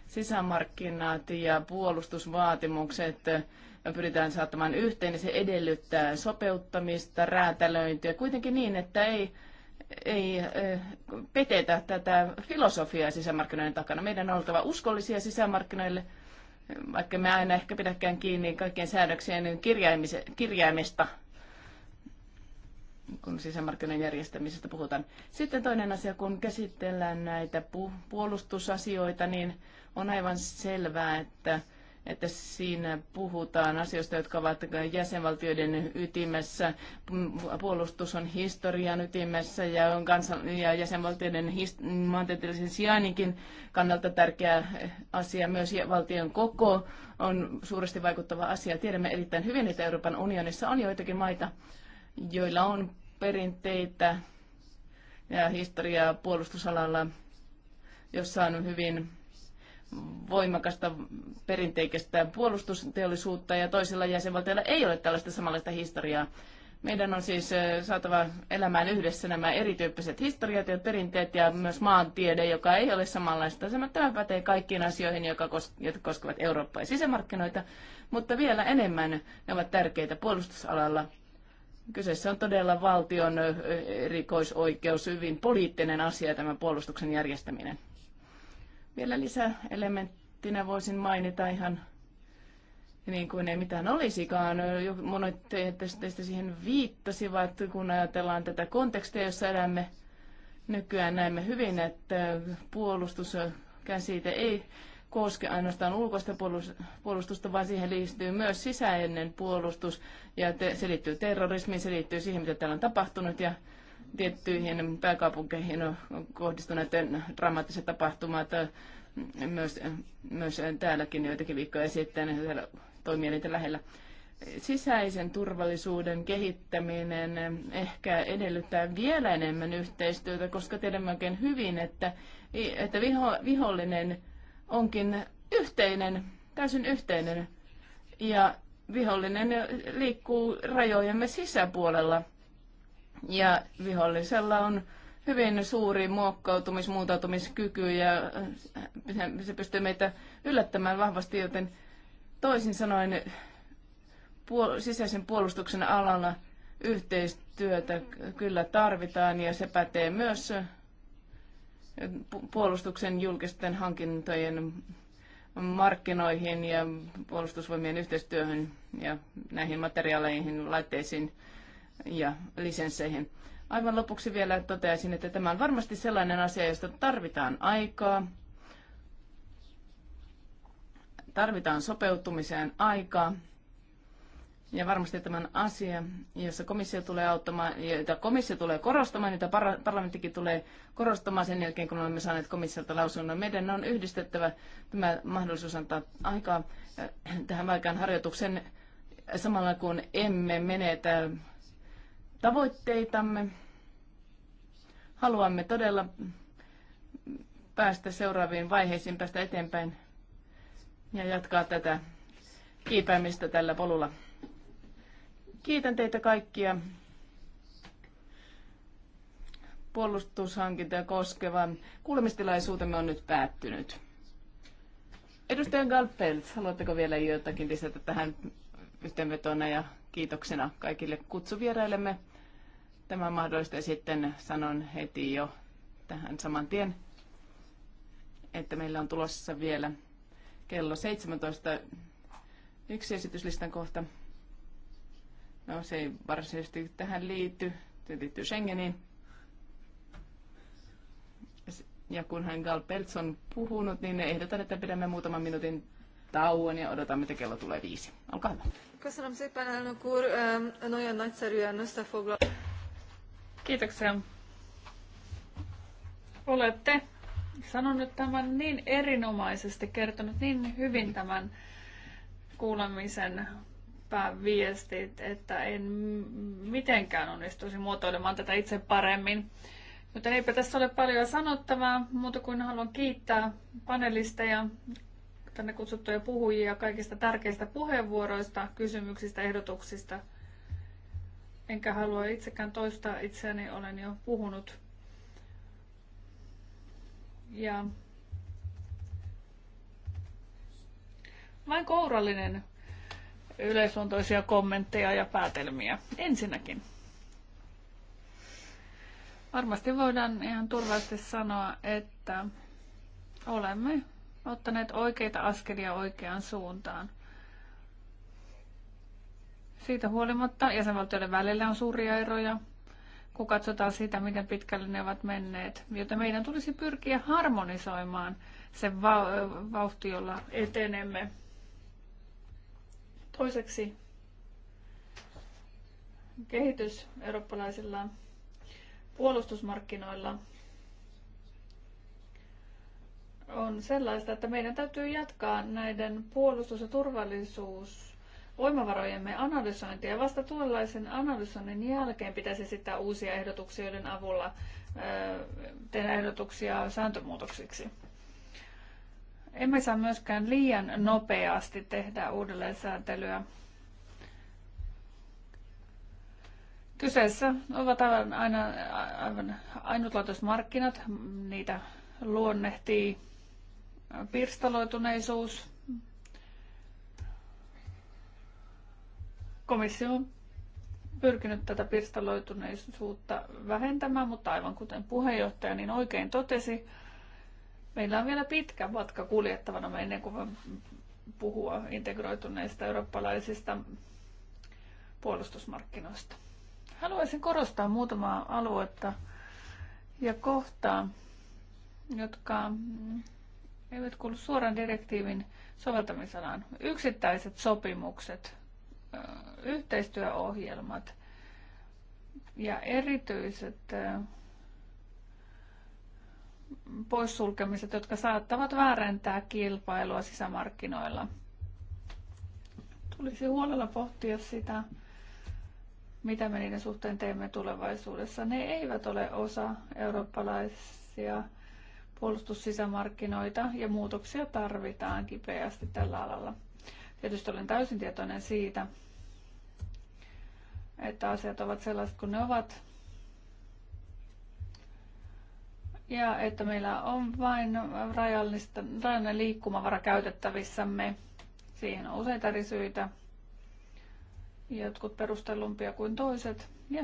sisämarkkinat ja puolustusvaatimukset pyritään saattamaan yhteen, niin se edellyttää sopeuttamista, räätälöintiä, kuitenkin niin, että ei, ei eh, petetä tätä filosofiaa sisämarkkinoiden takana. Meidän on oltava uskollisia sisämarkkinoille – vaikka me aina ehkä pidäkään kiinni kaikkien säädöksien kirjaimista, kun sisämarkkinan järjestämisestä puhutaan. Sitten toinen asia, kun käsitellään näitä puolustusasioita, niin on aivan selvää, että että siinä puhutaan asioista, jotka ovat jäsenvaltioiden ytimessä. Puolustus on historian ytimessä ja on kansan, ja jäsenvaltioiden his, maantieteellisen sijainninkin kannalta tärkeä asia. Myös valtion koko on suuresti vaikuttava asia. Tiedämme erittäin hyvin, että Euroopan unionissa on joitakin maita, joilla on perinteitä ja historiaa puolustusalalla, jossa on hyvin voimakasta perinteikästä puolustusteollisuutta ja toisilla jäsenvaltioilla ei ole tällaista samanlaista historiaa. Meidän on siis saatava elämään yhdessä nämä erityyppiset historiat ja perinteet ja myös maantiede, joka ei ole samanlaista. Tämä pätee kaikkiin asioihin, jotka koskevat Eurooppaa ja sisämarkkinoita, mutta vielä enemmän ne ovat tärkeitä puolustusalalla. Kyseessä on todella valtion erikoisoikeus, hyvin poliittinen asia tämä puolustuksen järjestäminen. Vielä lisäelementtinä voisin mainita ihan niin kuin ei mitään olisikaan. Monet teistä siihen viittasivat, kun ajatellaan tätä kontekstia, jossa elämme nykyään näemme hyvin, että puolustuskäsite ei koske ainoastaan ulkoista puolustusta, vaan siihen liittyy myös sisäinen puolustus. Ja se liittyy terrorismiin, se liittyy siihen, mitä täällä on tapahtunut ja tiettyihin pääkaupunkeihin kohdistuneet dramaattiset tapahtumat myös, myös täälläkin joitakin viikkoja sitten toimielinten lähellä. Sisäisen turvallisuuden kehittäminen ehkä edellyttää vielä enemmän yhteistyötä, koska tiedämme oikein hyvin, että, että viho, vihollinen onkin yhteinen, täysin yhteinen ja vihollinen liikkuu rajojemme sisäpuolella – ja vihollisella on hyvin suuri muokkautumis-, muutautumiskyky ja äh, se pystyy meitä yllättämään vahvasti, joten toisin sanoen puol- sisäisen puolustuksen alalla yhteistyötä kyllä tarvitaan ja se pätee myös äh, puolustuksen julkisten hankintojen markkinoihin ja puolustusvoimien yhteistyöhön ja näihin materiaaleihin, laitteisiin ja lisensseihin. Aivan lopuksi vielä toteaisin, että tämä on varmasti sellainen asia, josta tarvitaan aikaa. Tarvitaan sopeutumiseen aikaa. Ja varmasti tämän asia, jossa komissio tulee auttamaan, jota komissio tulee korostamaan, jota parlamenttikin tulee korostamaan sen jälkeen, kun olemme saaneet komissiolta lausunnon. Meidän on yhdistettävä tämä mahdollisuus antaa aikaa äh, tähän vaikean harjoituksen samalla kun emme menetä tavoitteitamme. Haluamme todella päästä seuraaviin vaiheisiin, päästä eteenpäin ja jatkaa tätä kiipäämistä tällä polulla. Kiitän teitä kaikkia puolustushankintoja koskevan kuulemistilaisuutemme on nyt päättynyt. Edustaja Galpelt, haluatteko vielä jotakin lisätä tähän yhteenvetona ja kiitoksena kaikille kutsuvieraillemme? tämä on mahdollista. Ja sitten sanon heti jo tähän saman tien, että meillä on tulossa vielä kello 17 yksi esityslistan kohta. No se ei varsinaisesti tähän liity, se liittyy Schengeniin. Ja kun hän Gal Peltz on puhunut, niin ehdotan, että pidämme muutaman minuutin tauon ja odotamme, että kello tulee viisi. Olkaa hyvä. Köszönöm szépen, elnök úr. Ön olyan nagyszerűen Kiitoksia. Olette sanonut tämän niin erinomaisesti, kertonut niin hyvin tämän kuulemisen pääviestit, että en mitenkään onnistuisi muotoilemaan tätä itse paremmin. Mutta eipä tässä ole paljon sanottavaa, muuta kuin haluan kiittää panelisteja, tänne kutsuttuja puhujia kaikista tärkeistä puheenvuoroista, kysymyksistä, ehdotuksista – enkä halua itsekään toistaa itseäni, olen jo puhunut. Ja vain kourallinen yleisluontoisia kommentteja ja päätelmiä. Ensinnäkin. Varmasti voidaan ihan turvallisesti sanoa, että olemme ottaneet oikeita askelia oikeaan suuntaan. Siitä huolimatta jäsenvaltioiden välillä on suuria eroja, kun katsotaan sitä, miten pitkälle ne ovat menneet. Joten meidän tulisi pyrkiä harmonisoimaan se va- vauhti, jolla etenemme. Toiseksi kehitys eurooppalaisilla puolustusmarkkinoilla on sellaista, että meidän täytyy jatkaa näiden puolustus- ja turvallisuus voimavarojemme analysointia. Vasta tuollaisen analysoinnin jälkeen pitäisi esittää uusia ehdotuksia, joiden avulla tehdä ehdotuksia sääntömuutoksiksi. Emme saa myöskään liian nopeasti tehdä uudelleen sääntelyä. Kyseessä ovat aivan, aina, aivan ainutlaatuiset markkinat. Niitä luonnehtii pirstaloituneisuus, Komissio on pyrkinyt tätä pirstaloituneisuutta vähentämään, mutta aivan kuten puheenjohtaja niin oikein totesi, meillä on vielä pitkä matka kuljettavana ennen kuin puhua integroituneista eurooppalaisista puolustusmarkkinoista. Haluaisin korostaa muutamaa aluetta ja kohtaa, jotka eivät kuulu suoran direktiivin soveltamisalaan. Yksittäiset sopimukset, yhteistyöohjelmat ja erityiset poissulkemiset, jotka saattavat väärentää kilpailua sisämarkkinoilla. Tulisi huolella pohtia sitä, mitä me niiden suhteen teemme tulevaisuudessa. Ne eivät ole osa eurooppalaisia puolustussisämarkkinoita ja muutoksia tarvitaan kipeästi tällä alalla. Tietysti olen täysin tietoinen siitä, että asiat ovat sellaiset kuin ne ovat. Ja että meillä on vain rajallista, rajallinen liikkumavara käytettävissämme. Siihen on useita eri syitä. Jotkut perustellumpia kuin toiset. Ja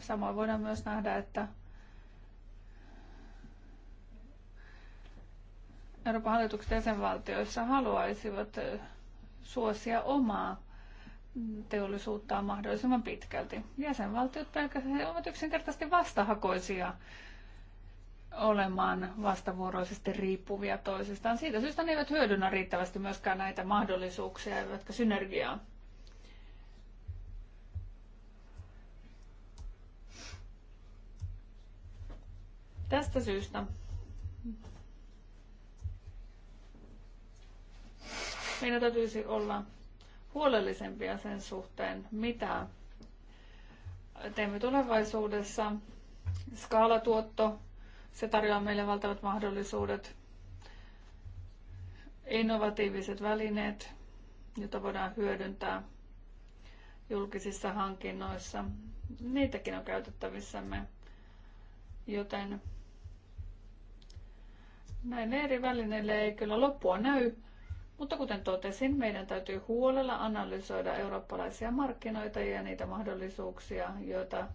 samoin voidaan myös nähdä, että Euroopan hallitukset jäsenvaltioissa haluaisivat suosia omaa teollisuuttaan mahdollisimman pitkälti. Jäsenvaltiot pelkästään ovat yksinkertaisesti vastahakoisia olemaan vastavuoroisesti riippuvia toisistaan. Siitä syystä ne eivät hyödynnä riittävästi myöskään näitä mahdollisuuksia, eivätkä synergiaa. Tästä syystä Meidän täytyisi olla huolellisempia sen suhteen, mitä teemme tulevaisuudessa. Skaalatuotto, se tarjoaa meille valtavat mahdollisuudet, innovatiiviset välineet, joita voidaan hyödyntää julkisissa hankinnoissa. Niitäkin on käytettävissämme, joten näin eri välineille ei kyllä loppua näy. Mutta kuten totesin, meidän täytyy huolella analysoida eurooppalaisia markkinoita ja niitä mahdollisuuksia, joita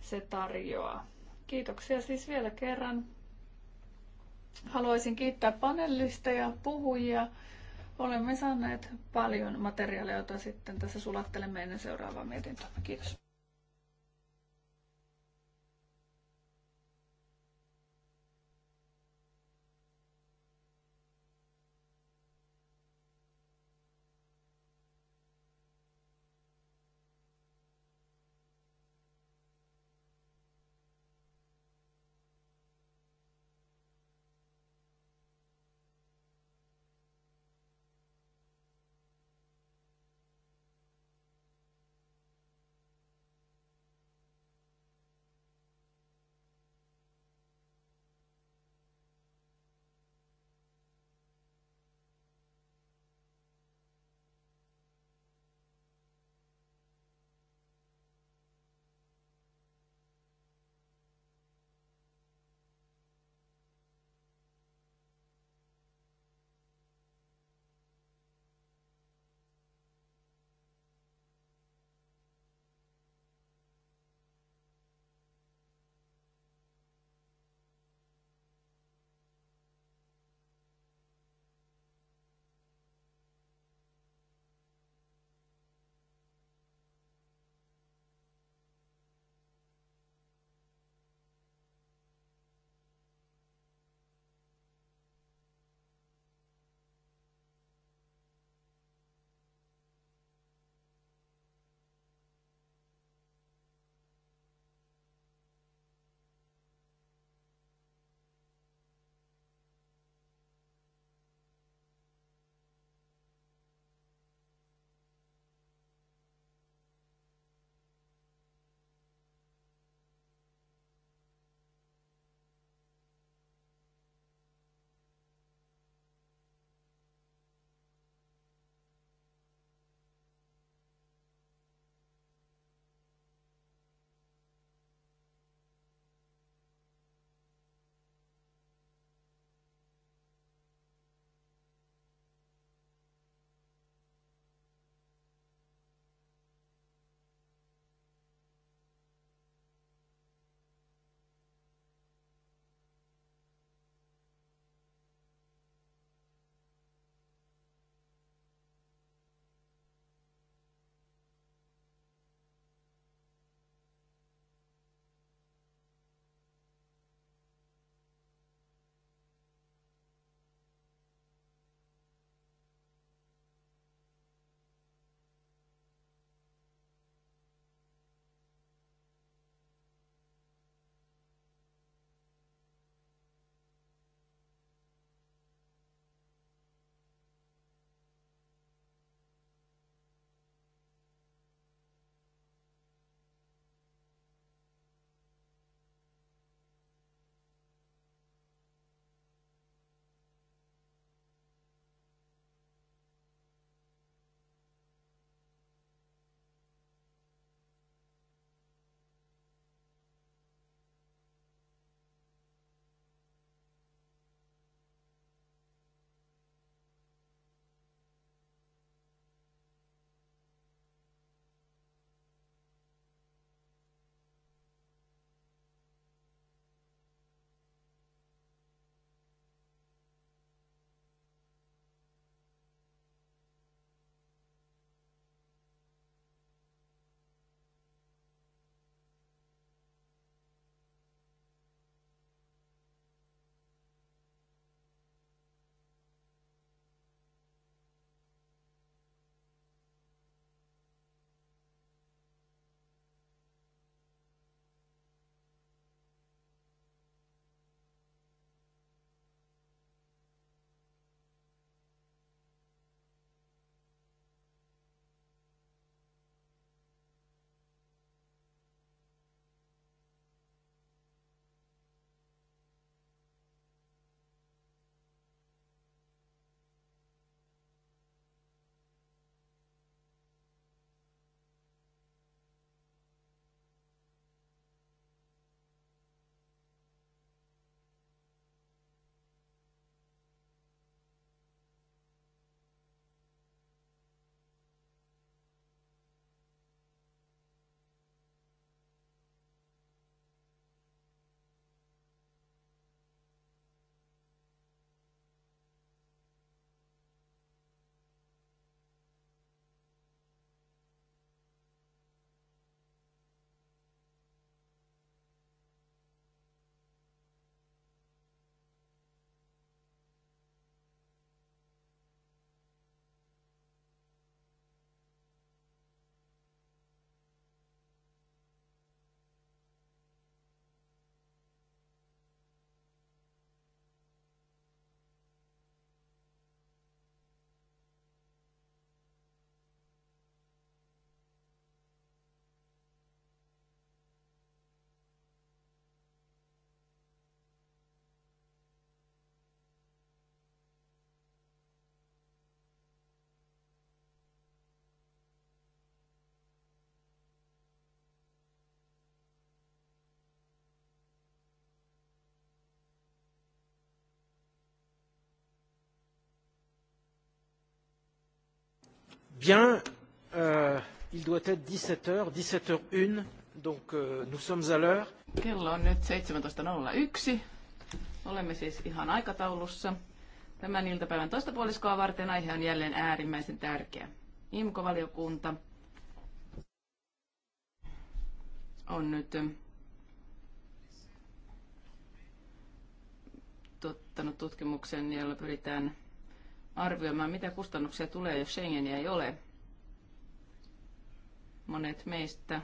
se tarjoaa. Kiitoksia siis vielä kerran. Haluaisin kiittää panellista ja puhujia. Olemme saaneet paljon materiaalia, jota sitten tässä sulattelemme ennen seuraavaa mietintöä. Kiitos. Bien, euh, il doit être 17h, 17h01, donc euh, nous sommes à l'heure. Kello on nyt 17.01. Olemme siis ihan aikataulussa. Tämän iltapäivän toista puoliskoa varten aihe on jälleen äärimmäisen tärkeä. IMKO-valiokunta on nyt tuottanut tutkimuksen, jolla pyritään arvioimaan, mitä kustannuksia tulee, jos Schengeniä ei ole. Monet meistä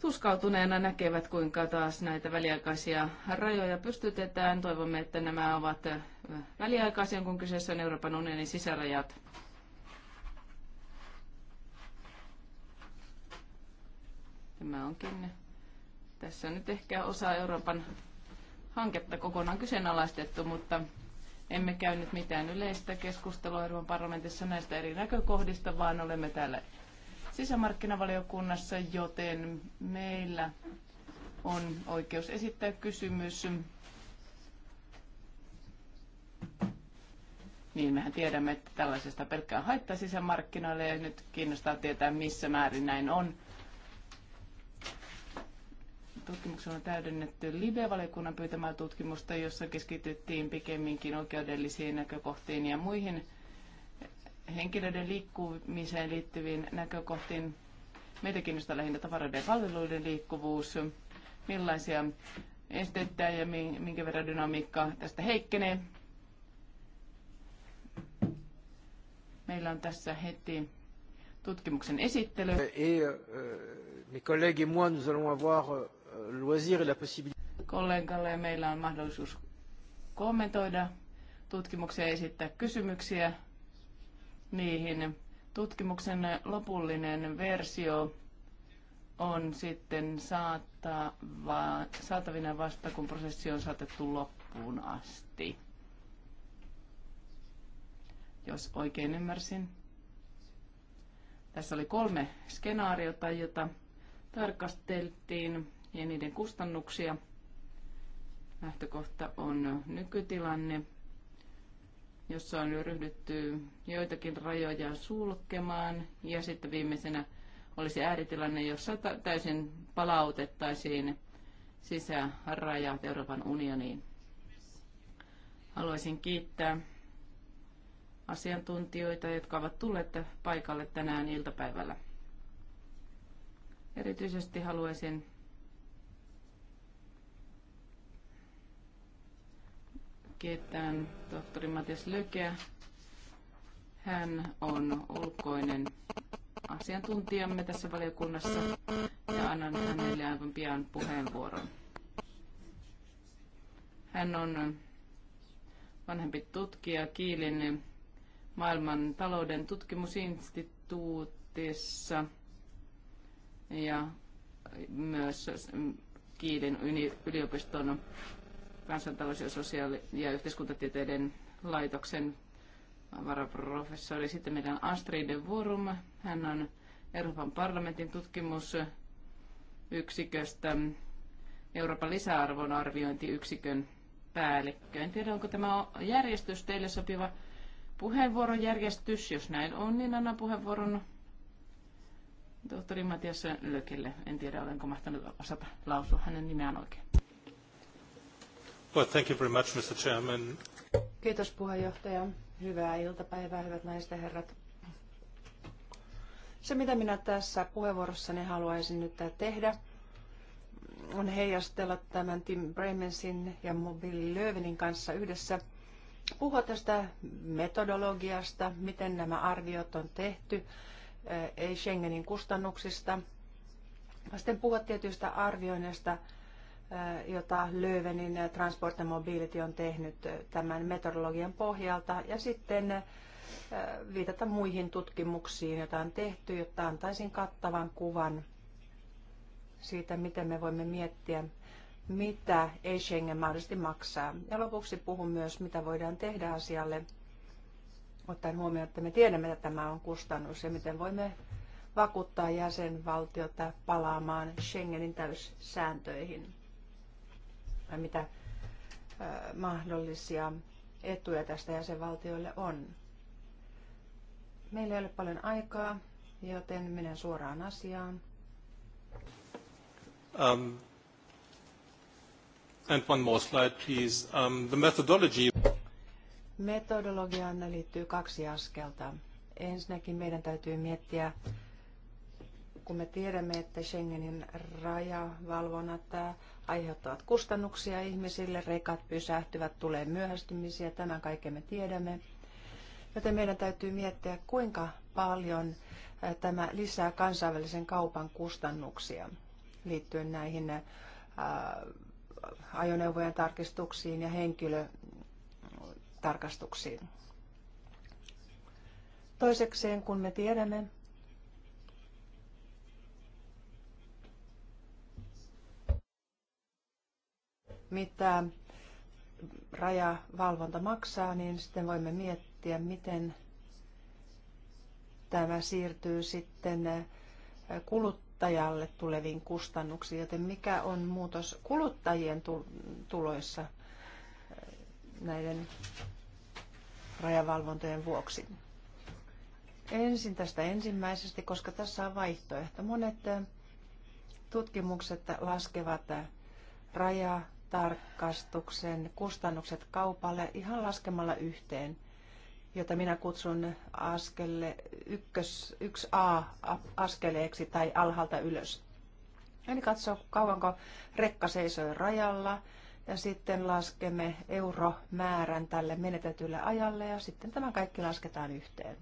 tuskautuneena näkevät, kuinka taas näitä väliaikaisia rajoja pystytetään. Toivomme, että nämä ovat väliaikaisia, kun kyseessä on Euroopan unionin sisärajat. Tämä onkin tässä on nyt ehkä osa Euroopan hanketta kokonaan kyseenalaistettu, mutta emme käynyt mitään yleistä keskustelua Euroopan parlamentissa näistä eri näkökohdista, vaan olemme täällä sisämarkkinavaliokunnassa, joten meillä on oikeus esittää kysymys. Niin mehän tiedämme, että tällaisesta pelkkää haittaa sisämarkkinoille ja nyt kiinnostaa tietää, missä määrin näin on. Tutkimuksen on täydennetty LIBE-valiokunnan pyytämää tutkimusta, jossa keskityttiin pikemminkin oikeudellisiin näkökohtiin ja muihin henkilöiden liikkumiseen liittyviin näkökohtiin. Meitä kiinnostaa lähinnä tavaroiden ja palveluiden liikkuvuus, millaisia esteitä ja minkä verran dynamiikka tästä heikkenee. Meillä on tässä heti tutkimuksen esittely. Et, euh, mes collègues et moi, nous allons avoir euh, loisir et la possibilité... Kollegalle meillä on mahdollisuus kommentoida tutkimuksia ja esittää kysymyksiä niihin. Tutkimuksen lopullinen versio on sitten saatava, saatavina vasta, kun prosessi on saatettu loppuun asti. Jos oikein ymmärsin. Tässä oli kolme skenaariota, jota tarkasteltiin ja niiden kustannuksia. Lähtökohta on nykytilanne, jossa on ryhdytty joitakin rajoja sulkemaan ja sitten viimeisenä olisi ääritilanne, jossa täysin palautettaisiin sisärajat Euroopan unioniin. Haluaisin kiittää asiantuntijoita, jotka ovat tulleet paikalle tänään iltapäivällä. Erityisesti haluaisin ketään tohtori Matias Lökeä. Hän on ulkoinen asiantuntijamme tässä valiokunnassa ja annan hänelle aivan pian puheenvuoron. Hän on vanhempi tutkija Kiilin maailman talouden tutkimusinstituutissa ja myös Kiilin yliopiston kansantalous- ja sosiaali- ja yhteiskuntatieteiden laitoksen varaprofessori. Sitten meidän on Astrid Vorum. Hän on Euroopan parlamentin tutkimusyksiköstä Euroopan lisäarvon arviointiyksikön päällikkö. En tiedä, onko tämä järjestys teille sopiva järjestys. Jos näin on, niin annan puheenvuoron tohtori Matias Lökille. En tiedä, olenko mahtanut osata lausua hänen nimeään oikein. Kiitos puheenjohtaja. Hyvää iltapäivää, hyvät naiset ja herrat. Se, mitä minä tässä puheenvuorossani haluaisin nyt tehdä, on heijastella tämän Tim Bremensin ja Mobil Löövenin kanssa yhdessä puhua tästä metodologiasta, miten nämä arviot on tehty, eh, ei Schengenin kustannuksista. Sitten puhua tietyistä arvioinneista jota Löövenin Transport Mobility on tehnyt tämän metodologian pohjalta ja sitten viitata muihin tutkimuksiin, joita on tehty, jotta antaisin kattavan kuvan siitä, miten me voimme miettiä, mitä ei Schengen mahdollisesti maksaa. Ja lopuksi puhun myös, mitä voidaan tehdä asialle, ottaen huomioon, että me tiedämme, että tämä on kustannus ja miten voimme vakuuttaa jäsenvaltiota palaamaan Schengenin täyssääntöihin mitä mahdollisia etuja tästä jäsenvaltioille on. Meillä ei ole paljon aikaa, joten menen suoraan asiaan. Um, and one more slide, please. Um, the methodology. Metodologiaan liittyy kaksi askelta. Ensinnäkin meidän täytyy miettiä, kun me tiedämme, että Schengenin rajavalvonnat äh, aiheuttavat kustannuksia ihmisille, rekat pysähtyvät, tulee myöhästymisiä, tämän kaiken me tiedämme. Joten meidän täytyy miettiä, kuinka paljon äh, tämä lisää kansainvälisen kaupan kustannuksia liittyen näihin äh, ajoneuvojen tarkistuksiin ja henkilötarkastuksiin. Toisekseen, kun me tiedämme, mitä rajavalvonta maksaa, niin sitten voimme miettiä, miten tämä siirtyy sitten kuluttajalle tuleviin kustannuksiin, joten mikä on muutos kuluttajien tuloissa eh, näiden rajavalvontojen vuoksi. Ensin tästä ensimmäisesti, koska tässä on vaihtoehto. Monet eh, tutkimukset laskevat eh, raja tarkastuksen kustannukset kaupalle ihan laskemalla yhteen, jota minä kutsun askelle ykkös, 1A askeleeksi tai alhaalta ylös. Eli katso kauanko rekka seisoi rajalla ja sitten laskemme euromäärän tälle menetetylle ajalle ja sitten tämä kaikki lasketaan yhteen.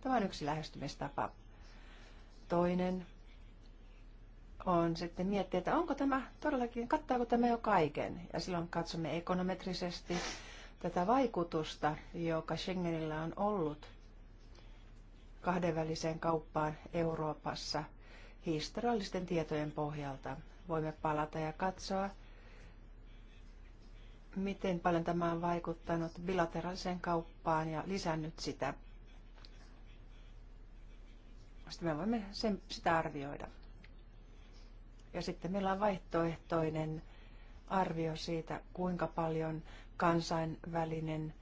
Tämä on yksi lähestymistapa. Toinen on sitten miettiä, että onko tämä todellakin, kattaako tämä jo kaiken. Ja silloin katsomme ekonometrisesti tätä vaikutusta, joka Schengenillä on ollut kahdenväliseen kauppaan Euroopassa historiallisten tietojen pohjalta. Voimme palata ja katsoa, miten paljon tämä on vaikuttanut bilateraaliseen kauppaan ja lisännyt sitä. Sitten me voimme sen, sitä arvioida. Ja sitten meillä on vaihtoehtoinen arvio siitä, kuinka paljon kansainvälinen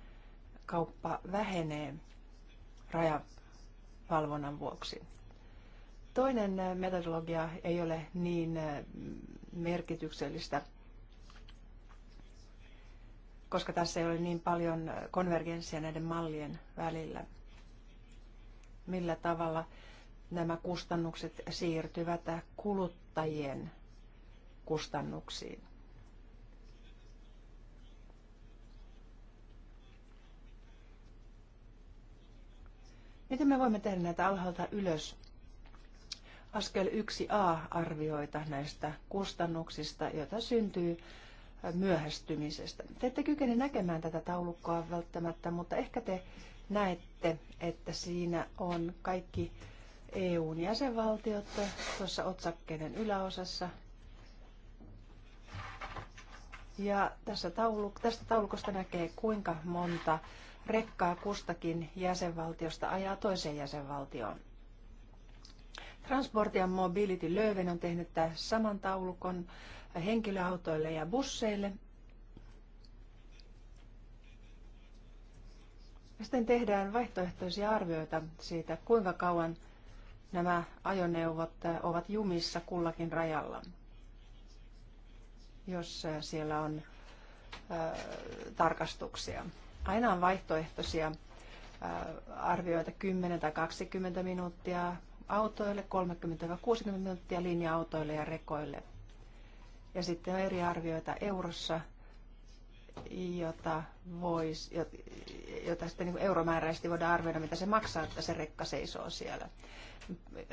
kauppa vähenee rajavalvonnan vuoksi. Toinen eh, metodologia ei ole niin eh, merkityksellistä, koska tässä ei ole niin paljon eh, konvergenssia näiden mallien välillä. Millä tavalla nämä kustannukset siirtyvät kuluttajien kustannuksiin. Miten me voimme tehdä näitä alhaalta ylös? Askel 1a arvioita näistä kustannuksista, joita syntyy myöhästymisestä. Te ette kykene näkemään tätä taulukkoa välttämättä, mutta ehkä te näette, että siinä on kaikki EUn jäsenvaltiot tuossa otsakkeiden yläosassa. Ja tässä tauluk- tästä taulukosta näkee, kuinka monta rekkaa kustakin jäsenvaltiosta ajaa toiseen jäsenvaltioon. Transport and Mobility Lööven on tehnyt tämän saman taulukon henkilöautoille ja busseille. Ja sitten tehdään vaihtoehtoisia arvioita siitä, kuinka kauan nämä ajoneuvot äh, ovat jumissa kullakin rajalla. Jos äh, siellä on äh, tarkastuksia. Aina on vaihtoehtoisia arvioita 10 tai 20 minuuttia autoille, 30-60 minuuttia linja-autoille ja rekoille. Ja sitten on eri arvioita eurossa jota, vois, jota sitten niin euromääräisesti voidaan arvioida, mitä se maksaa, että se rekka seisoo siellä.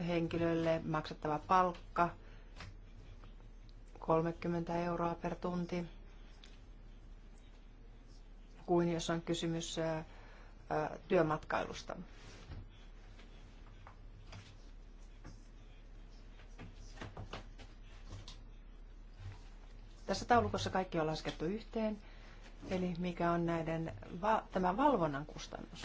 Henkilölle maksettava palkka 30 euroa per tunti, kuin jos on kysymys työmatkailusta. Tässä taulukossa kaikki on laskettu yhteen. Eli mikä on näiden, va, tämän valvonnan kustannus?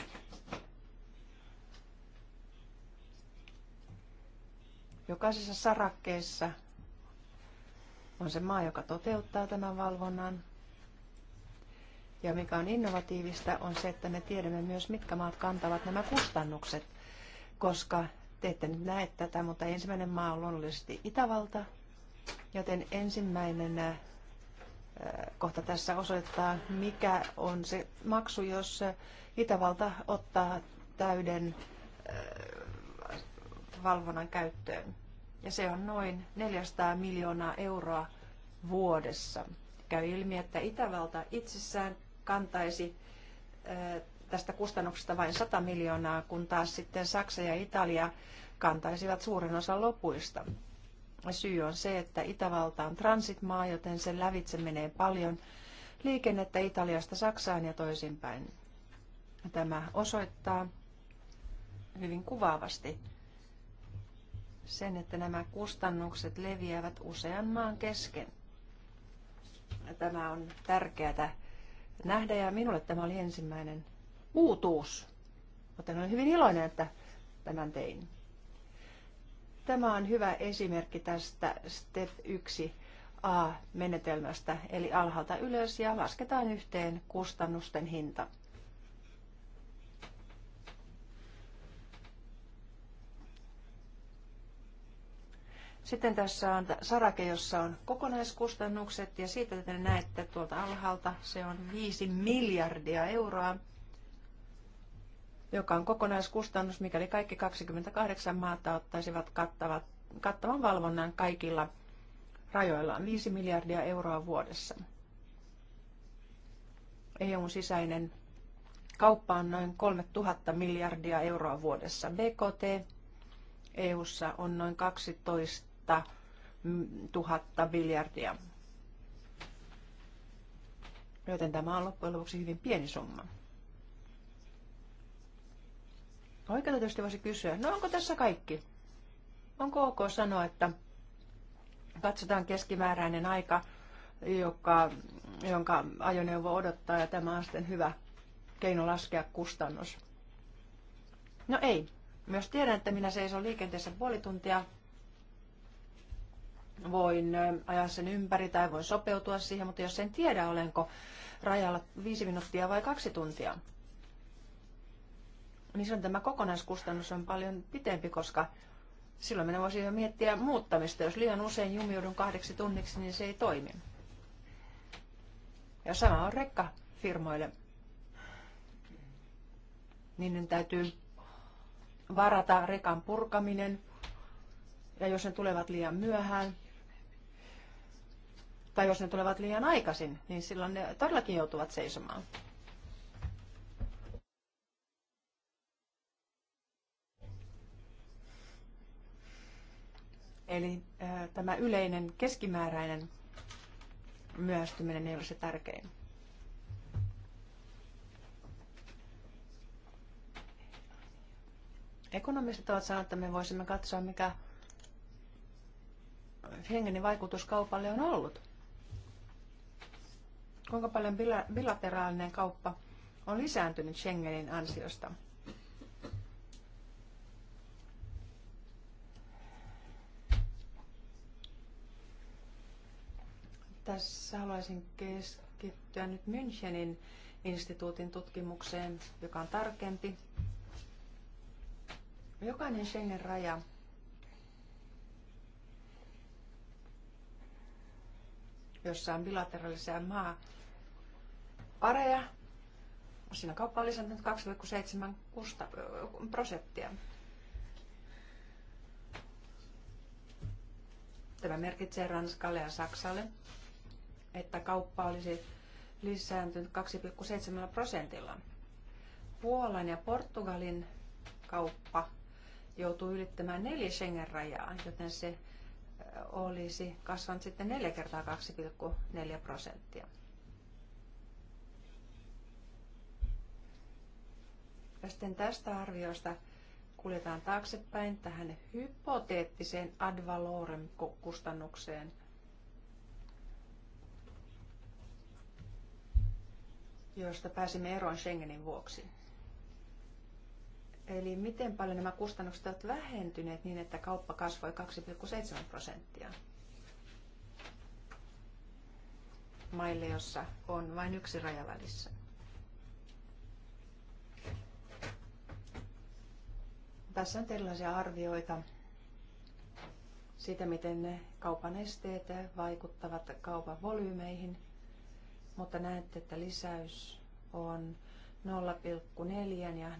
Jokaisessa sarakkeessa on se maa, joka toteuttaa tämän valvonnan. Ja mikä on innovatiivista, on se, että me tiedämme myös, mitkä maat kantavat nämä kustannukset, koska te ette nyt näe tätä, mutta ensimmäinen maa on luonnollisesti Itävalta, joten ensimmäinen kohta tässä osoittaa, mikä on se maksu, jos Itävalta ottaa täyden äh, valvonnan käyttöön. Ja se on noin 400 miljoonaa euroa vuodessa. Käy ilmi, että Itävalta itsessään kantaisi äh, tästä kustannuksesta vain 100 miljoonaa, kun taas sitten Saksa ja Italia kantaisivat suurin osan lopuista. Syy on se, että Itävalta on transitmaa, joten sen lävitse menee paljon liikennettä Italiasta Saksaan ja toisinpäin. Tämä osoittaa hyvin kuvaavasti sen, että nämä kustannukset leviävät usean maan kesken. Tämä on tärkeää nähdä ja minulle tämä oli ensimmäinen uutuus, joten olen hyvin iloinen, että tämän tein. Tämä on hyvä esimerkki tästä STEP 1 A-menetelmästä, eli alhaalta ylös ja lasketaan yhteen kustannusten hinta. Sitten tässä on sarake, jossa on kokonaiskustannukset ja siitä te näette tuolta alhaalta se on 5 miljardia euroa joka on kokonaiskustannus, mikäli kaikki 28 maata ottaisivat kattavat, kattavan valvonnan kaikilla rajoillaan 5 miljardia euroa vuodessa. EUn sisäinen kauppa on noin 3000 miljardia euroa vuodessa. BKT EUssa on noin 12 000 miljardia. Joten tämä on loppujen lopuksi hyvin pieni summa. tietysti voisi kysyä, no onko tässä kaikki? Onko ok sanoa, että katsotaan keskimääräinen aika, joka, jonka ajoneuvo odottaa ja tämä on sitten hyvä keino laskea kustannus? No ei. Myös tiedän, että minä seison liikenteessä puoli tuntia. Voin ajaa sen ympäri tai voin sopeutua siihen, mutta jos en tiedä, olenko rajalla viisi minuuttia vai kaksi tuntia, niin silloin tämä kokonaiskustannus on paljon pitempi, koska silloin minä voisin jo miettiä muuttamista. Jos liian usein jumiudun kahdeksi tunniksi, niin se ei toimi. Ja sama on rekkafirmoille. Niin ne täytyy varata rekan purkaminen. Ja jos ne tulevat liian myöhään, tai jos ne tulevat liian aikaisin, niin silloin ne todellakin joutuvat seisomaan. Eli tämä yleinen keskimääräinen myöhästyminen ei ole se tärkein. Ekonomistit ovat sanoneet, että me voisimme katsoa, mikä hengeni vaikutus kaupalle on ollut. Kuinka paljon bilateraalinen kauppa on lisääntynyt Schengenin ansiosta? Tässä haluaisin keskittyä nyt Münchenin instituutin tutkimukseen, joka on tarkempi. Jokainen Schengen-raja jossa on bilateraalisia maa pareja. Siinä kauppa on lisännyt 2,7 prosenttia. Tämä merkitsee Ranskalle ja Saksalle että kauppa olisi lisääntynyt 2,7 prosentilla. Puolan ja Portugalin kauppa joutuu ylittämään neljä Schengen-rajaa, joten se olisi kasvanut sitten neljä kertaa 2,4 prosenttia. Ja sitten tästä arviosta kuljetaan taaksepäin tähän hypoteettiseen ad valorem kustannukseen – josta pääsimme eroon Schengenin vuoksi. Eli miten paljon nämä kustannukset ovat vähentyneet niin, että kauppa kasvoi 2,7 prosenttia maille, jossa on vain yksi rajavälissä. Tässä on erilaisia arvioita siitä, miten ne kaupan esteet vaikuttavat kaupan volyymeihin – mutta näette, että lisäys on 0,4 ja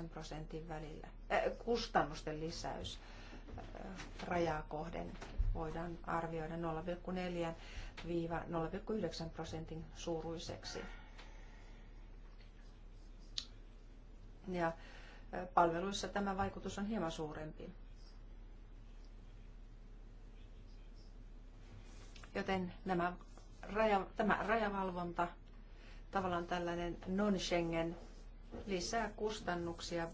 0,9 prosentin välillä. Äh, kustannusten lisäys äh, rajaa kohden voidaan arvioida 0,4-0,9 prosentin suuruiseksi. Ja äh, palveluissa tämä vaikutus on hieman suurempi. Joten nämä raja, tämä rajavalvonta, tavallaan tällainen non-Schengen, lisää kustannuksia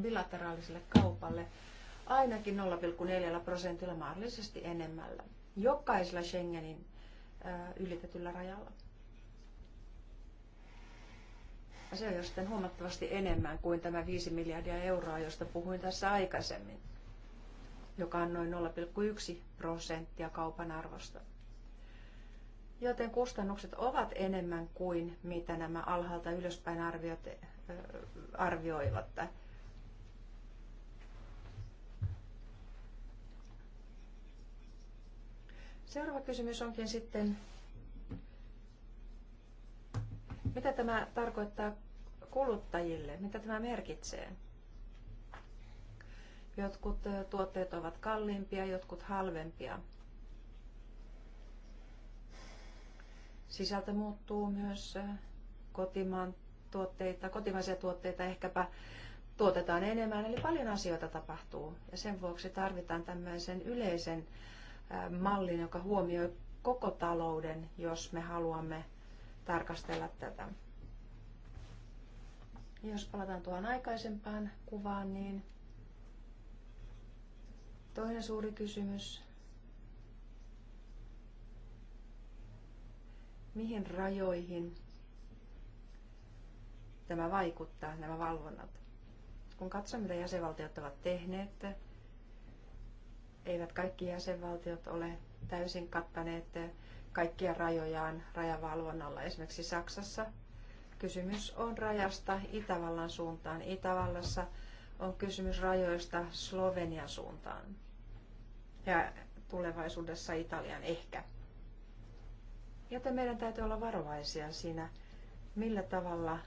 bilateraaliselle kaupalle ainakin 0,4 prosentilla, mahdollisesti enemmällä, jokaisella Schengenin ylitetyllä rajalla. Se on jo sitten huomattavasti enemmän kuin tämä 5 miljardia euroa, josta puhuin tässä aikaisemmin, joka on noin 0,1 prosenttia kaupan arvosta joten kustannukset ovat enemmän kuin mitä nämä alhaalta ylöspäin arviot, arvioivat. Seuraava kysymys onkin sitten, mitä tämä tarkoittaa kuluttajille, mitä tämä merkitsee? Jotkut tuotteet ovat kalliimpia, jotkut halvempia. sisältö muuttuu myös äh, kotimaan tuotteita, kotimaisia tuotteita ehkäpä tuotetaan enemmän, eli paljon asioita tapahtuu. Ja sen vuoksi tarvitaan tämmöisen yleisen äh, mallin, joka huomioi koko talouden, jos me haluamme tarkastella tätä. Jos palataan tuohon aikaisempaan kuvaan, niin toinen suuri kysymys mihin rajoihin tämä vaikuttaa, nämä valvonnat. Kun katsoo, mitä jäsenvaltiot ovat tehneet, eivät kaikki jäsenvaltiot ole täysin kattaneet kaikkia rajojaan rajavalvonnalla. Esimerkiksi Saksassa kysymys on rajasta Itävallan suuntaan. Itävallassa on kysymys rajoista Slovenian suuntaan ja tulevaisuudessa Italian ehkä. Joten meidän täytyy olla varovaisia siinä, millä tavalla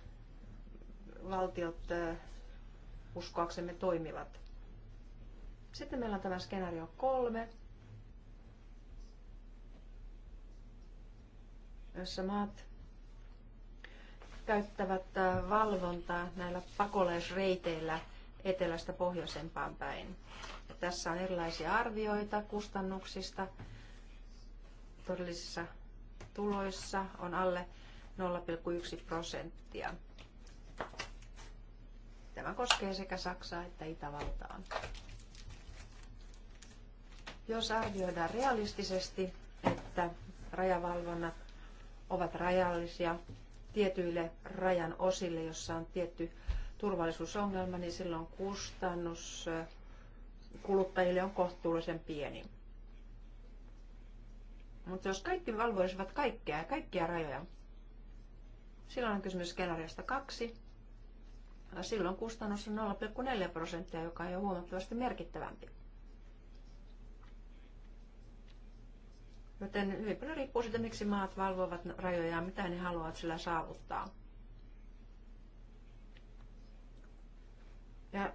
valtiot uskoaksemme toimivat. Sitten meillä on tämä skenaario kolme, jossa maat käyttävät valvontaa näillä pakolaisreiteillä etelästä pohjoisempaan päin. Ja tässä on erilaisia arvioita kustannuksista todellisissa tuloissa on alle 0,1 prosenttia. Tämä koskee sekä Saksaa että Itävaltaa. Jos arvioidaan realistisesti, että rajavalvonnat ovat rajallisia tietyille rajan osille, jossa on tietty turvallisuusongelma, niin silloin kustannus kuluttajille on kohtuullisen pieni. Mutta jos kaikki valvoisivat kaikkea, kaikkia rajoja, silloin on kysymys skenaariosta kaksi. Silloin kustannus on 0,4 prosenttia, joka on jo huomattavasti merkittävämpi. Joten hyvin paljon riippuu siitä, miksi maat valvovat rajoja ja mitä ne haluavat sillä saavuttaa. Ja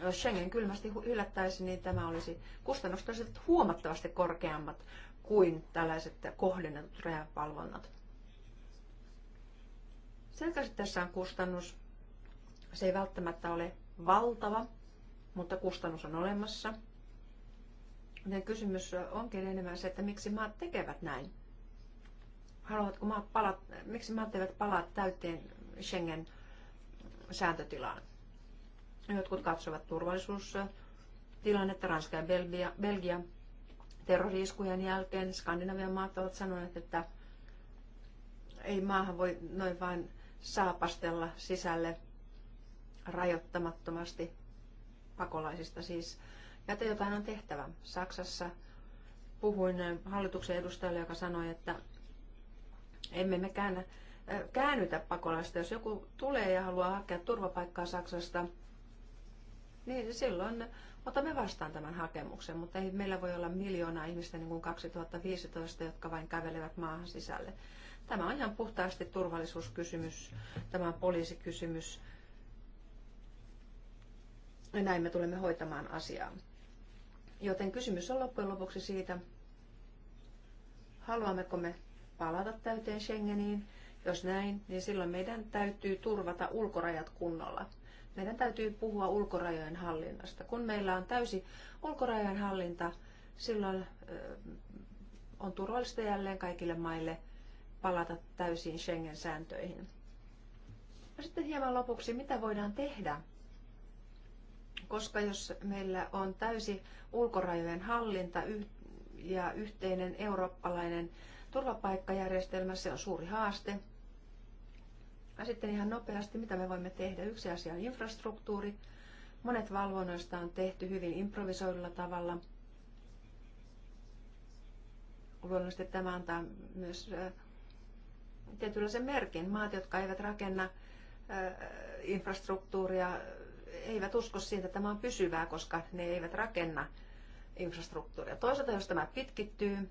jos Schengen kylmästi yllättäisi, niin tämä olisi kustannustaiset huomattavasti korkeammat kuin tällaiset kohdennetut Selkäsi Selkäsitteessä on kustannus. Se ei välttämättä ole valtava, mutta kustannus on olemassa. Joten kysymys onkin enemmän se, että miksi maat tekevät näin. Haluatko, maat palata, miksi maat eivät palaa täyteen Schengen sääntötilaan? Jotkut katsovat turvallisuustilannetta, Ranska ja Belgia, Belgia terrori jälkeen Skandinavian maat ovat sanoneet, että ei maahan voi noin vain saapastella sisälle rajoittamattomasti pakolaisista siis. Ja että jotain on tehtävä. Saksassa puhuin hallituksen edustajalle, joka sanoi, että emme me käännä, käännytä pakolaista. Jos joku tulee ja haluaa hakea turvapaikkaa Saksasta, niin silloin otamme vastaan tämän hakemuksen, mutta ei meillä voi olla miljoonaa ihmistä niin kuin 2015, jotka vain kävelevät maahan sisälle. Tämä on ihan puhtaasti turvallisuuskysymys, tämä on poliisikysymys. Ja näin me tulemme hoitamaan asiaa. Joten kysymys on loppujen lopuksi siitä, haluammeko me palata täyteen Schengeniin. Jos näin, niin silloin meidän täytyy turvata ulkorajat kunnolla. Meidän täytyy puhua ulkorajojen hallinnasta. Kun meillä on täysi ulkorajojen hallinta, silloin on turvallista jälleen kaikille maille palata täysiin Schengen-sääntöihin. No sitten hieman lopuksi, mitä voidaan tehdä? Koska jos meillä on täysi ulkorajojen hallinta ja yhteinen eurooppalainen turvapaikkajärjestelmä, se on suuri haaste, ja sitten ihan nopeasti, mitä me voimme tehdä. Yksi asia on infrastruktuuri. Monet valvonnoista on tehty hyvin improvisoidulla tavalla. Luonnollisesti tämä antaa myös tietynlaisen merkin. Maat, jotka eivät rakenna infrastruktuuria, eivät usko siitä, että tämä on pysyvää, koska ne eivät rakenna infrastruktuuria. Toisaalta, jos tämä pitkittyy,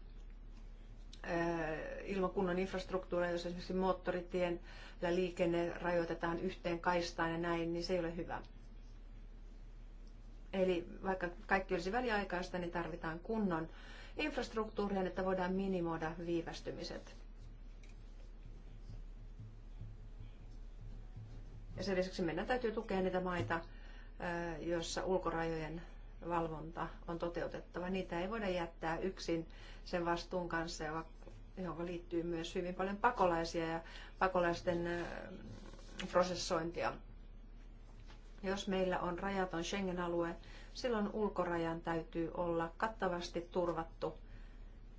ilman kunnon infrastruktuuria, jos esimerkiksi moottoritien ja liikenne rajoitetaan yhteen kaistaan ja näin, niin se ei ole hyvä. Eli vaikka kaikki olisi väliaikaista, niin tarvitaan kunnon infrastruktuuria, niin että voidaan minimoida viivästymiset. Ja sen lisäksi meidän täytyy tukea niitä maita, joissa ulkorajojen valvonta on toteutettava. Niitä ei voida jättää yksin sen vastuun kanssa, johon liittyy myös hyvin paljon pakolaisia ja pakolaisten prosessointia. Jos meillä on rajaton Schengen-alue, silloin ulkorajan täytyy olla kattavasti turvattu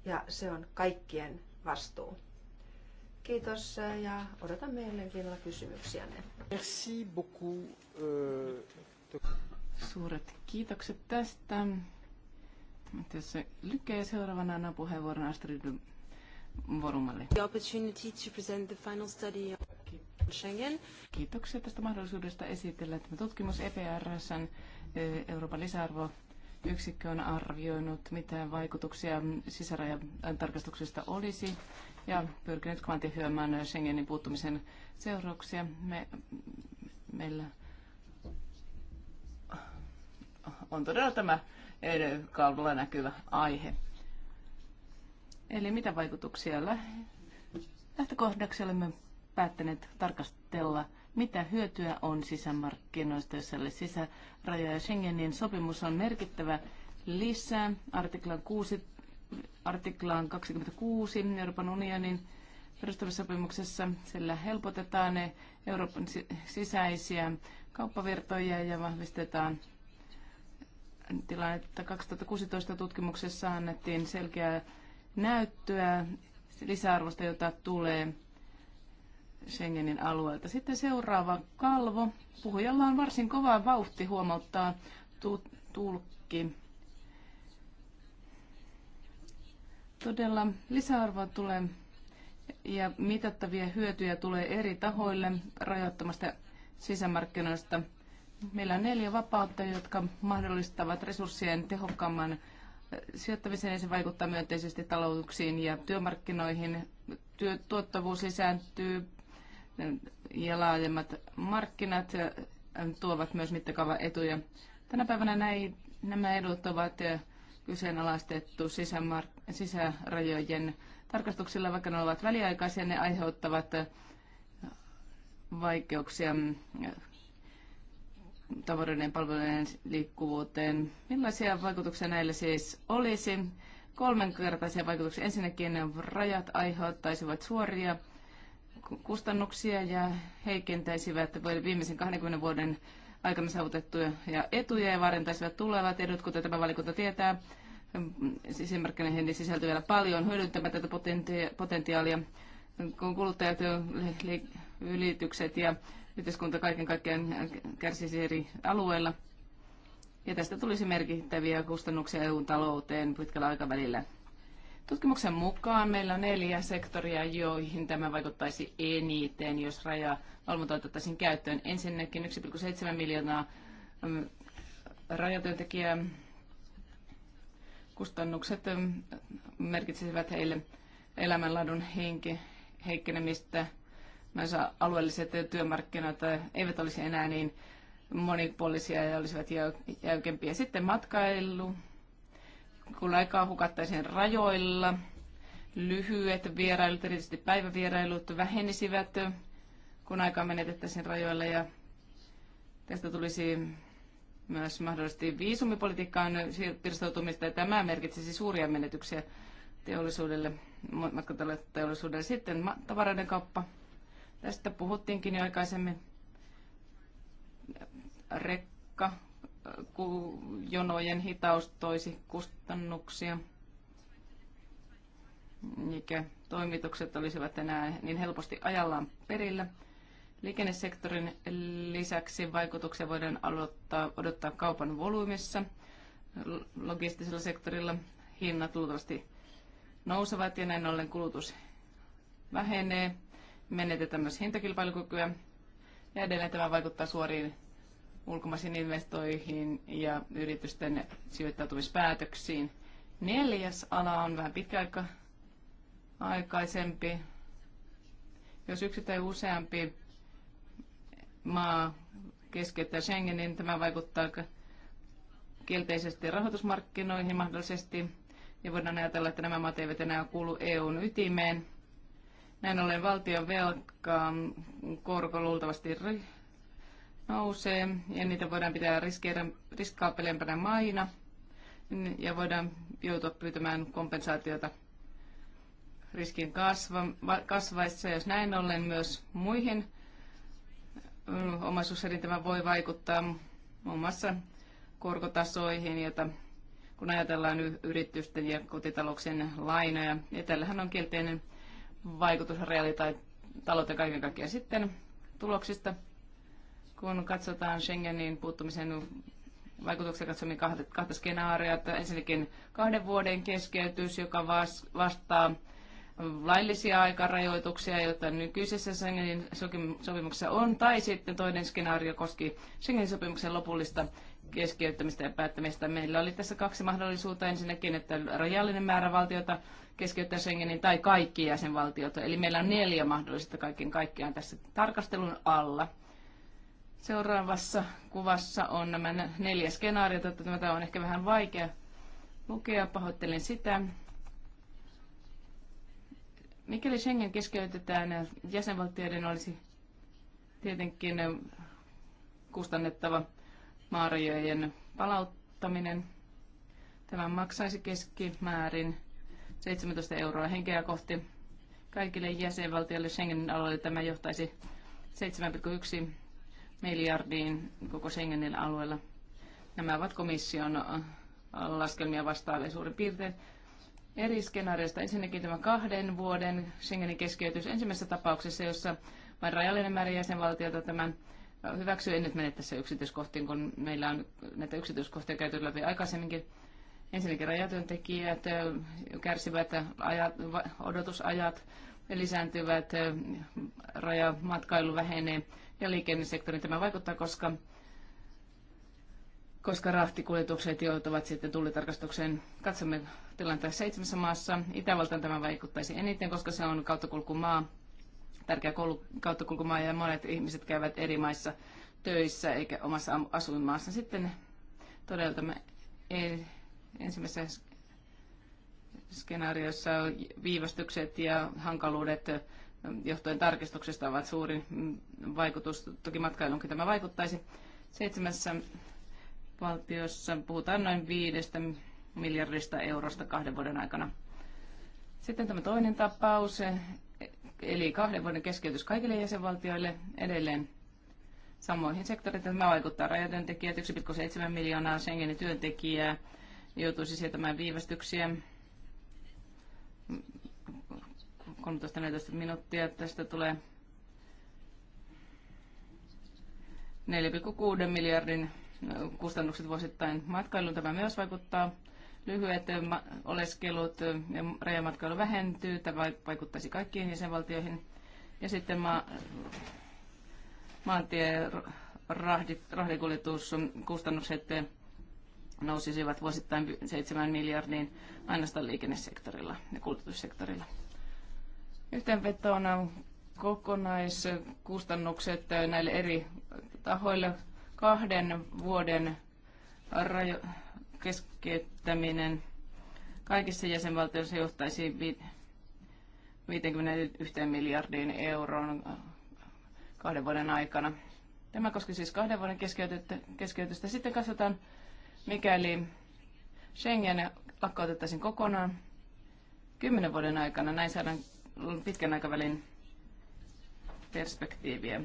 ja se on kaikkien vastuu. Kiitos ja odotan mielenkiinnolla kysymyksiänne. Merci beaucoup. Suuret kiitokset tästä. Tässä lykkää seuraavana puheenvuorona puheenvuoron Astrid Vorumali. Schengen. Kiitoksia tästä mahdollisuudesta esitellä tämä tutkimus EPRSn e, Euroopan lisäarvo yksikkö on arvioinut, mitä vaikutuksia sisärajan tarkastuksesta olisi ja pyrkinyt kvantifioimaan Schengenin puuttumisen seurauksia. Me, meillä on todella tämä e, kalvolla näkyvä aihe. Eli mitä vaikutuksia lähtökohdaksi olemme päättäneet tarkastella, mitä hyötyä on sisämarkkinoista, jos ei ja Schengenin sopimus on merkittävä lisää. Artiklan 6, artiklaan 26 Euroopan unionin perustamissopimuksessa sillä helpotetaan ne Euroopan sisäisiä kauppavirtoja ja vahvistetaan tilannetta. 2016 tutkimuksessa annettiin selkeää näyttöä lisäarvosta, jota tulee Schengenin alueelta. Sitten seuraava kalvo. Puhujalla on varsin kova vauhti, huomauttaa tu- tulkki. Todella lisäarvoa tulee ja mitattavia hyötyjä tulee eri tahoille rajoittamasta sisämarkkinoista. Meillä on neljä vapautta, jotka mahdollistavat resurssien tehokkaamman sijoittamiseen ja niin se vaikuttaa myönteisesti talouksiin ja työmarkkinoihin. Työ, tuottavuus lisääntyy ja laajemmat markkinat ähm, tuovat myös mittakaavan etuja. Tänä päivänä näin, nämä edut ovat äh, kyseenalaistettu sisämar- sisärajojen tarkastuksilla, vaikka ne ovat väliaikaisia, ne aiheuttavat äh, vaikeuksia mm, tavaroiden palvelujen liikkuvuuteen. Millaisia vaikutuksia näillä siis olisi? Kolmenkertaisia vaikutuksia. Ensinnäkin rajat aiheuttaisivat suoria kustannuksia ja heikentäisivät viimeisen 20 vuoden aikana saavutettuja ja etuja ja varentaisivat tulevat edut, kuten tämä valikunta tietää. Sisämarkkinoihin sisältyy vielä paljon hyödyntämätöntä potentiaalia, kun kuluttajat, ylitykset ja yhteiskunta kaiken kaikkiaan kärsisi eri alueilla. Ja tästä tulisi merkittäviä kustannuksia EU-talouteen pitkällä aikavälillä. Tutkimuksen mukaan meillä on neljä sektoria, joihin tämä vaikuttaisi eniten, jos raja otettaisiin käyttöön. Ensinnäkin 1,7 miljoonaa mm, rajatyöntekijää kustannukset mm, merkitsisivät heille elämänlaadun heikkenemistä myös alueelliset työmarkkinat eh, eivät olisi enää niin monipuolisia ja olisivat jäykempiä. Sitten matkailu, kun aikaa hukattaisiin rajoilla, lyhyet vierailut, erityisesti päivävierailut vähenisivät, kun aikaa menetettäisiin rajoilla ja tästä tulisi myös mahdollisesti viisumipolitiikkaan pirstoutumista ja tämä merkitsisi suuria menetyksiä teollisuudelle, matkatalouteollisuudelle. sitten tavaroiden kauppa. Tästä puhuttiinkin jo aikaisemmin. Rekka jonojen hitaus toisi kustannuksia, mikä toimitukset olisivat enää niin helposti ajallaan perillä. Liikennesektorin lisäksi vaikutuksia voidaan aloittaa, odottaa kaupan volyymissa. Logistisella sektorilla hinnat luultavasti nousevat ja näin ollen kulutus vähenee menetetään myös hintakilpailukykyä. Ja edelleen tämä vaikuttaa suoriin ulkomaisiin investoihin ja yritysten sijoittautumispäätöksiin. Neljäs ala on vähän pitkäaika aikaisempi. Jos yksi tai useampi maa keskeyttää Schengenin, niin tämä vaikuttaa kielteisesti rahoitusmarkkinoihin mahdollisesti. Ja voidaan ajatella, että nämä maat eivät enää kuulu EUn ytimeen näin ollen valtion velkaa korko luultavasti nousee ja niitä voidaan pitää riskaapelempänä maina ja voidaan joutua pyytämään kompensaatiota riskin kasva, kasvaessa. Jos näin ollen myös muihin omaisuuserintämä voi vaikuttaa muun muassa korkotasoihin, jota kun ajatellaan yritysten ja kotitalouksien lainoja. Ja tällähän on kielteinen vaikutus reaali- tai talouteen kaiken kaikkiaan sitten tuloksista. Kun katsotaan Schengenin puuttumisen vaikutuksia katsomme kahta, kahta että Ensinnäkin kahden vuoden keskeytys, joka vastaa laillisia aikarajoituksia, joita nykyisessä Schengenin sopimuksessa on, tai sitten toinen skenaario koski Schengenin sopimuksen lopullista keskeyttämistä ja päättämistä. Meillä oli tässä kaksi mahdollisuutta. Ensinnäkin, että rajallinen määrä valtiota keskeyttää Schengenin tai kaikki jäsenvaltiot. Eli meillä on neljä mahdollista kaiken kaikkiaan tässä tarkastelun alla. Seuraavassa kuvassa on nämä neljä skenaariota. Tämä on ehkä vähän vaikea lukea, pahoittelen sitä. Mikäli Schengen keskeytetään, jäsenvaltioiden olisi tietenkin kustannettava maarajojen palauttaminen. Tämä maksaisi keskimäärin 17 euroa henkeä kohti. Kaikille jäsenvaltioille Schengenin alueelle tämä johtaisi 7,1 miljardiin koko Schengenin alueella. Nämä ovat komission äh, laskelmia vastaavia suurin piirtein eri skenaarioista. Ensinnäkin tämä kahden vuoden Schengenin keskeytys ensimmäisessä tapauksessa, jossa vain rajallinen määrä jäsenvaltiota tämän äh, hyväksyy. En nyt mene tässä yksityiskohtiin, kun meillä on näitä yksityiskohtia käyty läpi aikaisemminkin. Ensinnäkin rajatyöntekijät kärsivät ajat, odotusajat lisääntyvät, rajamatkailu vähenee ja liikennesektori tämä vaikuttaa, koska, koska rahtikuljetukset joutuvat sitten tullitarkastukseen. Katsomme tilanteessa seitsemässä maassa. Itävaltaan tämä vaikuttaisi eniten, koska se on kauttakulkumaa, tärkeä koulu, kauttakulkumaa ja monet ihmiset käyvät eri maissa töissä eikä omassa asuinmaassa. Sitten tämä ensimmäisessä skenaariossa viivästykset ja hankaluudet johtuen tarkistuksesta ovat suuri vaikutus. Toki matkailunkin tämä vaikuttaisi. Seitsemässä valtiossa puhutaan noin viidestä miljardista eurosta kahden vuoden aikana. Sitten tämä toinen tapaus, eli kahden vuoden keskeytys kaikille jäsenvaltioille edelleen samoihin sektoreihin. Tämä vaikuttaa rajatyöntekijät 1,7 miljoonaa Schengenin työntekijää joutuisi sietämään viivästyksiä. 13-14 minuuttia tästä tulee 4,6 miljardin kustannukset vuosittain matkailuun. Tämä myös vaikuttaa lyhyet oleskelut ja rajamatkailu vähentyy. Tämä vaikuttaisi kaikkiin jäsenvaltioihin. Ja sitten ma- maantie rahdit, rahdikuljetuskustannukset nousisivat vuosittain 7 miljardiin ainoastaan liikennesektorilla ja kulutussektorilla. Yhteenvetona kokonaiskustannukset näille eri tahoille kahden vuoden rajo- keskeyttäminen kaikissa jäsenvaltioissa johtaisi 51 miljardiin euroon kahden vuoden aikana. Tämä koski siis kahden vuoden keskeytystä. Sitten katsotaan Mikäli Schengen lakkautettaisiin kokonaan kymmenen vuoden aikana, näin saadaan pitkän aikavälin perspektiiviä.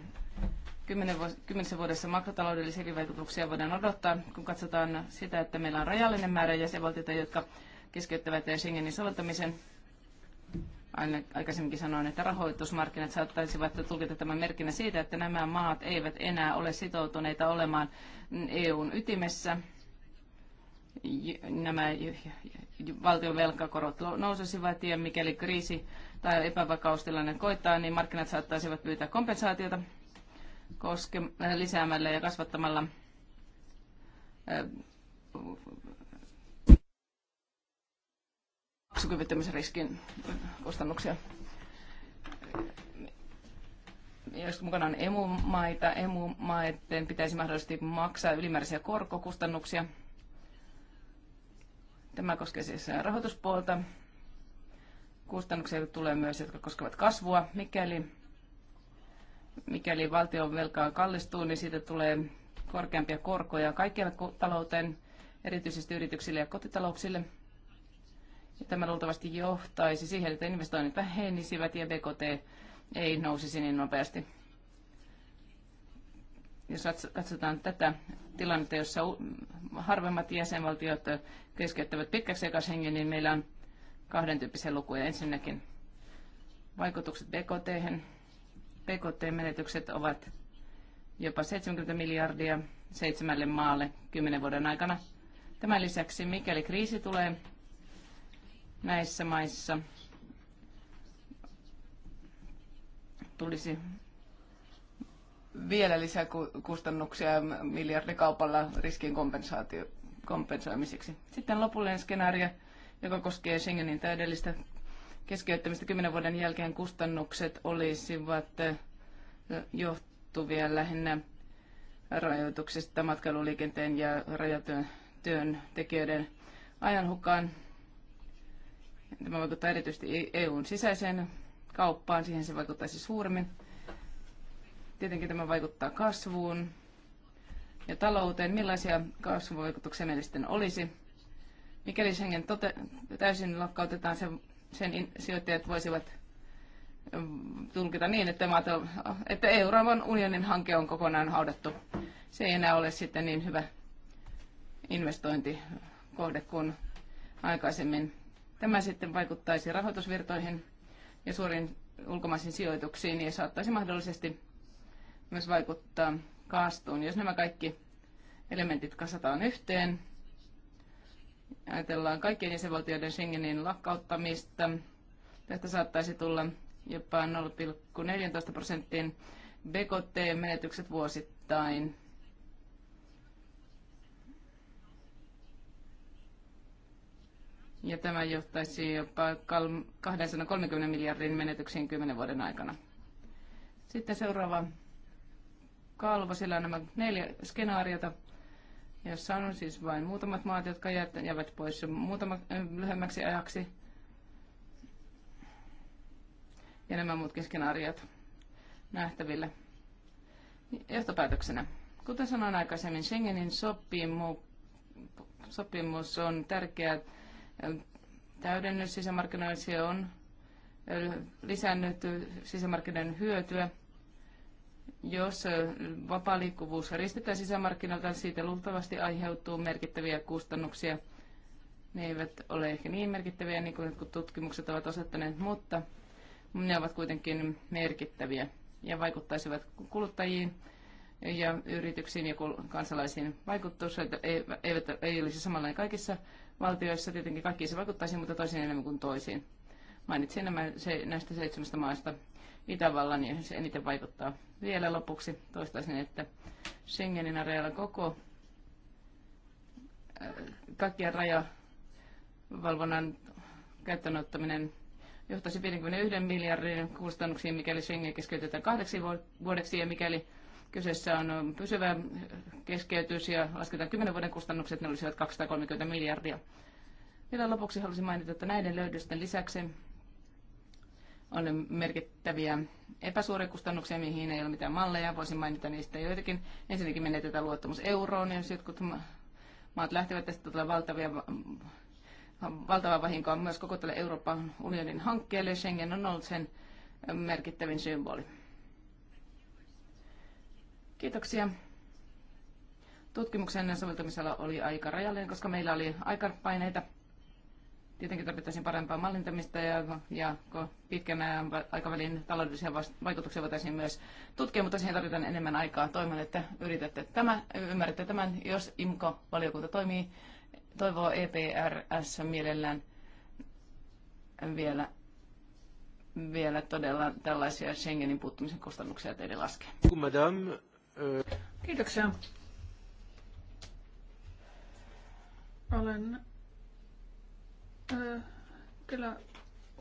Kymmenen kymmenessä vuodessa makrotaloudellisia vaikutuksia voidaan odottaa, kun katsotaan sitä, että meillä on rajallinen määrä jäsenvaltioita, jotka keskeyttävät Schengenin soveltamisen. Aina aikaisemminkin sanoin, että rahoitusmarkkinat saattaisivat tulkita tämän merkinä siitä, että nämä maat eivät enää ole sitoutuneita olemaan EUn ytimessä – nämä valtion velkakorot nousisivat ja mikäli kriisi tai epävakaustilanne koittaa, niin markkinat saattaisivat pyytää kompensaatiota koske, äh, lisäämällä ja kasvattamalla äh, maksukyvyttömyysriskin kustannuksia. Jos mukana on emu-maita, emu-maiden pitäisi mahdollisesti maksaa ylimääräisiä korkokustannuksia – Tämä koskee siis rahoituspuolta. Kustannuksia tulee myös, jotka koskevat kasvua. Mikäli, mikäli valtion velkaa kallistuu, niin siitä tulee korkeampia korkoja kaikkialle talouteen, erityisesti yrityksille ja kotitalouksille. Ja tämä luultavasti johtaisi siihen, että investoinnit vähenisivät ja BKT ei nousisi niin nopeasti. Jos katsotaan tätä tilannetta, jossa harvemmat jäsenvaltiot keskeyttävät pitkäksi aikaa Schengen, niin meillä on kahden tyyppisiä lukuja. Ensinnäkin vaikutukset BKT. BKT-menetykset ovat jopa 70 miljardia seitsemälle maalle kymmenen vuoden aikana. Tämän lisäksi, mikäli kriisi tulee näissä maissa, tulisi vielä lisää kustannuksia miljardikaupalla riskin kompensaatio, kompensoimiseksi. Sitten lopullinen skenaario, joka koskee Schengenin täydellistä keskeyttämistä kymmenen vuoden jälkeen kustannukset olisivat johtuvia lähinnä rajoituksista matkailuliikenteen ja rajatyön ajan ajanhukaan. Tämä vaikuttaa erityisesti e- EUn sisäiseen kauppaan, siihen se vaikuttaisi suuremmin. Tietenkin tämä vaikuttaa kasvuun ja talouteen. Millaisia kasvuvaikutuksia meillä sitten olisi? Mikäli Schengen tote- täysin lakkautetaan, sen, sen sijoittajat voisivat mm, tulkita niin, että, maatel- että Euroopan unionin hanke on kokonaan haudattu. Se ei enää ole sitten niin hyvä investointikohde kuin aikaisemmin. Tämä sitten vaikuttaisi rahoitusvirtoihin ja suurin ulkomaisiin sijoituksiin ja saattaisi mahdollisesti myös vaikuttaa kaastuun. Jos nämä kaikki elementit kasataan yhteen, ajatellaan kaikkien jäsenvaltioiden Schengenin lakkauttamista, tästä saattaisi tulla jopa 0,14 prosentin BKT-menetykset vuosittain. Ja tämä johtaisi jopa 230 miljardin menetyksiin 10 vuoden aikana. Sitten seuraava kalvo. Siellä on nämä neljä skenaariota, jossa on siis vain muutamat maat, jotka jäävät pois muutama äh, lyhyemmäksi ajaksi. Ja nämä muutkin skenaariot nähtäville. Johtopäätöksenä. Kuten sanoin aikaisemmin, Schengenin sopimu, sopimus on tärkeä äh, täydennys sisämarkkinoille. Se on äh, lisännyt sisämarkkinoiden hyötyä – jos vapaa liikkuvuus ristetään sisämarkkinoilta, siitä luultavasti aiheutuu merkittäviä kustannuksia. Ne eivät ole ehkä niin merkittäviä, niin kuin tutkimukset ovat osoittaneet, mutta ne ovat kuitenkin merkittäviä ja vaikuttaisivat kuluttajiin ja yrityksiin ja kansalaisiin vaikutus, että ei, ei, ei olisi samanlainen kaikissa valtioissa. Tietenkin kaikki se vaikuttaisi, mutta toisiin enemmän kuin toisiin. Mainitsin nämä se, näistä seitsemästä maasta Itävallan, ja se eniten vaikuttaa. Vielä lopuksi toistaisin, että Schengenin areella koko äh, kaikkien rajavalvonnan käyttöönottaminen johtaisi 51 miljardin kustannuksiin, mikäli Schengen keskeytetään kahdeksi vuodeksi ja mikäli kyseessä on pysyvä keskeytys ja lasketaan 10 vuoden kustannukset, ne olisivat 230 miljardia. Vielä lopuksi haluaisin mainita, että näiden löydösten lisäksi on merkittäviä epäsuoria kustannuksia, mihin ei ole mitään malleja. Voisin mainita niistä joitakin. Ensinnäkin menetetään luottamus euroon, jos jotkut maat lähtevät tästä tulee valtavia valtava vahinko on myös koko tälle Euroopan unionin hankkeelle. Schengen on ollut sen merkittävin symboli. Kiitoksia. Tutkimuksen soveltamisella oli aika rajallinen, koska meillä oli aikapaineita. Tietenkin tarvittaisiin parempaa mallintamista ja, ja pitkän aikavälin taloudellisia vaikutuksia voitaisiin myös tutkia, mutta siihen tarvitaan enemmän aikaa. Toivon, että yritätte tämä, ymmärrätte tämän, jos imco valiokunta toimii. Toivoo EPRS mielellään vielä vielä todella tällaisia Schengenin puuttumisen kustannuksia teidän laskea. Äh. Kiitoksia. Olen Öö, kyllä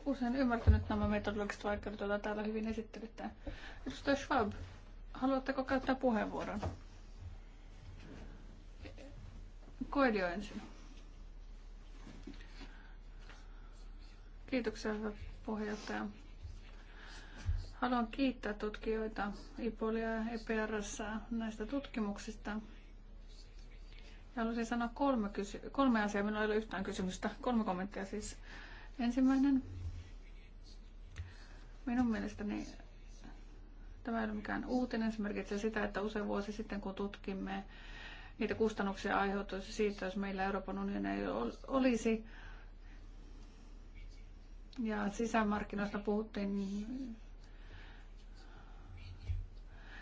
usein ymmärtänyt nämä metodologiset vaikeudet, joita täällä hyvin esittelitte. Edustaja Schwab, haluatteko käyttää puheenvuoron? Koelio ensin. Kiitoksia, hyvä puheenjohtaja. Haluan kiittää tutkijoita IPOLia ja EPRS näistä tutkimuksista. Haluaisin sanoa kolme, kysy- kolme asiaa. Minulla ei ole yhtään kysymystä. Kolme kommenttia siis. Ensimmäinen. Minun mielestäni tämä ei ole mikään uutinen. Se merkitsee sitä, että usein vuosi sitten kun tutkimme niitä kustannuksia aiheutuisi siitä, jos meillä Euroopan unioni ei olisi. Ja sisämarkkinoista puhuttiin.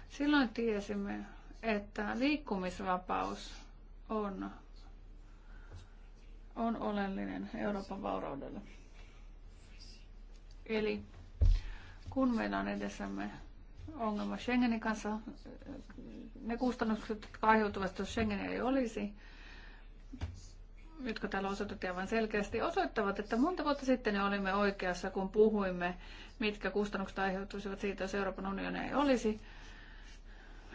Silloin tiesimme, että liikkumisvapaus on, on oleellinen Euroopan vauraudelle. Eli kun meillä on edessämme ongelma Schengenin kanssa, ne kustannukset, jotka aiheutuvat, jos Schengen ei olisi, jotka täällä osoitettiin aivan selkeästi, osoittavat, että monta vuotta sitten ne olimme oikeassa, kun puhuimme, mitkä kustannukset aiheutuisivat siitä, jos Euroopan unioni ei olisi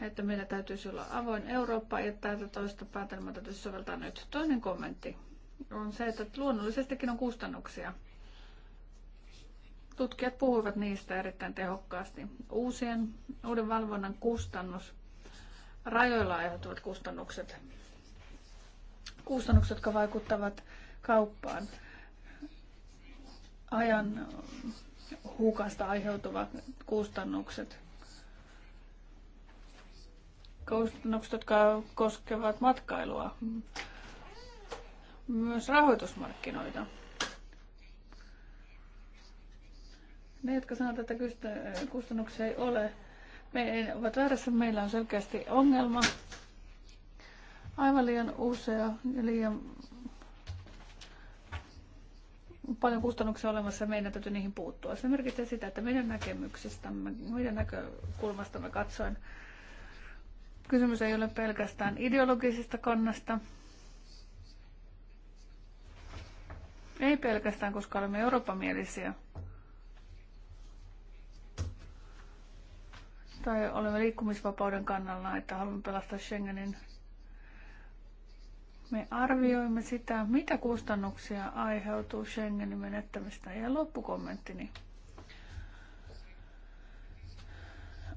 että meillä täytyisi olla avoin Eurooppa ja tätä toista päätelmää täytyisi soveltaa nyt. Toinen kommentti on se, että luonnollisestikin on kustannuksia. Tutkijat puhuivat niistä erittäin tehokkaasti. Uusien, uuden valvonnan kustannus, rajoilla aiheutuvat kustannukset, kustannukset, jotka vaikuttavat kauppaan, ajan hukasta aiheutuvat kustannukset, kustannukset, jotka koskevat matkailua, myös rahoitusmarkkinoita. Ne, jotka sanovat, että äh, kustannuksia ei ole, me ovat väärässä. Meillä on selkeästi ongelma. Aivan liian usea ja liian paljon kustannuksia olemassa ja meidän täytyy niihin puuttua. Se merkitsee sitä, että meidän näkemyksistämme, meidän näkökulmastamme katsoen Kysymys ei ole pelkästään ideologisesta kannasta, ei pelkästään, koska olemme eurooppamielisiä tai olemme liikkumisvapauden kannalla, että haluamme pelastaa Schengenin. Me arvioimme sitä, mitä kustannuksia aiheutuu Schengenin menettämistä. Ja loppukommenttini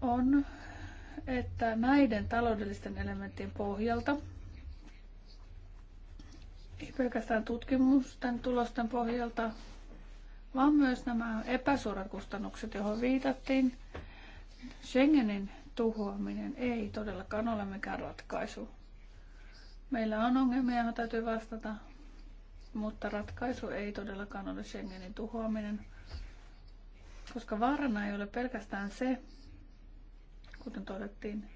on, että näiden taloudellisten elementtien pohjalta, ei pelkästään tutkimusten tulosten pohjalta, vaan myös nämä epäsuorat kustannukset, johon viitattiin, Schengenin tuhoaminen ei todellakaan ole mikään ratkaisu. Meillä on ongelmia, joihin täytyy vastata, mutta ratkaisu ei todellakaan ole Schengenin tuhoaminen, koska vaarana ei ole pelkästään se, kuten todettiin,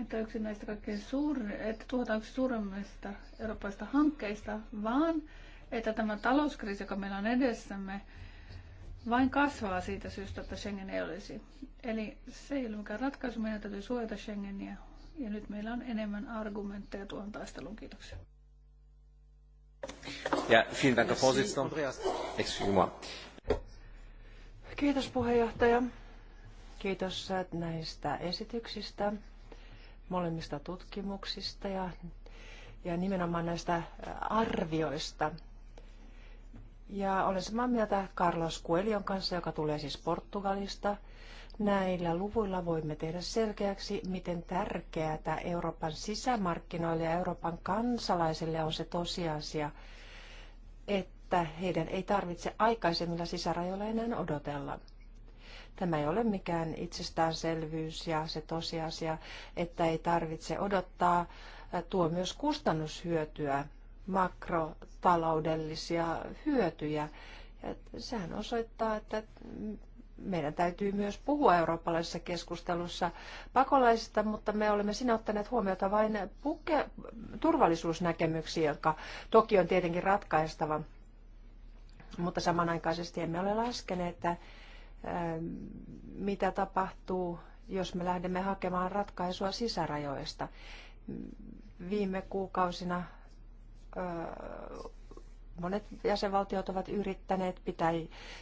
että yksi näistä kaikkein suurin, että tuhotaan yksi suurimmista eurooppalaisista hankkeista, vaan että tämä talouskriisi, joka meillä on edessämme, vain kasvaa siitä syystä, että Schengen ei olisi. Eli se ei ole mikään ratkaisu, meidän täytyy suojata Schengeniä. Ja nyt meillä on enemmän argumentteja tuon taisteluun. Kiitoksia. Ja, vielen Dank, Herr Vorsitzender. moi Kiitos puheenjohtaja. Kiitos näistä esityksistä, molemmista tutkimuksista ja, ja nimenomaan näistä arvioista. Ja olen samaa mieltä Carlos Kuelion kanssa, joka tulee siis Portugalista. Näillä luvuilla voimme tehdä selkeäksi, miten tärkeää Euroopan sisämarkkinoille ja Euroopan kansalaisille on se tosiasia, heidän ei tarvitse aikaisemmilla sisärajoilla enää odotella. Tämä ei ole mikään itsestäänselvyys ja se tosiasia, että ei tarvitse odottaa, tuo myös kustannushyötyä, makrotaloudellisia hyötyjä. Ja sehän osoittaa, että meidän täytyy myös puhua eurooppalaisessa keskustelussa pakolaisista, mutta me olemme sinä ottaneet huomiota vain puke- turvallisuusnäkemyksiä, jotka toki on tietenkin ratkaistava. Mutta samanaikaisesti emme ole laskeneet, että ähm, mitä tapahtuu, jos me lähdemme hakemaan ratkaisua sisärajoista. Viime kuukausina äh, monet jäsenvaltiot ovat yrittäneet pitää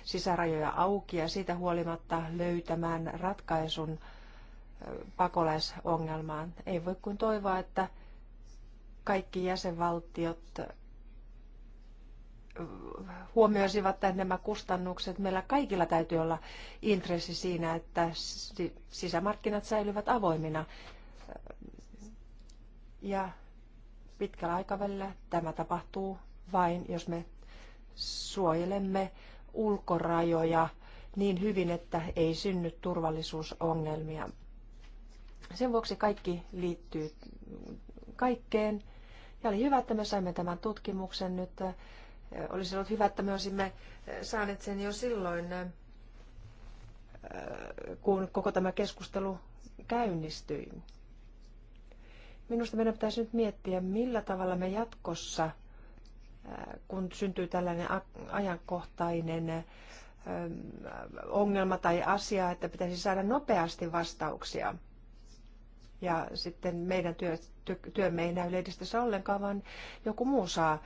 sisärajoja auki ja siitä huolimatta löytämään ratkaisun äh, pakolaisongelmaan. Ei voi kuin toivoa, että kaikki jäsenvaltiot huomioisivat että nämä kustannukset. Meillä kaikilla täytyy olla intressi siinä, että sisämarkkinat säilyvät avoimina. Ja pitkällä aikavälillä tämä tapahtuu vain, jos me suojelemme ulkorajoja niin hyvin, että ei synny turvallisuusongelmia. Sen vuoksi kaikki liittyy kaikkeen. Ja oli hyvä, että me saimme tämän tutkimuksen nyt olisi ollut hyvä, että me olisimme eh, saaneet sen jo silloin, eh, kun koko tämä keskustelu käynnistyi. Minusta meidän pitäisi nyt miettiä, millä tavalla me jatkossa, eh, kun syntyy tällainen ajankohtainen ongelma tai asia, että pitäisi saada nopeasti vastauksia. Ja sitten meidän työ, työ, työmme ei näy lehdistössä ollenkaan, vaan joku muu saa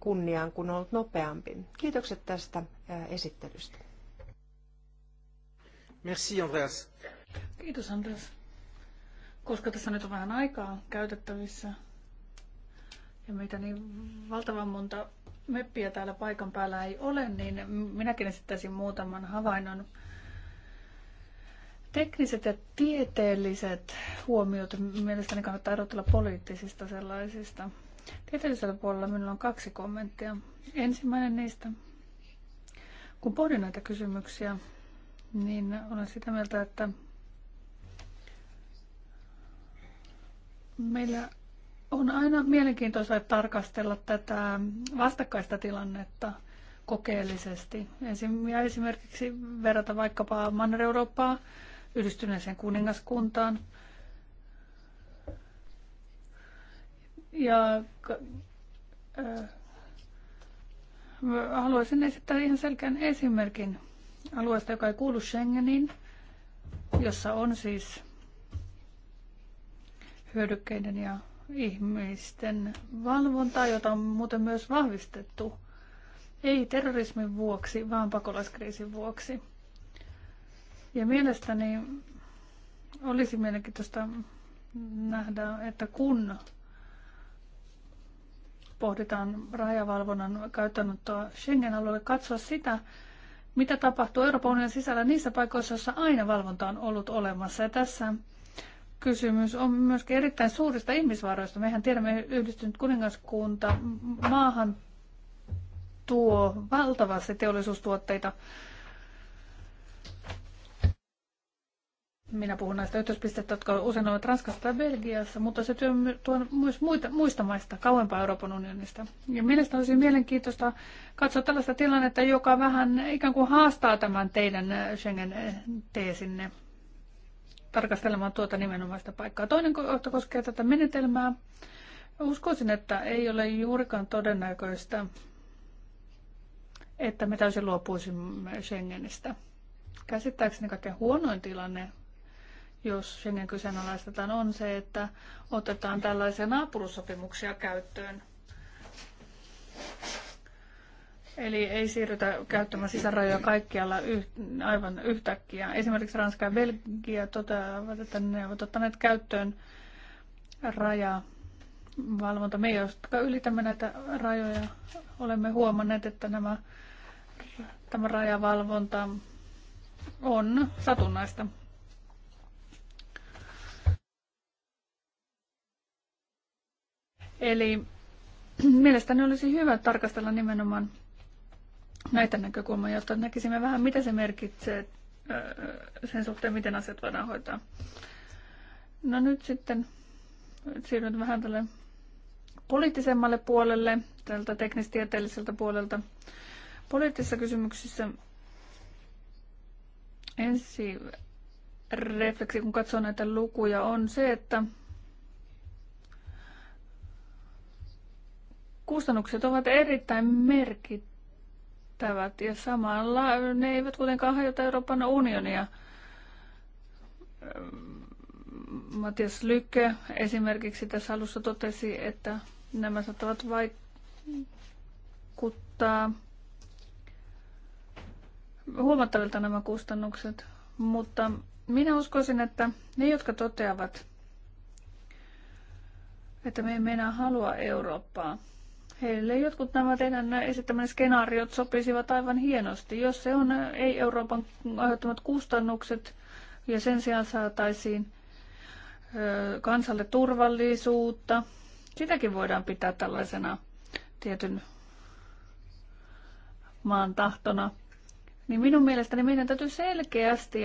kunniaan, kun on ollut nopeampi. Kiitokset tästä esittelystä. Merci Andreas. Kiitos Andreas. Koska tässä nyt on vähän aikaa käytettävissä ja meitä niin valtavan monta meppiä täällä paikan päällä ei ole, niin minäkin esittäisin muutaman havainnon. Tekniset ja tieteelliset huomiot mielestäni kannattaa erottella poliittisista sellaisista. Tieteellisellä puolella minulla on kaksi kommenttia. Ensimmäinen niistä, kun pohdin näitä kysymyksiä, niin olen sitä mieltä, että meillä on aina mielenkiintoista tarkastella tätä vastakkaista tilannetta kokeellisesti. Ja esimerkiksi verrata vaikkapa Manner-Eurooppaa yhdistyneeseen kuningaskuntaan – Ja äh, haluaisin esittää ihan selkeän esimerkin alueesta, joka ei kuulu Schengeniin, jossa on siis hyödykkeiden ja ihmisten valvontaa, jota on muuten myös vahvistettu, ei terrorismin vuoksi, vaan pakolaiskriisin vuoksi. Ja mielestäni olisi mielenkiintoista nähdä, että kun pohditaan rajavalvonnan käyttöönottoa Schengen-alueelle, katsoa sitä, mitä tapahtuu Euroopan unionin sisällä niissä paikoissa, joissa aina valvonta on ollut olemassa. Ja tässä kysymys on myöskin erittäin suurista ihmisvaroista. Mehän tiedämme, yhdistynyt kuningaskunta maahan tuo valtavasti teollisuustuotteita Minä puhun näistä yhteyspisteistä, jotka usein ovat Ranskassa tai Belgiassa, mutta se työ on myös muita, muista maista, kauempaa Euroopan unionista. Ja mielestäni olisi mielenkiintoista katsoa tällaista tilannetta, joka vähän ikään kuin haastaa tämän teidän äh, Schengen-teesinne äh, tarkastelemaan tuota nimenomaista paikkaa. Toinen kohta koskee tätä menetelmää. Uskoisin, että ei ole juurikaan todennäköistä, että me täysin luopuisimme Schengenistä. Käsittääkseni kaikkein huonoin tilanne jos Schengen kyseenalaistetaan, on se, että otetaan tällaisia naapurussopimuksia käyttöön. Eli ei siirrytä käyttämään sisärajoja kaikkialla yh, aivan yhtäkkiä. Esimerkiksi Ranska ja Belgia toteavat, että ne ovat ottaneet käyttöön rajavalvonta. Me, jotka ylitämme näitä rajoja, olemme huomanneet, että nämä, tämä rajavalvonta on satunnaista. Eli mielestäni olisi hyvä tarkastella nimenomaan näitä näkökulmia, jotta näkisimme vähän, mitä se merkitsee äh, sen suhteen, miten asiat voidaan hoitaa. No nyt sitten siirryn vähän tälle poliittisemmalle puolelle, tältä teknistieteelliseltä puolelta. Poliittisissa kysymyksissä ensi refleksi, kun katsoo näitä lukuja, on se, että Kustannukset ovat erittäin merkittävät ja samalla ne eivät kuitenkaan hajota Euroopan unionia. Matias Lykke esimerkiksi tässä alussa totesi, että nämä saattavat vaikuttaa huomattavilta nämä kustannukset, mutta minä uskoisin, että ne, jotka toteavat, että me emme enää halua Eurooppaa, Heille jotkut nämä teidän esittämänne skenaariot sopisivat aivan hienosti. Jos se on ei-Euroopan aiheuttamat kustannukset ja sen sijaan saataisiin kansalle turvallisuutta, sitäkin voidaan pitää tällaisena tietyn maan tahtona. Niin minun mielestäni meidän täytyy selkeästi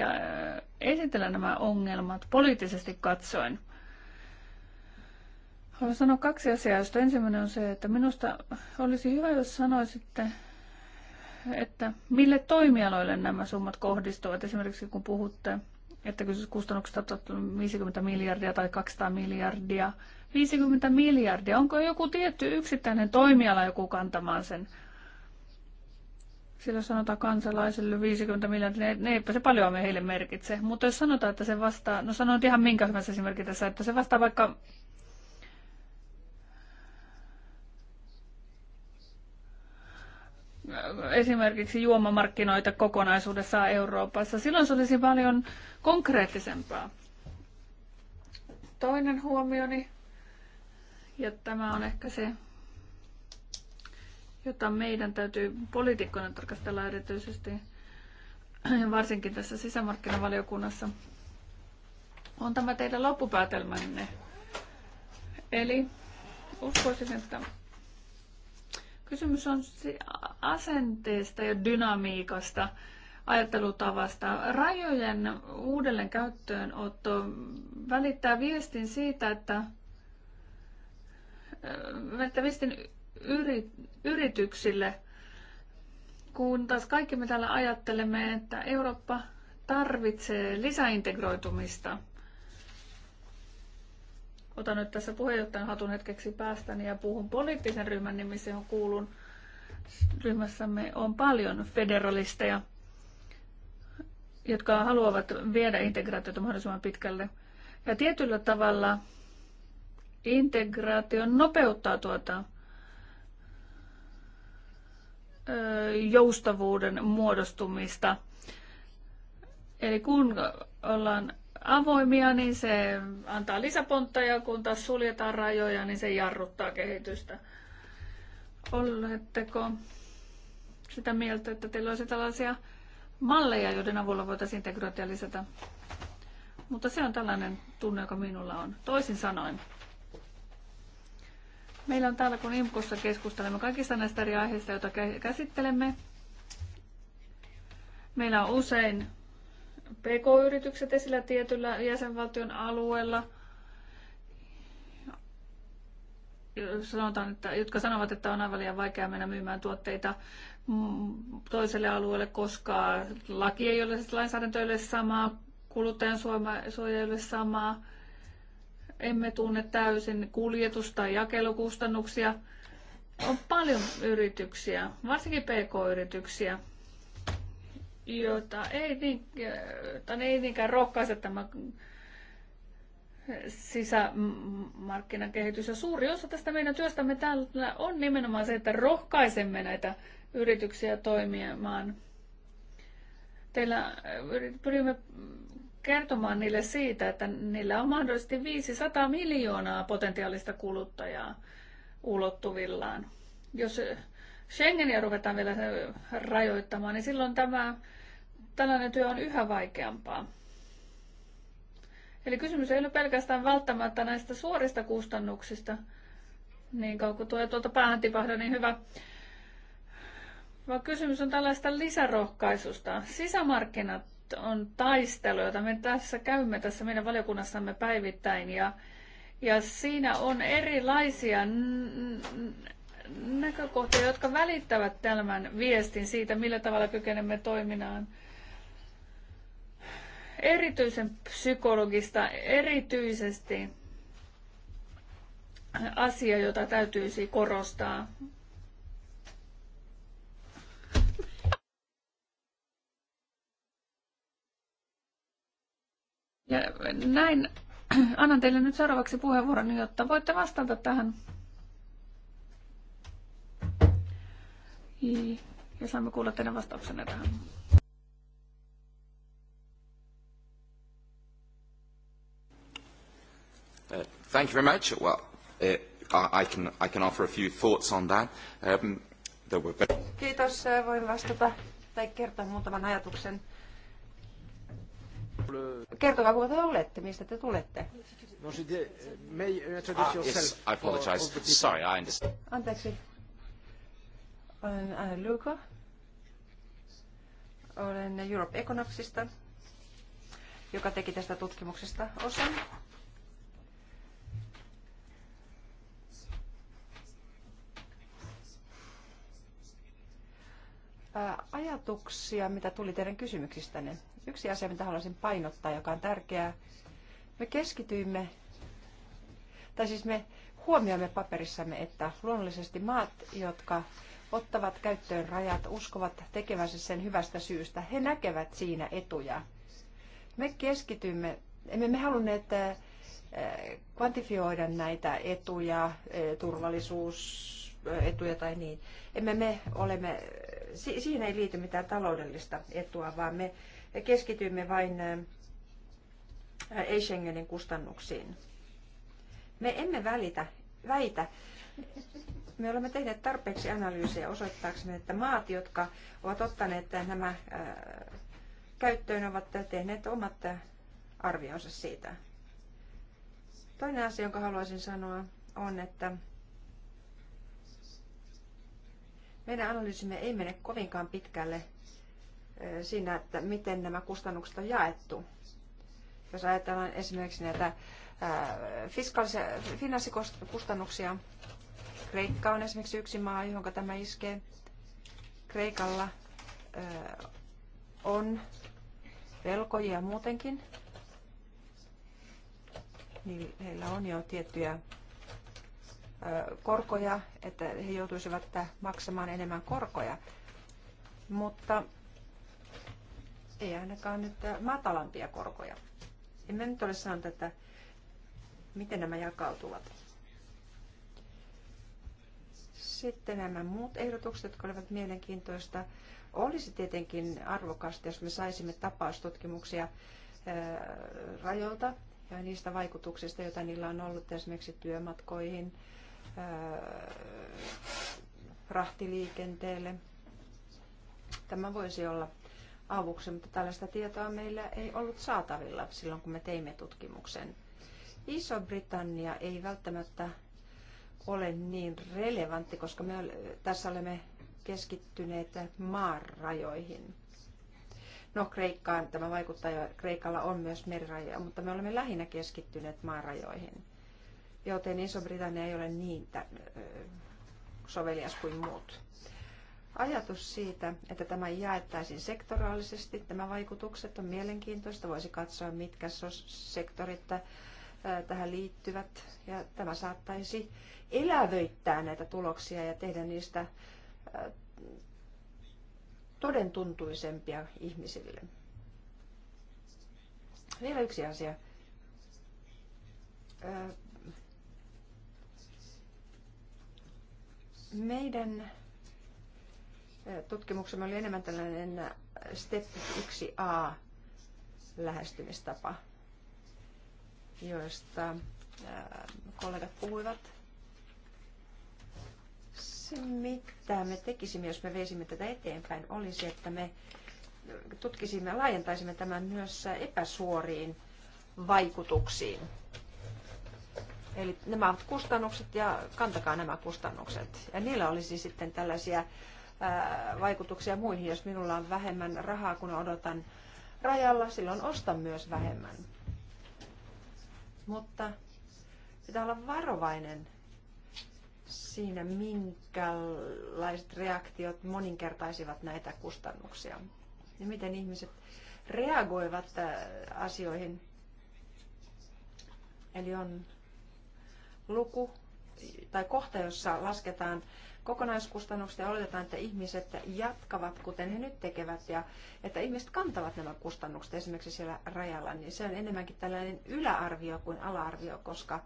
esitellä nämä ongelmat poliittisesti katsoen – Haluan sanoa kaksi asiaa, josta ensimmäinen on se, että minusta olisi hyvä, jos sanoisitte, että mille toimialoille nämä summat kohdistuvat. Esimerkiksi kun puhutte, että kustannukset ovat 50 miljardia tai 200 miljardia. 50 miljardia, onko joku tietty yksittäinen toimiala joku kantamaan sen? Sillä sanotaan kansalaisille 50 miljardia, ne eipä se paljon meille merkitse. Mutta jos sanotaan, että se vastaa, no sanon ihan minkä hyvänsä esimerkki tässä, että se vastaa vaikka esimerkiksi juomamarkkinoita kokonaisuudessaan Euroopassa. Silloin se olisi paljon konkreettisempaa. Toinen huomioni, ja tämä on ehkä se, jota meidän täytyy poliitikkoina tarkastella erityisesti, varsinkin tässä sisämarkkinavaliokunnassa, on tämä teidän loppupäätelmänne. Eli uskoisin, että Kysymys on asenteesta ja dynamiikasta, ajattelutavasta. Rajojen uudelleen käyttöönotto välittää viestin siitä, että, että äh, viestin yri, yrityksille, kun taas kaikki me täällä ajattelemme, että Eurooppa tarvitsee lisäintegroitumista – Otan nyt tässä puheenjohtajan hatun hetkeksi päästäni ja puhun poliittisen ryhmän nimissä, johon kuulun. Ryhmässämme on paljon federalisteja, jotka haluavat viedä integraatiota mahdollisimman pitkälle. Ja tietyllä tavalla integraatio nopeuttaa tuota joustavuuden muodostumista. Eli kun ollaan avoimia, niin se antaa lisäpontta ja kun taas suljetaan rajoja, niin se jarruttaa kehitystä. Oletteko sitä mieltä, että teillä olisi tällaisia malleja, joiden avulla voitaisiin integroitia lisätä? Mutta se on tällainen tunne, joka minulla on. Toisin sanoen, meillä on täällä, kun IMKossa keskustelemme kaikista näistä eri aiheista, joita käsittelemme, meillä on usein PK-yritykset esillä tietyllä jäsenvaltion alueella, sanotaan, että, jotka sanovat, että on aivan liian vaikea mennä myymään tuotteita toiselle alueelle, koska laki ei ole, siis lainsäädäntö ei ole samaa, kuluttajan suoja ei ole samaa, emme tunne täysin kuljetus- tai jakelukustannuksia. On paljon yrityksiä, varsinkin pk-yrityksiä, jota ei, niin, ei niinkään rohkaise tämä sisämarkkinakehitys. Ja suuri osa tästä meidän työstämme täällä on nimenomaan se, että rohkaisemme näitä yrityksiä toimimaan. Teillä pyrimme kertomaan niille siitä, että niillä on mahdollisesti 500 miljoonaa potentiaalista kuluttajaa ulottuvillaan. Jos Schengeniä ruvetaan vielä rajoittamaan, niin silloin tämä, tällainen työ on yhä vaikeampaa. Eli kysymys ei ole pelkästään välttämättä näistä suorista kustannuksista, niin kauan kuin tulee tuolta päähän tipahda, niin hyvä. Vaan kysymys on tällaista lisärohkaisusta. Sisämarkkinat on taistelu, jota me tässä käymme tässä meidän valiokunnassamme päivittäin. Ja, ja siinä on erilaisia näkökohtia, jotka välittävät tämän viestin siitä, millä tavalla kykenemme toiminaan. Erityisen psykologista, erityisesti asia, jota täytyisi korostaa. Ja näin annan teille nyt seuraavaksi puheenvuoron, jotta voitte vastata tähän Niin. Ja saamme kuulla teidän vastauksenne tähän. Uh, thank you very much. Well, uh, I can I can offer a few thoughts on that. Um, there were... Kiitos, äh, voin vastata tai kertoa muutaman ajatuksen. Kertokaa, kuka te olette, mistä te tulette. No, she introduce ah, yourself. Yes, I apologize. Sorry, I understand. Anteeksi, olen Anne Luko. Olen Europe Economicsista, joka teki tästä tutkimuksesta osan. ajatuksia, mitä tuli teidän kysymyksistänne. Yksi asia, mitä haluaisin painottaa, joka on tärkeää. Me keskityimme, tai siis me huomioimme paperissamme, että luonnollisesti maat, jotka ottavat käyttöön rajat, uskovat tekevänsä sen hyvästä syystä. He näkevät siinä etuja. Me keskitymme, emme me halunneet äh, äh, kvantifioida näitä etuja, äh, turvallisuusetuja tai niin. Emme me olemme, siihen ei liity mitään taloudellista etua, vaan me keskitymme vain ei-Schengenin kustannuksiin. Me emme välitä, väitä, me olemme tehneet tarpeeksi analyysejä osoittaaksemme, että maat, jotka ovat ottaneet nämä äh, käyttöön, ovat tehneet omat arvionsa siitä. Toinen asia, jonka haluaisin sanoa, on, että meidän analyysimme ei mene kovinkaan pitkälle äh, siinä, että miten nämä kustannukset on jaettu. Jos ajatellaan esimerkiksi näitä äh, finanssikustannuksia, Kreikka on esimerkiksi yksi maa, johon tämä iskee. Kreikalla on velkojia muutenkin. Niin heillä on jo tiettyjä korkoja, että he joutuisivat maksamaan enemmän korkoja. Mutta ei ainakaan nyt matalampia korkoja. Emme nyt ole sanonut, että miten nämä jakautuvat. Sitten nämä muut ehdotukset, jotka olivat mielenkiintoista. Olisi tietenkin arvokasta, jos me saisimme tapaustutkimuksia äh, rajoilta ja niistä vaikutuksista, joita niillä on ollut esimerkiksi työmatkoihin, äh, rahtiliikenteelle. Tämä voisi olla avuksi, mutta tällaista tietoa meillä ei ollut saatavilla silloin, kun me teimme tutkimuksen. Iso-Britannia ei välttämättä ole niin relevantti, koska me tässä olemme keskittyneet maarajoihin. No Kreikkaan tämä vaikuttaa jo, Kreikalla on myös merirajoja, mutta me olemme lähinnä keskittyneet maarajoihin. Joten Iso-Britannia ei ole niin sovelias kuin muut. Ajatus siitä, että tämä jaettaisiin sektoraalisesti, tämä vaikutukset on mielenkiintoista. Voisi katsoa, mitkä sektorit tähän liittyvät. Ja tämä saattaisi elävöittää näitä tuloksia ja tehdä niistä todentuntuisempia ihmisille. Vielä yksi asia. Meidän tutkimuksemme oli enemmän tällainen step 1a lähestymistapa joista kollegat puhuivat. Se, mitä me tekisimme, jos me veisimme tätä eteenpäin, olisi, että me tutkisimme ja laajentaisimme tämän myös epäsuoriin vaikutuksiin. Eli nämä ovat kustannukset ja kantakaa nämä kustannukset. Ja niillä olisi sitten tällaisia vaikutuksia muihin. Jos minulla on vähemmän rahaa, kun odotan rajalla, silloin ostan myös vähemmän mutta pitää olla varovainen siinä, minkälaiset reaktiot moninkertaisivat näitä kustannuksia. Ja miten ihmiset reagoivat äh, asioihin. Eli on luku tai kohta, jossa lasketaan kokonaiskustannuksista ja oletetaan, että ihmiset jatkavat kuten he nyt tekevät ja että ihmiset kantavat nämä kustannukset esimerkiksi siellä rajalla, niin se on enemmänkin tällainen yläarvio kuin alaarvio, koska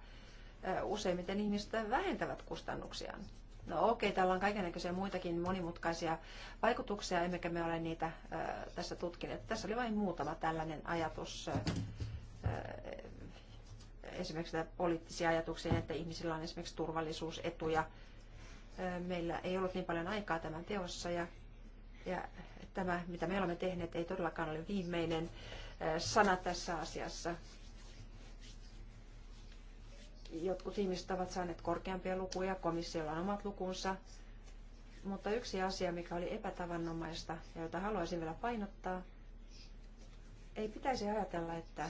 useimmiten ihmiset vähentävät kustannuksiaan. No okei, okay, täällä on kaikenlaisia muitakin monimutkaisia vaikutuksia, emmekä me ole niitä tässä tutkineet. Tässä oli vain muutama tällainen ajatus, esimerkiksi poliittisia ajatuksia, että ihmisillä on esimerkiksi turvallisuusetuja meillä ei ollut niin paljon aikaa tämän teossa ja, ja tämä, mitä me olemme tehneet, ei todellakaan ole viimeinen sana tässä asiassa. Jotkut ihmiset ovat saaneet korkeampia lukuja, komissiolla on omat lukunsa, mutta yksi asia, mikä oli epätavannomaista ja jota haluaisin vielä painottaa, ei pitäisi ajatella, että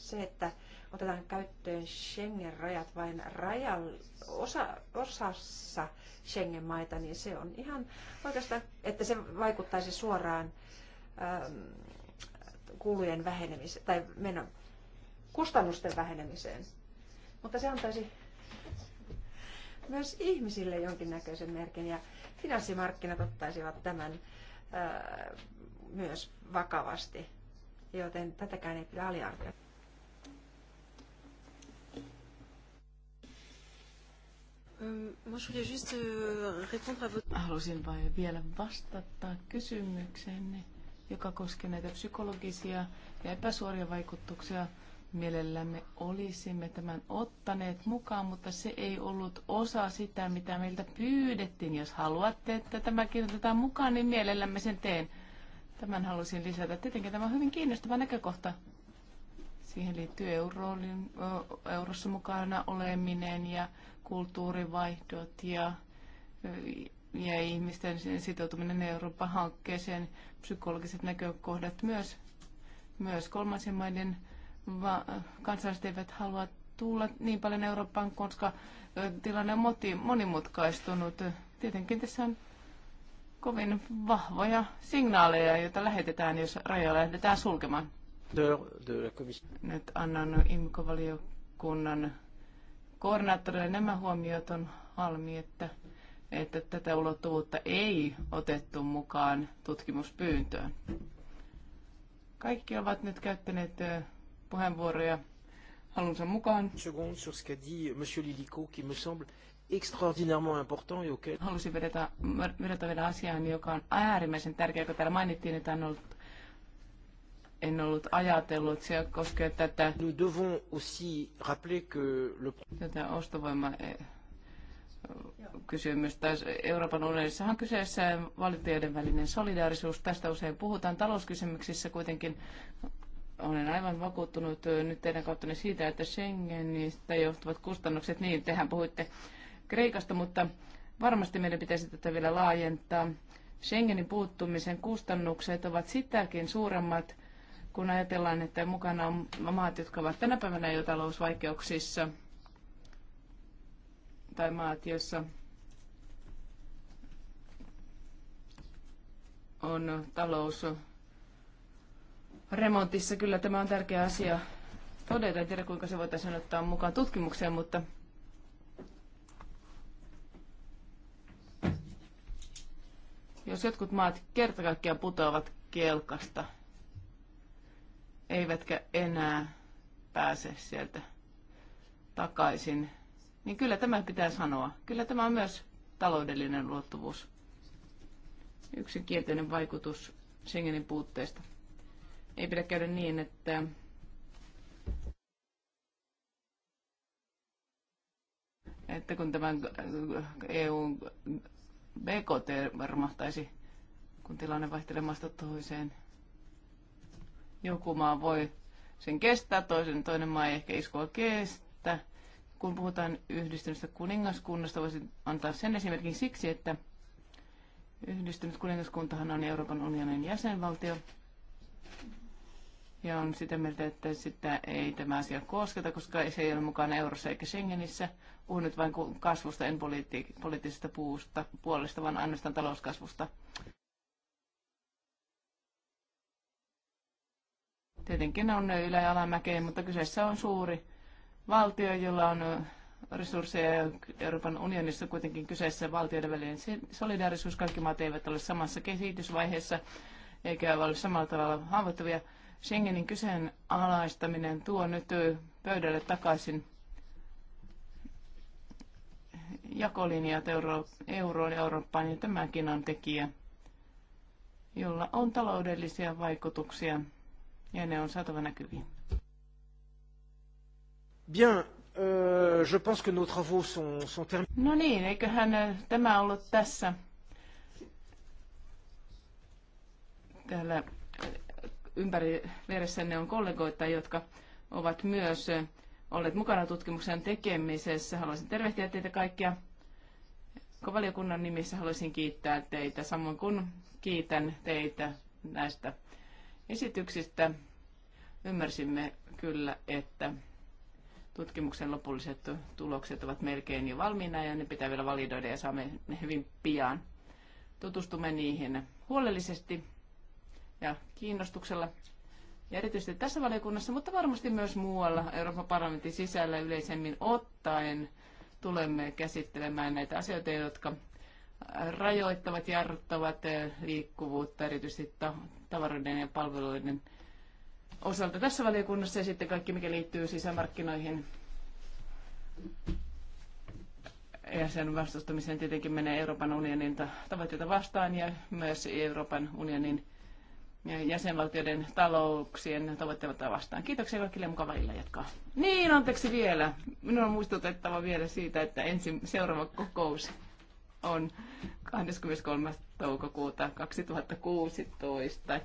se, että otetaan käyttöön Schengen-rajat vain rajal osa, osassa Schengen-maita, niin se on ihan oikeastaan, että se vaikuttaisi suoraan ähm, kulujen vähenemiseen tai menon, kustannusten vähenemiseen. Mutta se antaisi myös ihmisille jonkinnäköisen merkin ja finanssimarkkinat ottaisivat tämän äh, myös vakavasti, joten tätäkään ei pidä aliarvioida. Euh, euh, halusin vain vielä vastata kysymykseenne, joka koski näitä psykologisia ja epäsuoria vaikutuksia. Mielellämme olisimme tämän ottaneet mukaan, mutta se ei ollut osa sitä, mitä meiltä pyydettiin. Jos haluatte, että tämä kirjoitetaan mukaan, niin mielellämme sen teen. Tämän halusin lisätä. Tietenkin tämä on hyvin kiinnostava näkökohta. Siihen liittyy eurossa mukana oleminen ja kulttuurivaihdot ja, ja ihmisten sitoutuminen Euroopan hankkeeseen, psykologiset näkökohdat myös, myös kolmansien maiden va- kansalaiset eivät halua tulla niin paljon Eurooppaan, koska tilanne on monimutkaistunut. Tietenkin tässä on kovin vahvoja signaaleja, joita lähetetään, jos raja lähdetään sulkemaan. Nyt annan imkovaliokunnan koordinaattorille nämä huomiot on halmi, että, että tätä ulottuvuutta ei otettu mukaan tutkimuspyyntöön. Kaikki ovat nyt käyttäneet puheenvuoroja halunsa mukaan. Second sur ce dit euh, monsieur Lilico, qui me semble extraordinairement important et auquel... Halusin vedata, vedata vielä asiaan, joka on äärimmäisen tärkeä, kun täällä mainittiin, että on ollut en ollut ajatellut. Se koskee tätä, Nous devons aussi rappeler que le... tätä ostovoima eh, kysymystä. Euroopan unionissa on kyseessä valtioiden välinen solidaarisuus. Tästä usein puhutaan talouskysymyksissä kuitenkin. Olen aivan vakuuttunut eh, nyt teidän kauttanne siitä, että Schengenistä johtuvat kustannukset, niin tehän puhuitte Kreikasta, mutta varmasti meidän pitäisi tätä vielä laajentaa. Schengenin puuttumisen kustannukset ovat sitäkin suuremmat, kun ajatellaan, että mukana on maat, jotka ovat tänä päivänä jo talousvaikeuksissa, tai maat, joissa on talous remontissa. Kyllä tämä on tärkeä asia todeta. En tiedä, kuinka se voitaisiin ottaa mukaan tutkimukseen, mutta jos jotkut maat kertakaikkiaan putoavat kelkasta, eivätkä enää pääse sieltä takaisin. Niin kyllä tämä pitää sanoa. Kyllä tämä on myös taloudellinen luottuvuus. Yksinkielteinen vaikutus Schengenin puutteesta. Ei pidä käydä niin, että että kun tämä EU BKT varmahtaisi, kun tilanne vaihtelee maasta toiseen, joku maa voi sen kestää, toisen, toinen maa ei ehkä iskua kestä. Kun puhutaan yhdistyneestä kuningaskunnasta, voisin antaa sen esimerkin siksi, että yhdistynyt kuningaskuntahan on Euroopan unionin jäsenvaltio ja on sitä mieltä, että sitä ei tämä asia kosketa, koska se ei ole mukana eurossa eikä Schengenissä. Puhun nyt vain kasvusta, en poliittisesta puusta, puolesta, vaan ainoastaan talouskasvusta. Tietenkin on ylä- ja alamäkeä, mutta kyseessä on suuri valtio, jolla on resursseja Euroopan unionissa kuitenkin kyseessä valtioiden välinen solidaarisuus. Kaikki maat eivät ole samassa kehitysvaiheessa eikä ole samalla tavalla haavoittuvia. Schengenin kyseenalaistaminen tuo nyt pöydälle takaisin jakolinjat euro, euroon Eurooppaan, ja tämäkin on tekijä, jolla on taloudellisia vaikutuksia ja ne on saatava näkyviin. Bien, euh, je pense que nos travaux sont, sont terminés. No niin, eiköhän äh, tämä ollut tässä. Täällä äh, ympäri vieressänne on kollegoita, jotka ovat myös äh, olleet mukana tutkimuksen tekemisessä. Haluaisin tervehtiä teitä kaikkia. Valiokunnan nimissä haluaisin kiittää teitä, samoin kuin kiitän teitä näistä esityksistä ymmärsimme kyllä, että tutkimuksen lopulliset tulokset ovat melkein jo valmiina ja ne pitää vielä validoida ja saamme ne hyvin pian. Tutustumme niihin huolellisesti ja kiinnostuksella ja erityisesti tässä valiokunnassa, mutta varmasti myös muualla Euroopan parlamentin sisällä yleisemmin ottaen tulemme käsittelemään näitä asioita, jotka rajoittavat, jarruttavat liikkuvuutta, erityisesti tavaroiden ja palveluiden osalta tässä valiokunnassa ja sitten kaikki, mikä liittyy sisämarkkinoihin ja sen vastustamiseen tietenkin menee Euroopan unionin tavoitteita vastaan ja myös Euroopan unionin jäsenvaltioiden talouksien tavoitteita vastaan. Kiitoksia kaikille mukava jatkaa. Niin, anteeksi vielä. Minun on muistutettava vielä siitä, että ensin seuraava kokous on 23. toukokuuta 2016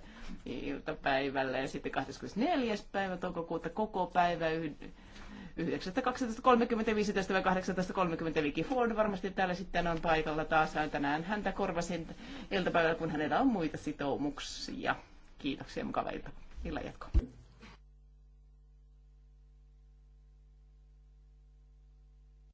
iltapäivällä ja sitten 24. päivä toukokuuta koko päivä 9.12.30-15-18.30 Vicky Ford varmasti täällä sitten on paikalla taas. Tänään häntä korvasin iltapäivällä, kun hänellä on muita sitoumuksia. Kiitoksia, mukava ilta. Illan jatkoa.